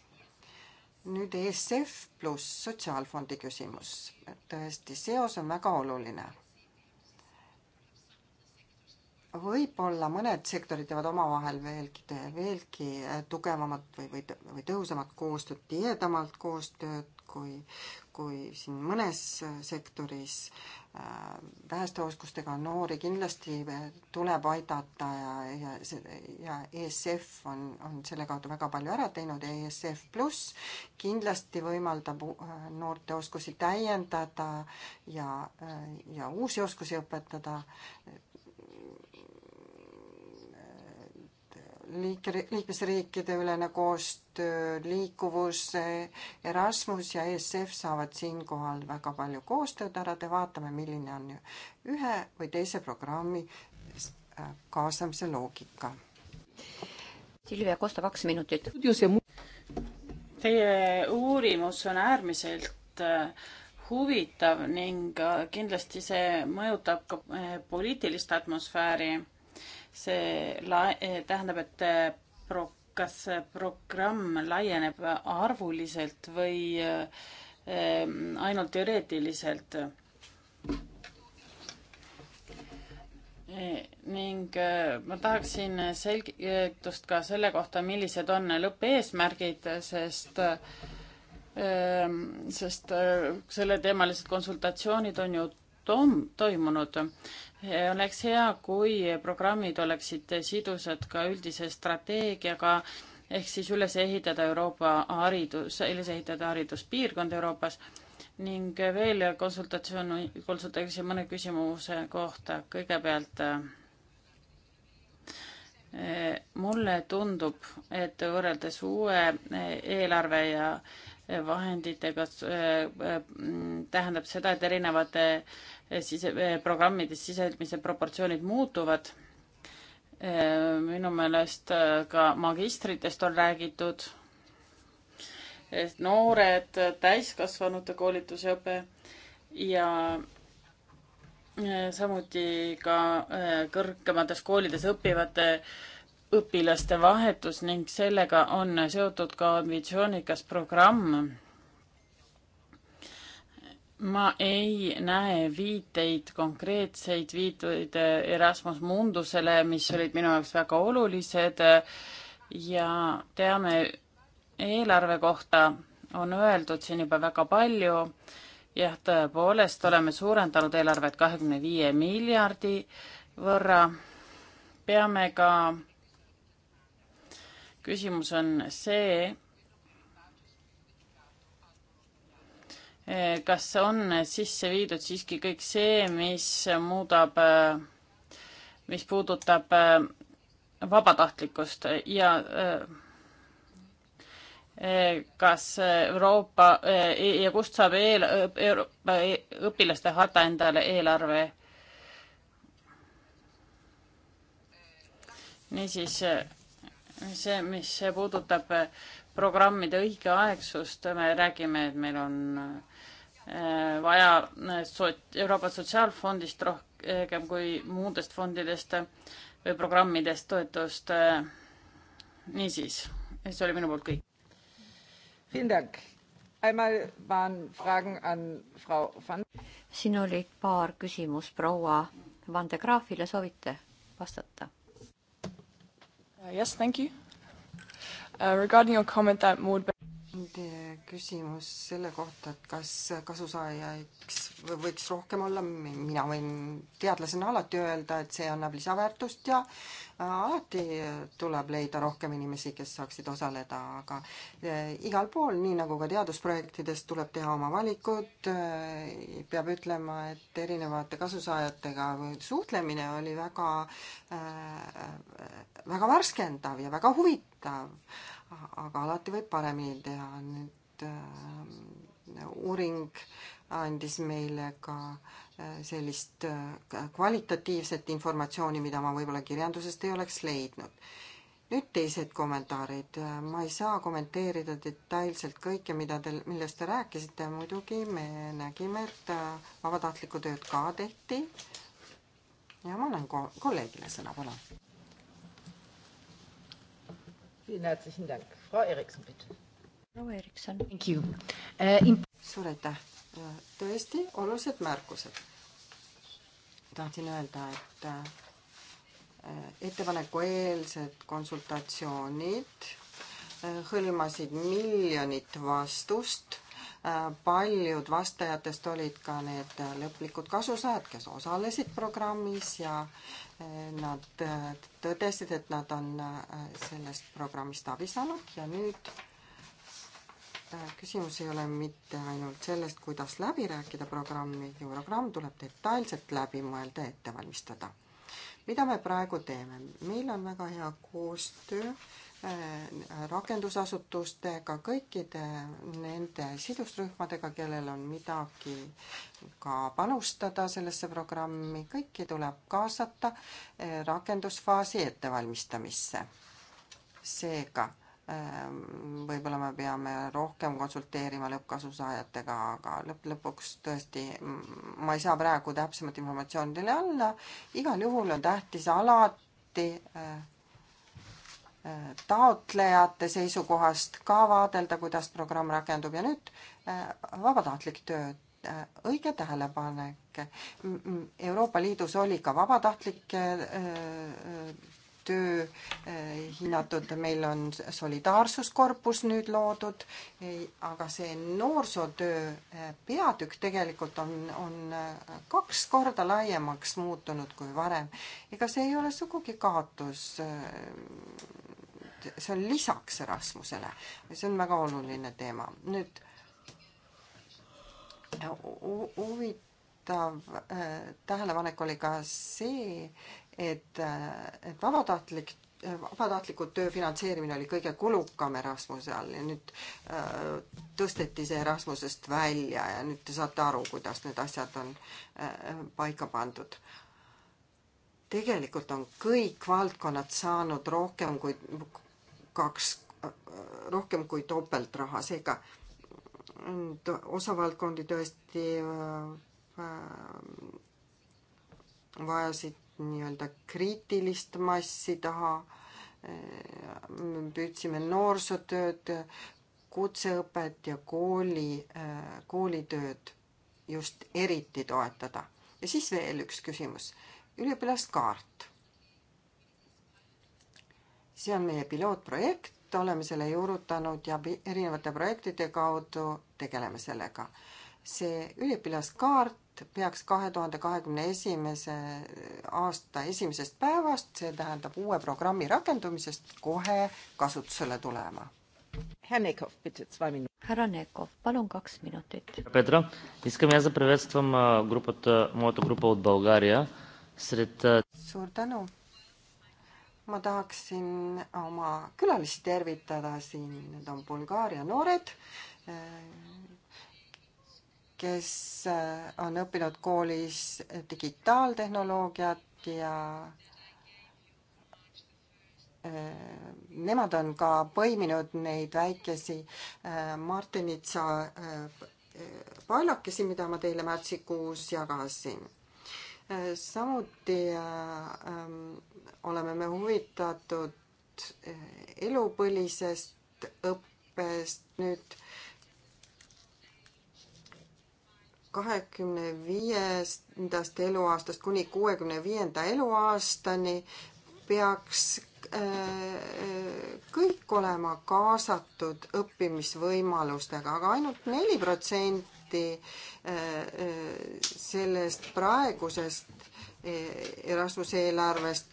nüüd ESF pluss Sotsiaalfondi küsimus. tõesti, seos on väga oluline võib-olla mõned sektorid teevad omavahel veelgi, veelgi äh, tugevamat või, või, või tõhusamat koostööd, tihedamalt koostööd kui, kui siin mõnes äh, sektoris äh, väheste oskustega noori kindlasti tuleb aidata ja, ja, ja ESF on, on selle kaudu väga palju ära teinud ja ESF pluss kindlasti võimaldab noorte oskusi täiendada ja, ja uusi oskusi õpetada liike, liikmesriikide ülene koostöö, liikuvus, Erasmus ja ESF saavad siinkohal väga palju koostööd ära teha, vaatame, milline on ühe või teise programmi äh, kaasamise loogika. Silvia Kosta, kaks minutit.
Teie uurimus on äärmiselt äh, huvitav ning äh, kindlasti see mõjutab ka poliitilist atmosfääri see la-, eh, tähendab, et eh, pro-, kas programm laieneb arvuliselt või eh, ainult teoreetiliselt? ning ma tahaksin selgitust ka selle kohta, millised on lõppeesmärgid, sest sest selleteemalised konsultatsioonid on ju tom-, toimunud Eh, oleks hea, kui programmid oleksid sidusad ka üldise strateegiaga, ehk siis üles ehitada Euroopa haridus, üles ehitada hariduspiirkond Euroopas ning veel konsultatsioon, konsulteerisin mõne küsimuse kohta. kõigepealt eh, mulle tundub, et võrreldes uue eh, eelarve ja vahenditega tähendab seda, et erinevate sise, eh, programmides sisemise proportsioonid muutuvad. Eh, minu meelest eh, ka magistritest on räägitud. noored, täiskasvanute koolitus ja õpe ja samuti ka kõrgemates koolides õppivate õpilaste vahetus ning sellega on seotud ka ambitsioonikas programm ma ei näe viiteid, konkreetseid viiteid Erasmus Mundusele, mis olid minu jaoks väga olulised ja teame eelarve kohta on öeldud siin juba väga palju. jah, tõepoolest oleme suurendanud eelarvet kahekümne viie miljardi võrra. peame ka, küsimus on see, kas on sisse viidud siiski kõik see, mis muudab, mis puudutab äh, vabatahtlikkust ja äh, äh, kas Euroopa ja kust saab eel, Euroopa õpilaste harta endale eelarve? niisiis see, mis puudutab programmide õigeaegsust, me räägime, et meil on vaja äh, soot-, Euroopa Sotsiaalfondist rohkem kui muudest fondidest või programmidest toetust. Äh, niisiis, see oli minu poolt kõik.
siin oli paar küsimust proua Van de Graafile, soovite vastata?
Uh, yes, thank you. Uh, regarding your comment that Maud Teie küsimus selle kohta, et kas kasusaajaid võiks rohkem olla, mina võin teadlasena alati öelda, et see annab lisaväärtust ja äh, alati tuleb leida rohkem inimesi, kes saaksid osaleda, aga äh, igal pool, nii nagu ka teadusprojektides, tuleb teha oma valikud. Äh, peab ütlema, et erinevate kasusaajatega suhtlemine oli väga, väga värskendav ja väga huvitav aga alati võib paremini teha, nüüd äh, uuring andis meile ka äh, sellist äh, kvalitatiivset informatsiooni, mida ma võib-olla kirjandusest ei oleks leidnud. nüüd teised kommentaarid, äh, ma ei saa kommenteerida detailselt kõike, mida te, millest te rääkisite, muidugi me nägime, et vabatahtlikku tööd ka tehti. ja ma annan kolleegile sõna, palun Vielen herzlichen Dank. Frau Erikson, bitte. proua Erikson. Thank you uh,. suur aitäh. tõesti olulised märkused. tahtsin öelda, et äh, ettepaneku eelsed konsultatsioonid äh, hõlmasid miljonit vastust paljud vastajatest olid ka need lõplikud kasusaajad, kes osalesid programmis ja eh, nad eh, tõdesid, et nad on eh, sellest programmist abi saanud ja nüüd küsimus ei ole mitte ainult sellest, kuidas läbi rääkida programmi, programm tuleb detailselt läbi mõelda ja ette valmistada. mida me praegu teeme? meil on väga hea koostöö Äh, rakendusasutustega, kõikide nende sidusrühmadega, kellel on midagi ka panustada sellesse programmi, kõiki tuleb kaasata äh, rakendusfaasi ettevalmistamisse. seega äh, võib-olla me peame rohkem konsulteerima lõppkasusaajatega, aga lõpp, lõpuks tõesti mm, ma ei saa praegu täpsemat informatsiooni teile anda. igal juhul on tähtis alati taotlejate seisukohast ka vaadelda, kuidas programm rakendub ja nüüd äh, vabatahtlik töö. Äh, õige tähelepanek. Euroopa Liidus oli ka vabatahtlik äh, töö hinnatud, meil on solidaarsuskorpus nüüd loodud, aga see noorsootöö peatükk tegelikult on, on kaks korda laiemaks muutunud kui varem. ega see ei ole sugugi kaotus et see on lisaks Erasmusele. see on väga oluline teema. nüüd huvitav äh, tähelepanek oli ka see, et, äh, et vabatahtlik äh, vabatahtlikult töö finantseerimine oli kõige kulukam Erasmuse all ja nüüd äh, tõsteti see Erasmusest välja ja nüüd te saate aru, kuidas need asjad on äh, paika pandud. tegelikult on kõik valdkonnad saanud rohkem kui kaks, rohkem kui topeltraha, seega osavaldkondi tõesti äh, vajasid nii-öelda kriitilist massi taha. püüdsime noorsootööd, kutseõpet ja kooli, äh, koolitööd just eriti toetada. ja siis veel üks küsimus, üliõpilaskaart see on meie pilootprojekt, oleme selle juurutanud ja erinevate projektide kaudu tegeleme sellega. see üliõpilaskaart peaks kahe tuhande kahekümne esimese aasta esimesest päevast, see tähendab uue programmi rakendumisest, kohe kasutusele tulema. härra Nekov, härra Nekov, palun kaks minutit. Petra,
искам я да приветствам групата, моята група от България. Сред...
Suur
tänu ma tahaksin oma külalist tervitada siin, need on Bulgaaria noored, kes on õppinud koolis digitaaltehnoloogiat ja eh, nemad on ka põiminud neid väikesi eh, Martinitsa eh, paelakesi, mida ma teile märtsikuus jagasin samuti äh, ähm, oleme me huvitatud äh, elupõlisest õppest nüüd kahekümne viiendast eluaastast kuni kuuekümne viienda eluaastani peaks äh, kõik olema kaasatud õppimisvõimalustega, aga ainult neli protsenti lahti äh, äh, sellest praegusest äh, Erasmuse eelarvest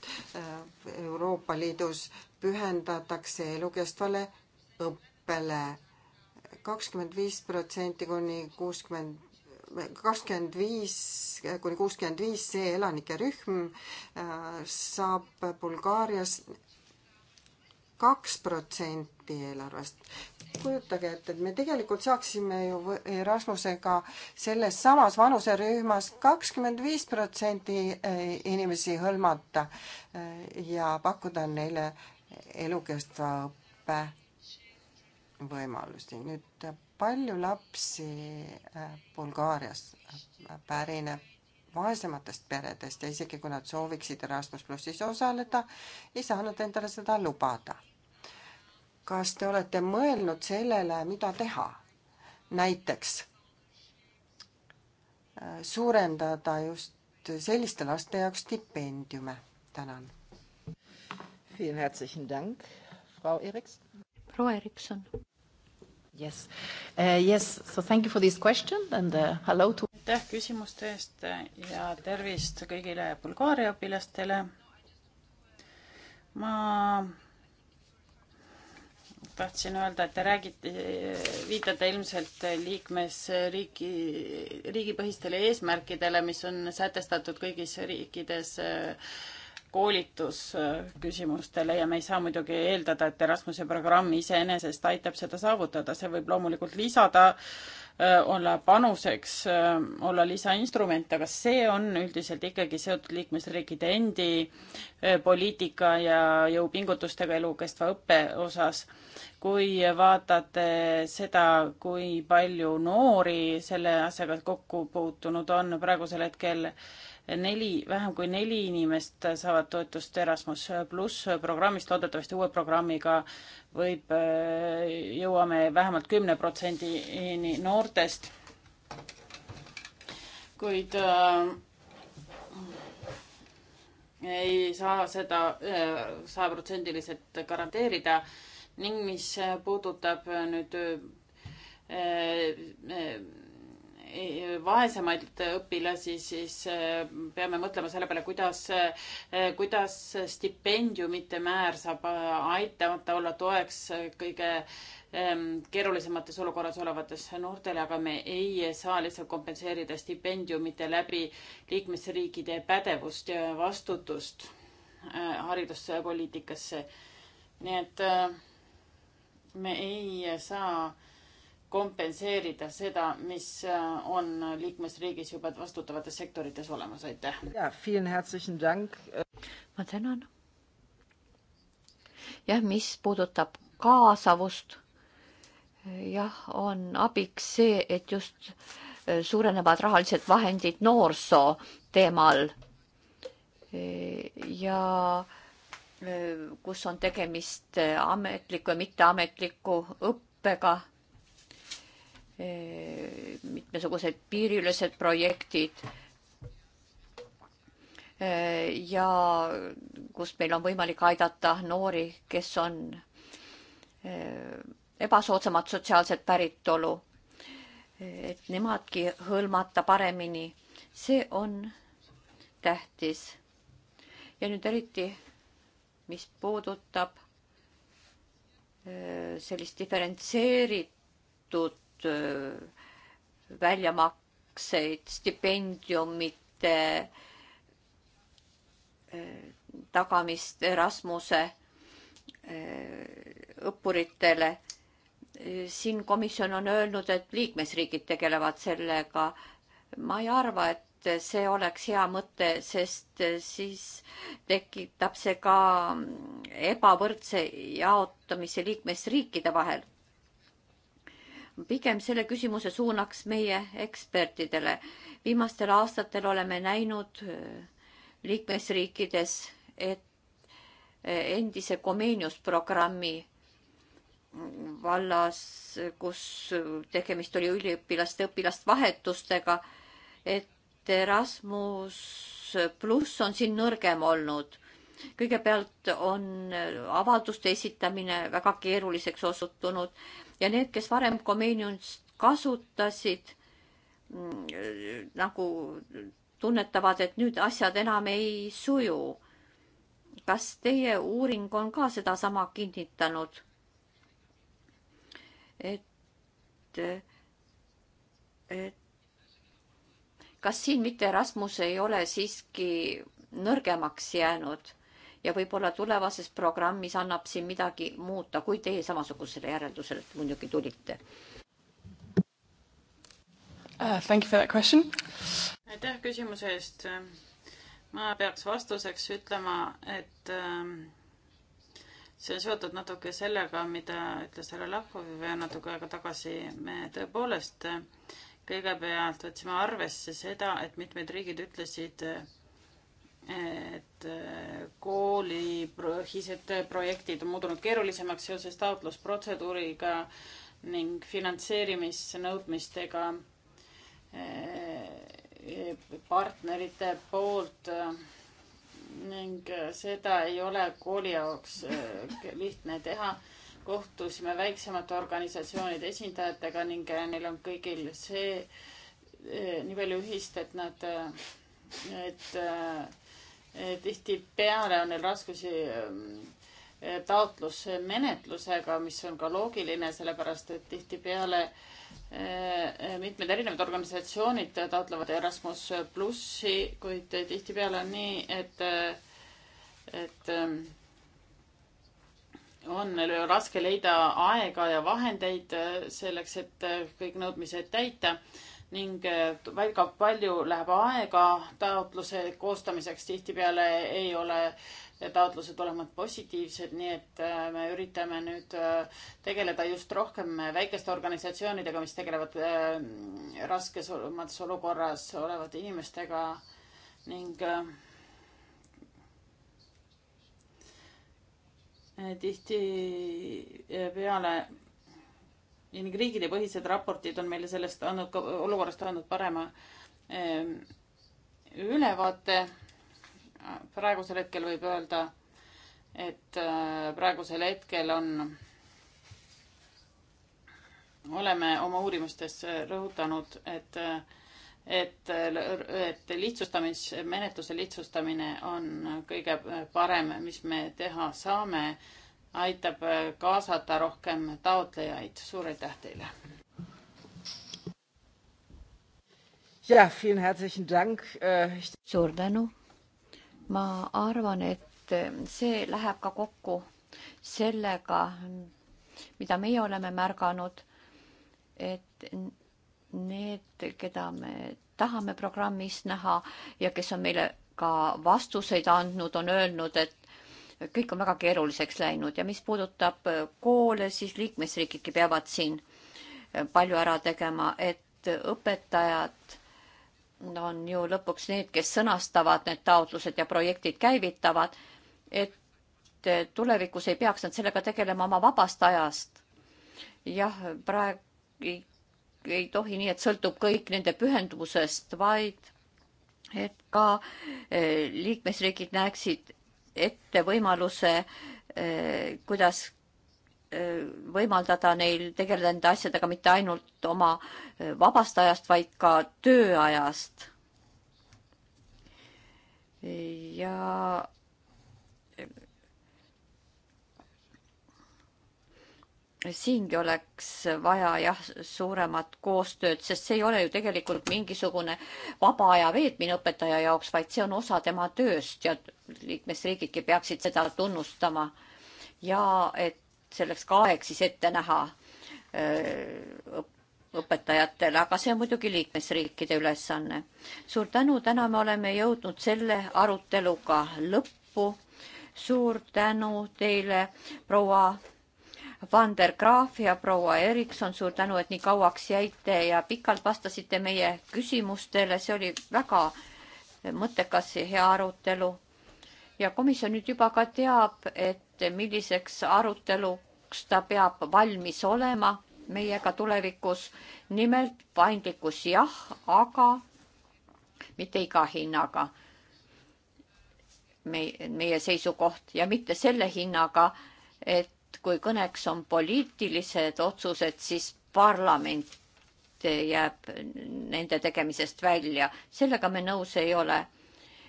Euroopa Liidus pühendatakse elukestvale õppele kakskümmend viis protsenti kuni kuuskümmend kakskümmend viis kuni kuuskümmend viis, see elanike rühm saab Bulgaarias kaks protsenti eelarvest. kujutage ette, et me tegelikult saaksime ju Erasmusega selles samas vanuserühmas kakskümmend viis protsenti eh, inimesi hõlmata eh, ja pakkuda neile elukestva õppe võimalusi. nüüd palju lapsi eh, Bulgaarias pärineb vaesematest peredest ja isegi kui nad sooviksid Erasmus plussis osaleda, ei saa nad endale seda lubada kas te olete mõelnud sellele, mida teha? näiteks äh, suurendada just selliste laste jaoks stipendiume. tänan. proua Erikson. Yes. Uh, yes, so thank you for this question and uh, hello to aitäh küsimuste
eest ja tervist kõigile Bulgaaria õpilastele. ma tahtsin öelda, et te räägite, viitate ilmselt liikmesriiki, riigipõhistele eesmärkidele, mis on sätestatud kõigis riikides äh, koolitusküsimustele äh, ja me ei saa muidugi eeldada, et Erasmuse programm iseenesest aitab seda saavutada, see võib loomulikult lisada äh, Äh, olla panuseks, äh, olla lisainstrument, aga see on üldiselt ikkagi seotud liikmesriikide endi äh, poliitika ja jõupingutustega elukestva õppe osas. kui vaatate seda, kui palju noori selle asjaga kokku puutunud on praegusel hetkel, neli, vähem kui neli inimest saavad toetust Erasmus pluss programmist, loodetavasti uue programmiga võib, äh, jõuame vähemalt kümne protsendini noortest. kuid äh, ei saa seda äh, sajaprotsendiliselt äh, garanteerida ning mis puudutab nüüd äh, äh vaesemaid õpilasi, siis eh, peame mõtlema selle peale, kuidas, eh, kuidas stipendiumite määr saab eh, aitamata olla toeks kõige ehm, keerulisemates olukorras olevates noortele, aga me ei saa lihtsalt kompenseerida stipendiumite läbi liikmesriikide pädevust ja vastutust hariduspoliitikasse. nii et me ei saa kompenseerida seda, mis äh, on liikmesriigis juba vastutavates sektorites olemas, aitäh.
ma tänan.
jah, mis puudutab kaasavust, jah, on abiks see, et just äh, suurenevad rahalised vahendid noorsoo teemal. Äh, ja kus on tegemist ametliku ja mitteametliku õppega Eh, mitmesugused piiriülesed projektid eh, ja kus meil on võimalik aidata noori, kes on eh, ebasoodsamat sotsiaalset päritolu, et nemadki hõlmata paremini. see on tähtis. ja nüüd eriti, mis puudutab sellist diferentseeritud väljamakseid, stipendiumite tagamist Erasmuse õppuritele. siin komisjon on öelnud, et liikmesriigid tegelevad sellega. ma ei arva, et see oleks hea mõte, sest siis tekitab see ka ebavõrdse jaotamise liikmesriikide vahel pigem selle küsimuse suunaks meie ekspertidele. viimastel aastatel oleme näinud äh, liikmesriikides, et äh, endise Comenius programmi mm, vallas, kus tegemist oli üliõpilaste õpilastvahetustega, et Erasmus pluss on siin nõrgem olnud. kõigepealt on äh, avalduste esitamine väga keeruliseks osutunud ja need, kes varem Komeeniumist kasutasid mm, nagu tunnetavad, et nüüd asjad enam ei suju. kas teie uuring on ka sedasama kinnitanud? et, et kas siin mitte Rasmus ei ole siiski nõrgemaks jäänud? ja võib-olla tulevases programmis annab siin midagi muuta, kui teie samasugusele järeldusele muidugi tulite
uh,? Thank you for that question. aitäh küsimuse eest. ma peaks vastuseks ütlema, et ähm, see on seotud natuke sellega, mida ütles härra Lahkov natuke aega tagasi. me tõepoolest äh, kõigepealt võtsime arvesse seda, et mitmed riigid ütlesid äh, et äh, koolipõhised projektid on muutunud keerulisemaks seoses taotlusprotseduuriga ning finantseerimisnõudmistega äh, partnerite poolt äh, ning seda ei ole kooli jaoks lihtne teha. kohtusime väiksemate organisatsioonide esindajatega ning neil on kõigil see nii palju ühist, et nad, et tihtipeale on neil raskusi ähm, äh, taotlusmenetlusega, mis on ka loogiline, sellepärast et tihtipeale äh, äh, mitmed erinevad organisatsioonid taotlevad Erasmus plussi, kuid tihtipeale on nii, et, et ähm, on raske leida aega ja vahendeid selleks, et kõik nõudmised täita ning väga palju läheb aega taotluse koostamiseks, tihtipeale ei ole taotlused olemas positiivsed, nii et äh, me üritame nüüd äh, tegeleda just rohkem väikeste organisatsioonidega, mis tegelevad äh, raskes olukorras olevate inimestega ning tihtipeale ning riigidepõhised raportid on meile sellest andnud ka, olukorrast andnud parema ehm, ülevaate. praegusel hetkel võib öelda, et äh, praegusel hetkel on, oleme oma uurimustes rõhutanud, et, äh, et, äh, et lihtsustamismenetluse lihtsustamine on kõige parem, mis me teha saame aitab äh, kaasata rohkem taotlejaid. suur aitäh
teile!
jah, vielen herzlichen
Dank. Äh, suur tänu. ma arvan, et äh, see läheb ka kokku sellega, mida meie oleme märganud, et need, keda me tahame programmis näha ja kes on meile ka vastuseid andnud, on öelnud, et kõik on väga keeruliseks läinud ja mis puudutab äh, koole, siis liikmesriigidki peavad siin äh, palju ära tegema, et õpetajad on ju lõpuks need, kes sõnastavad need taotlused ja projektid käivitavad, et äh, tulevikus ei peaks nad sellega tegelema oma vabast ajast. jah, praegu ei, ei tohi nii, et sõltub kõik nende pühendumusest, vaid et ka liikmesriigid näeksid ette võimaluse, eh, kuidas eh, võimaldada neil tegeleda nende asjadega mitte ainult oma eh, vabast ajast, vaid ka tööajast. ja siingi oleks vaja jah, suuremat koostööd, sest see ei ole ju tegelikult mingisugune vaba aja veetmine õpetaja jaoks, vaid see on osa tema tööst ja liikmesriigidki peaksid seda tunnustama. ja et selleks ka aeg siis ette näha õpetajatele, aga see on muidugi liikmesriikide ülesanne. suur tänu, täna me oleme jõudnud selle aruteluga lõppu. suur tänu teile, proua Van der Graaf ja proua Erikson, suur tänu, et nii kauaks jäite ja pikalt vastasite meie küsimustele, see oli väga mõttekas ja hea arutelu. ja komisjon nüüd juba ka teab, et milliseks aruteluks ta peab valmis olema meiega tulevikus. nimelt paindlikkus jah, aga mitte iga hinnaga. meie, meie seisukoht ja mitte selle hinnaga, et et kui kõneks on poliitilised otsused, siis parlament jääb nende tegemisest välja. sellega me nõus ei ole,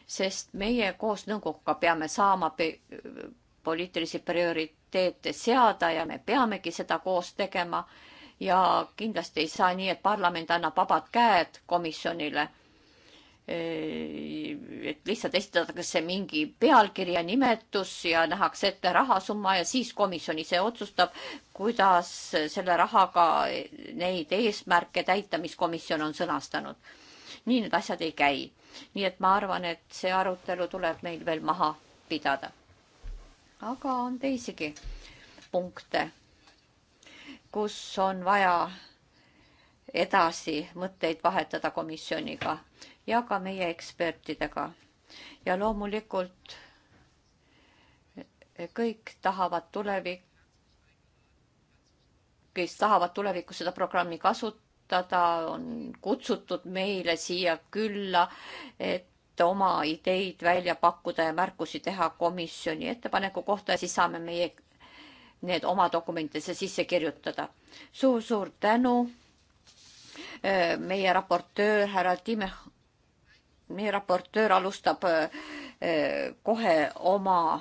sest meie koos nõukoguga peame saama poliitilisi prioriteete seada ja me peamegi seda koos tegema. ja kindlasti ei saa nii, et parlament annab vabad käed komisjonile et lihtsalt esitatakse mingi pealkiri ja nimetus ja nähakse ette rahasumma ja siis komisjon ise otsustab, kuidas selle rahaga neid eesmärke täita, mis komisjon on sõnastanud. nii need asjad ei käi. nii et ma arvan, et see arutelu tuleb meil veel maha pidada. aga on teisigi punkte, kus on vaja edasi mõtteid vahetada komisjoniga ja ka meie ekspertidega. ja loomulikult kõik tahavad tulevik, kes tahavad tulevikus seda programmi kasutada, on kutsutud meile siia külla, et oma ideid välja pakkuda ja märkusi teha komisjoni ettepaneku kohta ja siis saame meie need oma dokumentidesse sisse kirjutada suur,. suur-suur tänu äh, meie raportöör härra Timeh meie raportöör alustab eh, kohe oma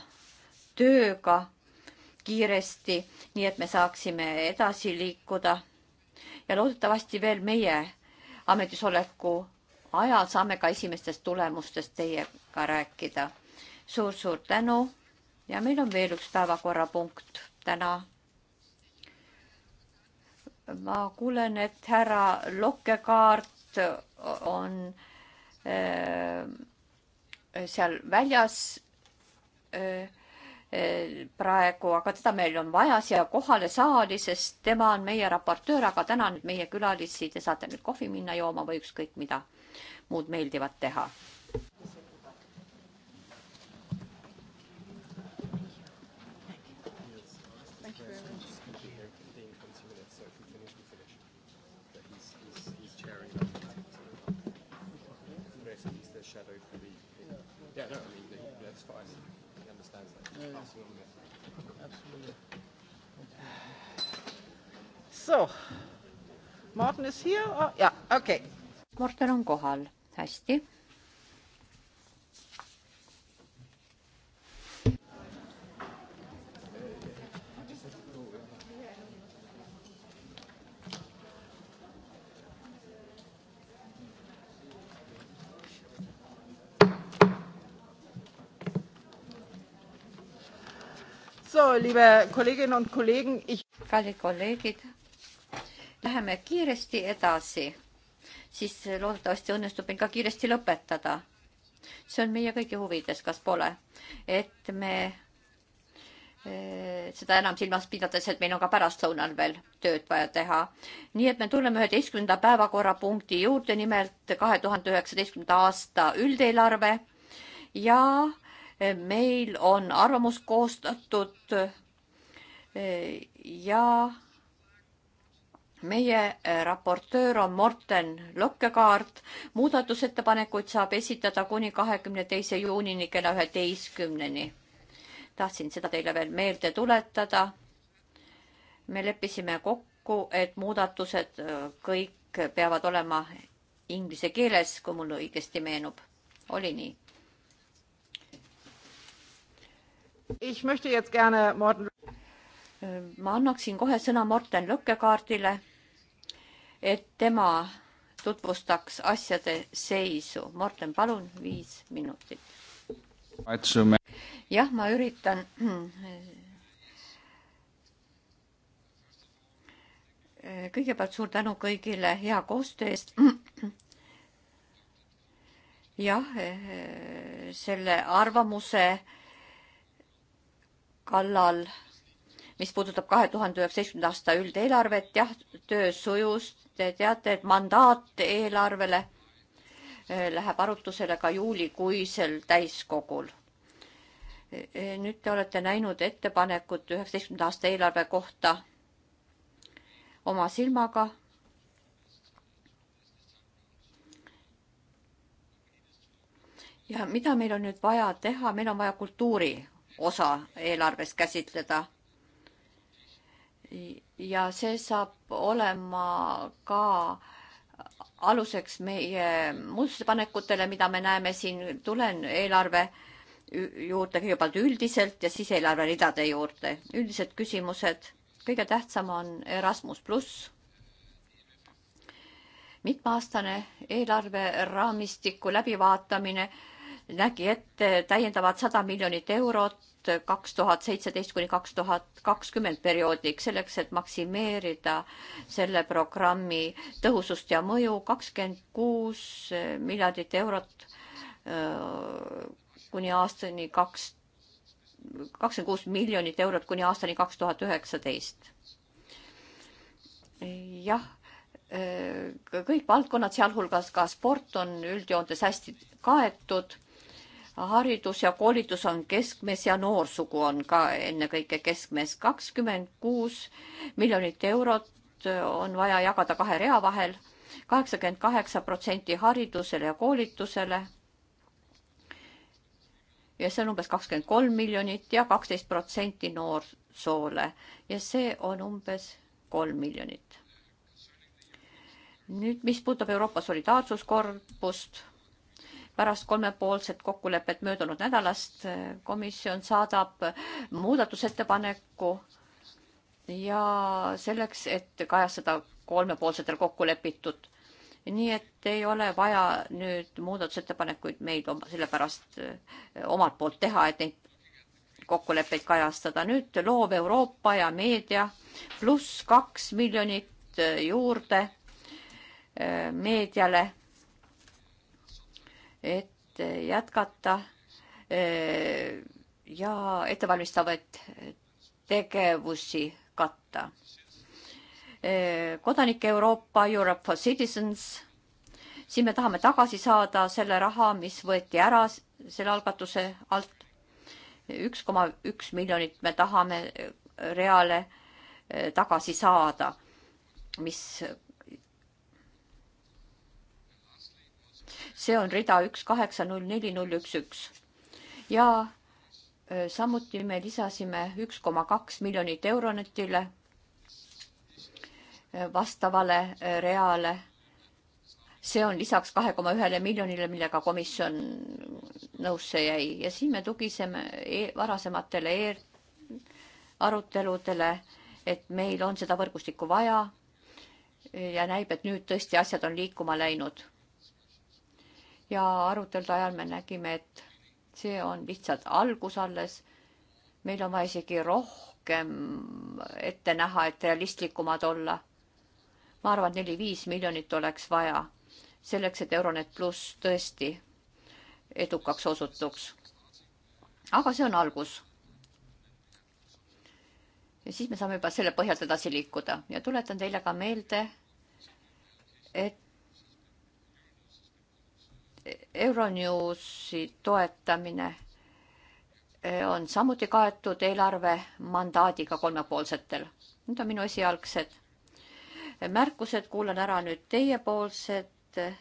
tööga kiiresti, nii et me saaksime edasi liikuda. ja loodetavasti veel meie ametisoleku ajal saame ka esimestest tulemustest teiega rääkida suur,. suur-suur tänu ja meil on veel üks päevakorrapunkt täna. ma kuulen, et härra Lokkekaart on Äh, seal väljas äh, äh, praegu, aga teda meil on vaja siia kohale saali, sest tema on meie raportöör, aga tänan meie külalisi, te saate nüüd kohvi minna jooma või ükskõik mida muud meeldivat teha So, Martin is here or... ja okei okay.. Martin on kohal, hästi So, liebe Kolleginnen und Kollegen, ich... kallid kolleegid, läheme kiiresti edasi, siis loodetavasti õnnestub meil ka kiiresti lõpetada. see on meie kõigi huvides, kas pole, et me eh, seda enam silmas pidades, et meil on ka pärastlõunal veel tööd vaja teha. nii et me tuleme üheteistkümnenda päevakorrapunkti juurde, nimelt kahe tuhande üheksateistkümnenda aasta üldeelarve ja meil on arvamus koostatud eh, ja meie eh, raportöör on Morten Lokkekaart. muudatusettepanekuid saab esitada kuni kahekümne teise juunini kella üheteistkümneni. tahtsin seda teile veel meelde tuletada. me leppisime kokku, et muudatused eh, kõik peavad olema inglise keeles, kui mul õigesti meenub. oli nii? ma annaksin kohe sõna Morten Lõkkekaardile, et tema tutvustaks asjade seisu. Morten, palun, viis minutit. jah, ma üritan kõigepealt suur tänu kõigile hea koostöö eest. jah, selle arvamuse kallal, mis puudutab kahe tuhande üheksateistkümnenda aasta üldeelarvet, jah, töö sujus, te teate, et mandaat eelarvele eh, läheb arutusele ka juulikuisel täiskogul. Eh, nüüd te olete näinud ettepanekut üheksateistkümnenda aasta eelarve kohta oma silmaga. ja mida meil on nüüd vaja teha, meil on vaja kultuuri osa eelarvest käsitleda. ja see saab olema ka aluseks meie muudatusettepanekutele, mida me näeme siin, tulen eelarve juurde kõigepealt üldiselt ja siis eelarveridade juurde. üldised küsimused, kõige tähtsam on Erasmus pluss, mitmeaastane eelarveraamistiku läbivaatamine nägi ette täiendavad sada miljonit eurot kaks tuhat seitseteist kuni kaks tuhat kakskümmend perioodiks, selleks et maksimeerida selle programmi tõhusust ja mõju kakskümmend kuus miljardit eurot äh, kuni aastani kaks, kakskümmend kuus miljonit eurot kuni aastani kaks tuhat üheksateist. jah, äh, kõik valdkonnad, sealhulgas ka sport on üldjoontes hästi kaetud haridus ja koolitus on keskmes ja noorsugu on ka ennekõike keskmes. kakskümmend kuus miljonit eurot on vaja jagada kahe rea vahel, kaheksakümmend kaheksa protsenti haridusele ja koolitusele. ja see on umbes kakskümmend kolm miljonit ja kaksteist protsenti noorsoole ja see on umbes kolm miljonit. nüüd, mis puudutab Euroopa Solidaarsuskorpust pärast kolmepoolset kokkulepet möödunud nädalast komisjon saadab muudatusettepaneku ja selleks, et kajastada kolmepoolsetel kokku lepitud. nii et ei ole vaja nüüd muudatusettepanekuid meil sellepärast eh, omalt poolt teha, et neid kokkuleppeid kajastada. nüüd loov Euroopa ja meedia pluss kaks miljonit eh, juurde eh, meediale et jätkata eh, ja ettevalmistavaid tegevusi katta. Eh, kodanike Euroopa, Europe for Citizens, siin me tahame tagasi saada selle raha, mis võeti ära selle algatuse alt. üks koma üks miljonit me tahame reale eh, tagasi saada, mis see on rida üks kaheksa null neli null üks üks. ja samuti me lisasime üks koma kaks miljonit Euronetile vastavale reale. see on lisaks kahe koma ühele miljonile, millega komisjon nõusse jäi ja siin me tugiseme e varasematele e aruteludele, et meil on seda võrgustikku vaja. ja näib, et nüüd tõesti asjad on liikuma läinud ja arutelude ajal me nägime, et see on lihtsalt algus alles. meil on vaja isegi rohkem ette näha, et realistlikumad olla. ma arvan, neli-viis miljonit oleks vaja selleks, et Euronet pluss tõesti edukaks osutuks. aga see on algus. ja siis me saame juba selle põhjalt edasi liikuda ja tuletan teile ka meelde, et Euronewsi toetamine eh, on samuti kaetud eelarve mandaadiga kolmepoolsetel. Need on minu esialgsed märkused, kuulan ära nüüd teiepoolsed eh,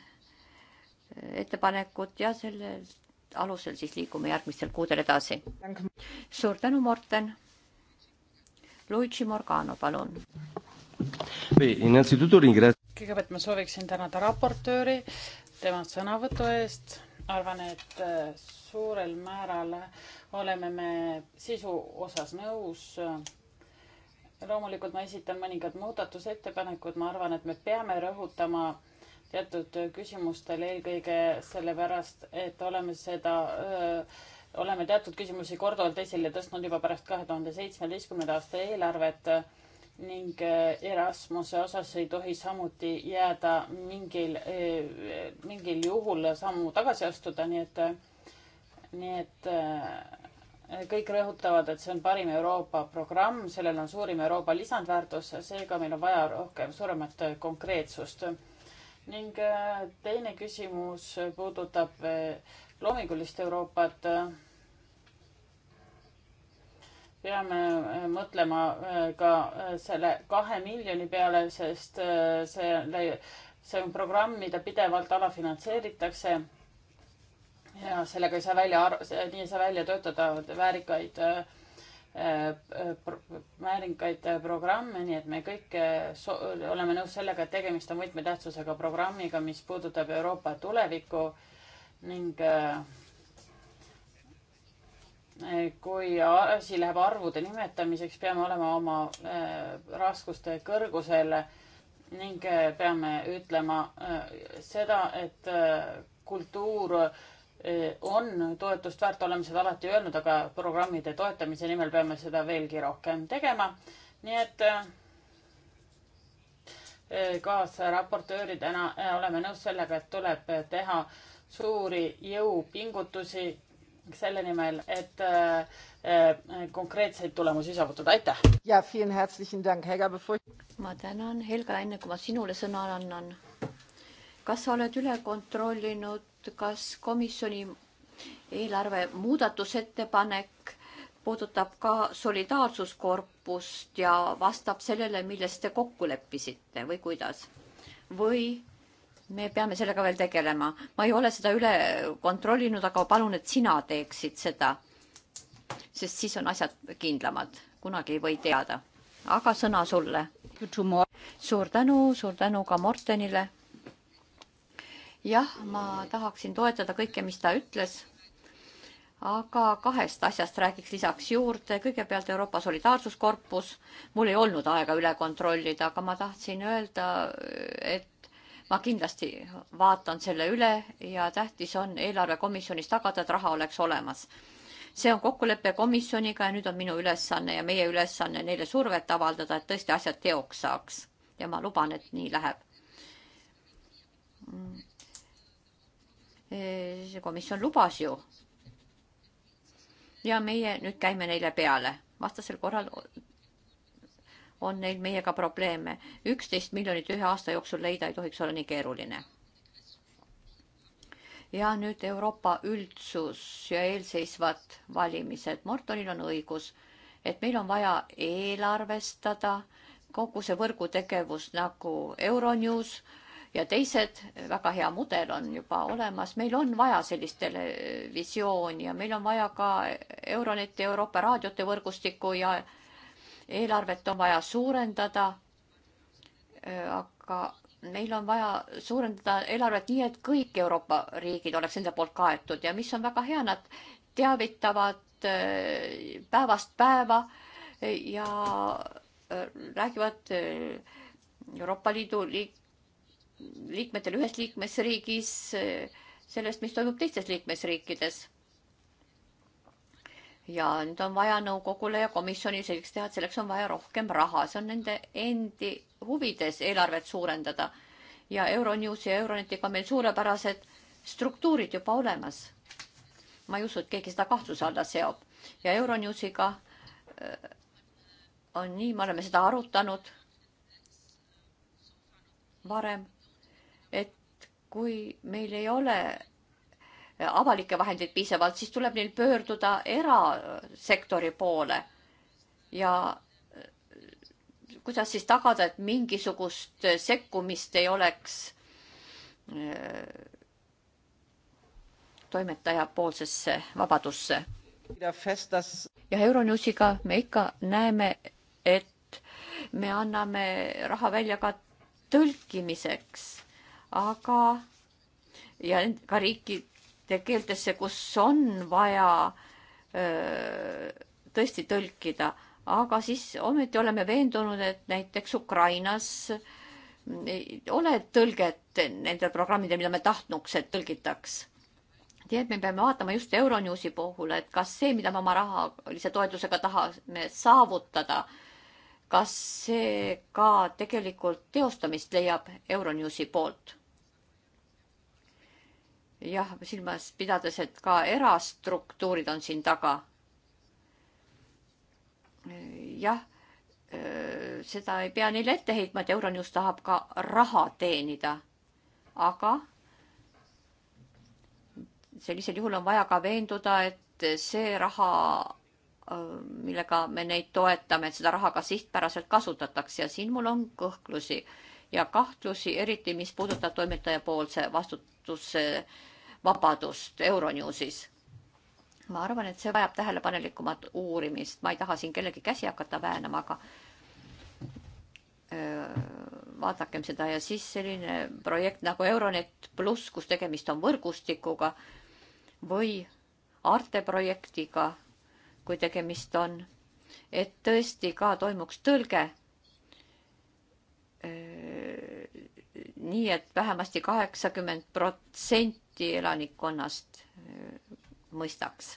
ettepanekud ja selle alusel siis liigume järgmistel kuudel edasi. suur tänu, Morten. Luigi Morgano, palun.
kõigepealt ma sooviksin tänada raportööri tema sõnavõtu eest. arvan, et äh, suurel määral oleme me sisu osas nõus. loomulikult ma esitan mõningad muudatusettepanekud, ma arvan, et me peame rõhutama teatud küsimustel eelkõige sellepärast, et oleme seda, äh, oleme teatud küsimusi korduvalt esile tõstnud juba pärast kahe tuhande seitsmeteistkümnenda aasta eelarvet ning äh, Erasmuse osas ei tohi samuti jääda mingil, äh, mingil juhul sammu tagasi astuda, nii et, äh, nii et kõik rõhutavad, et see on parim Euroopa programm, sellel on suurim Euroopa lisandväärtus, seega meil on vaja rohkem, suuremat konkreetsust. ning teine küsimus puudutab loomingulist Euroopat peame äh, mõtlema äh, ka äh, selle kahe miljoni peale, sest see, see on programm, mida pidevalt alafinantseeritakse. ja sellega ei saa välja, nii ei saa välja töötada väärikaid, väärikaid programme, nii et me kõik oleme nõus sellega, et tegemist on võtmetähtsusega programmiga, mis puudutab Euroopa tulevikku ning äh, kui asi läheb arvude nimetamiseks, peame olema oma äh, raskuste kõrgusel ning äh, peame ütlema äh, seda, et kultuur on toetust väärt, oleme seda alati öelnud, aga programmide toetamise nimel peame seda veelgi rohkem tegema. nii et kaasraportööridena oleme nõus sellega, et tuleb teha suuri jõupingutusi selle nimel, et äh, äh, konkreetseid tulemusi saavutada, aitäh!
ja, ma tänan, Helga, enne kui ma sinule sõna annan. kas sa oled üle kontrollinud, kas komisjoni eelarve muudatusettepanek puudutab ka solidaarsuskorpust ja vastab sellele, milles te kokku leppisite või kuidas? või me peame sellega veel tegelema. ma ei ole seda üle kontrollinud, aga palun, et sina teeksid seda. sest siis on asjad kindlamad, kunagi ei või teada. aga sõna sulle. suur tänu, suur tänu ka Mortenile. jah, ma tahaksin toetada kõike, mis ta ütles aga kahest asjast räägiks lisaks juurde. kõigepealt Euroopa Solidaarsuskorpus. mul ei olnud aega üle kontrollida, aga ma tahtsin öelda, et ma kindlasti vaatan selle üle ja tähtis on eelarvekomisjonis tagada, et raha oleks olemas. see on kokkulepe komisjoniga ja nüüd on minu ülesanne ja meie ülesanne neile survet avaldada, et tõesti asjad teoks saaks ja ma luban, et nii läheb. see komisjon lubas ju. ja meie nüüd käime neile peale, vastasel korral on neil meiega probleeme. üksteist miljonit ühe aasta jooksul leida ei tohiks olla nii keeruline. ja nüüd Euroopa üldsus ja eelseisvad valimised. Mortonil on õigus, et meil on vaja eelarvestada kogu see võrgutegevus nagu Euronews ja teised, väga hea mudel on juba olemas, meil on vaja sellist televisiooni ja meil on vaja ka Euroneti Euroopa raadiote võrgustikku ja eelarvet on vaja suurendada. Äh, aga meil on vaja suurendada eelarvet nii, et kõik Euroopa riigid oleks enda poolt kaetud ja mis on väga hea, nad teavitavad äh, päevast päeva äh, ja räägivad Euroopa Liidu liik-, liikmetel ühes liikmesriigis sellest, mis toimub teistes liikmesriikides ja nüüd on vaja nõukogule ja komisjonil selgeks teha, et selleks on vaja rohkem raha, see on nende endi huvides eelarvet suurendada. ja Euronewsi ja Euronetiga on meil suurepärased struktuurid juba olemas. ma ei usu, et keegi seda kahtluse alla seob ja Euronewsiga äh, on nii, me oleme seda arutanud varem, et kui meil ei ole Eh, avalikke vahendeid piisavalt, siis tuleb neil pöörduda erasektori poole. ja eh, kuidas siis tagada, et mingisugust sekkumist ei oleks eh, toimetaja poolsesse vabadusse. ja Euronewsiga me ikka näeme, et me anname raha välja ka tõlkimiseks, aga ja ka riikid keeltesse, kus on vaja öö, tõesti tõlkida, aga siis ometi oleme veendunud, et näiteks Ukrainas mm, ei ole tõlget nendel programmidel, mida me tahtnuks, et tõlgitaks. nii et me peame vaatama just Euronewsi puhul, et kas see, mida me oma rahalise toetusega tahame saavutada, kas see ka tegelikult teostamist leiab Euronewsi poolt jah, silmas pidades, et ka erastruktuurid on siin taga. jah, seda ei pea neile ette heitma, et Euronews tahab ka raha teenida. aga sellisel juhul on vaja ka veenduda, et see raha, millega me neid toetame, et seda raha ka sihtpäraselt kasutatakse ja siin mul on kõhklusi ja kahtlusi, eriti mis puudutab toimetaja poolse vastutuse sõnavabaduse, vabadust Euronewsis. ma arvan, et see vajab tähelepanelikumat uurimist, ma ei taha siin kellegi käsi hakata väänama, aga vaadakem seda ja siis selline projekt nagu Euronet pluss, kus tegemist on võrgustikuga või Arte projektiga, kui tegemist on, et tõesti ka toimuks tõlge nii, et vähemasti kaheksakümmend protsenti elanikkonnast äh, mõistaks.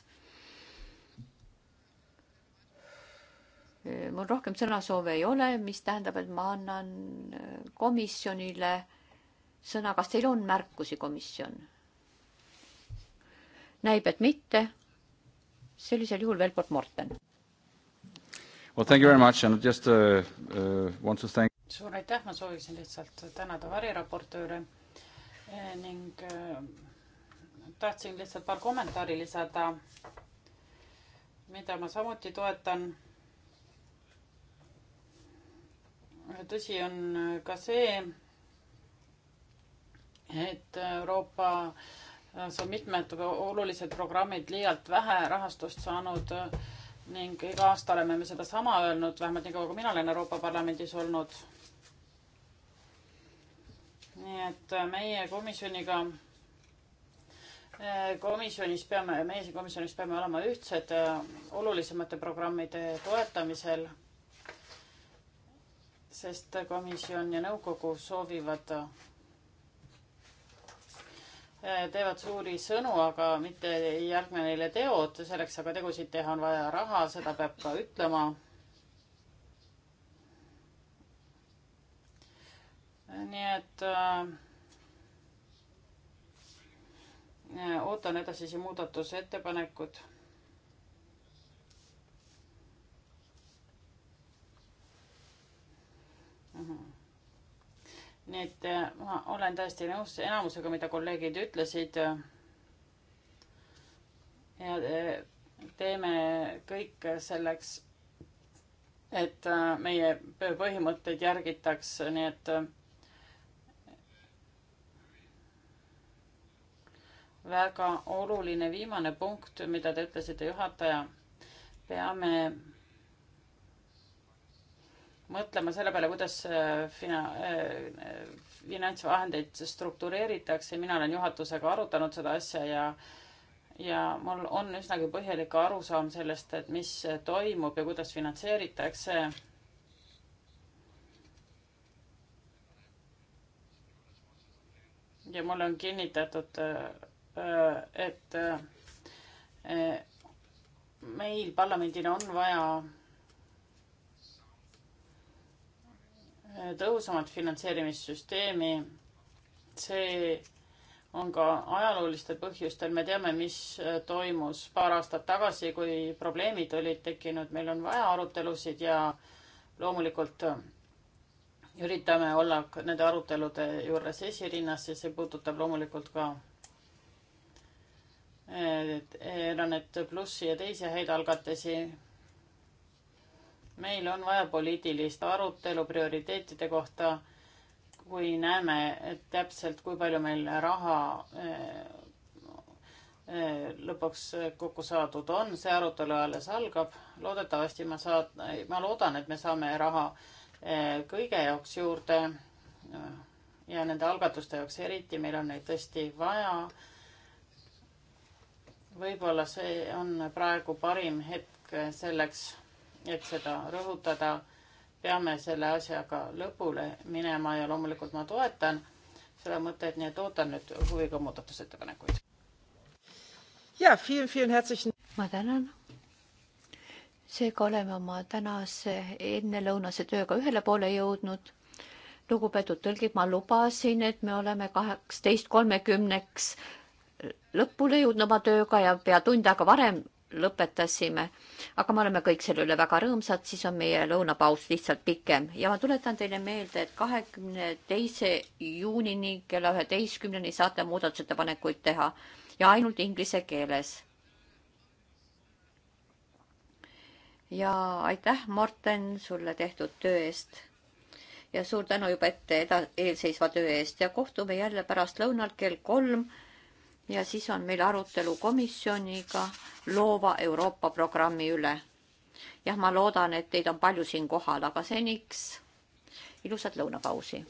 Äh, mul rohkem sõnasoove ei ole, mis tähendab, et ma annan äh, komisjonile sõna. kas teil on märkusi, komisjon? näib, et mitte. sellisel juhul veel kord Morten.
Well, thank you very much and just uh, uh, want to thank suur aitäh, ma sooviksin lihtsalt tänada variraportööre eh, ning eh, tahtsin lihtsalt paar kommentaari lisada, mida ma samuti toetan. tõsi on ka see, et Euroopa see eh, on mitmed olulised programmid liialt vähe rahastust saanud ning iga aasta oleme me sedasama öelnud, vähemalt nii kaua, kui mina olen Euroopa Parlamendis olnud nii et äh, meie komisjoniga, äh, komisjonis peame, meie siin komisjonis peame olema ühtsed äh, olulisemate programmide toetamisel. sest komisjon ja nõukogu soovivad, teevad suuri sõnu, aga mitte ei järgne neile teod, selleks aga tegusid teha on vaja raha, seda peab ka ütlema nii et äh, äh, ootan edasisi muudatusettepanekud. Mhm. nii et äh, ma olen täiesti nõus enamusega, mida kolleegid ütlesid. ja äh, teeme kõik selleks, et äh, meie põhimõtteid järgitaks, nii et äh, väga oluline viimane punkt, mida te ütlesite, juhataja. peame mõtlema selle peale, kuidas äh, fina- äh,, finantsvahendeid struktureeritakse, mina olen juhatusega arutanud seda asja ja ja mul on üsnagi põhjalik arusaam sellest, et mis toimub ja kuidas finantseeritakse. ja mulle on kinnitatud äh, Äh, et äh, meil parlamendil on vaja äh, tõhusamat finantseerimissüsteemi. see on ka ajaloolistel põhjustel, me teame, mis toimus paar aastat tagasi, kui probleemid olid tekkinud, meil on vaja arutelusid ja loomulikult üritame olla nende arutelude juures esirinnas ja see puudutab loomulikult ka Eranet Plussi ja teisi häid algatusi. meil on vaja poliitilist arutelu prioriteetide kohta, kui näeme, et täpselt, kui palju meil raha eh, eh, lõpuks kokku saadud on, see arutelu alles algab. loodetavasti ma saan, ma loodan, et me saame raha eh, kõige jaoks juurde ja nende algatuste jaoks eriti, meil on neid tõesti vaja võib-olla see on praegu parim hetk selleks, et seda rõhutada. peame selle asjaga lõpule minema ja loomulikult ma toetan seda mõtet, nii et ootan nüüd huviga muudatusettepanekuid.
ja, ma tänan. seega oleme oma tänase ennelõunase tööga ühele poole jõudnud lugupeetud tõlgid, ma lubasin, et me oleme kaheksateist kolmekümneks lõpule jõudnud oma tööga ja pea tund aega varem lõpetasime, aga me oleme kõik selle üle väga rõõmsad, siis on meie lõunapaus lihtsalt pikem ja ma tuletan teile meelde, et kahekümne teise juunini kella üheteistkümneni saate muudatusettepanekuid teha ja ainult inglise keeles. ja aitäh, Morten, sulle tehtud töö eest ja suur tänu juba ette eda-, eelseisva töö eest ja kohtume jälle pärastlõunal kell kolm ja siis on meil arutelu komisjoniga loova Euroopa programmi üle. jah, ma loodan, et teid on palju siin kohal, aga seniks ilusat lõunapausi.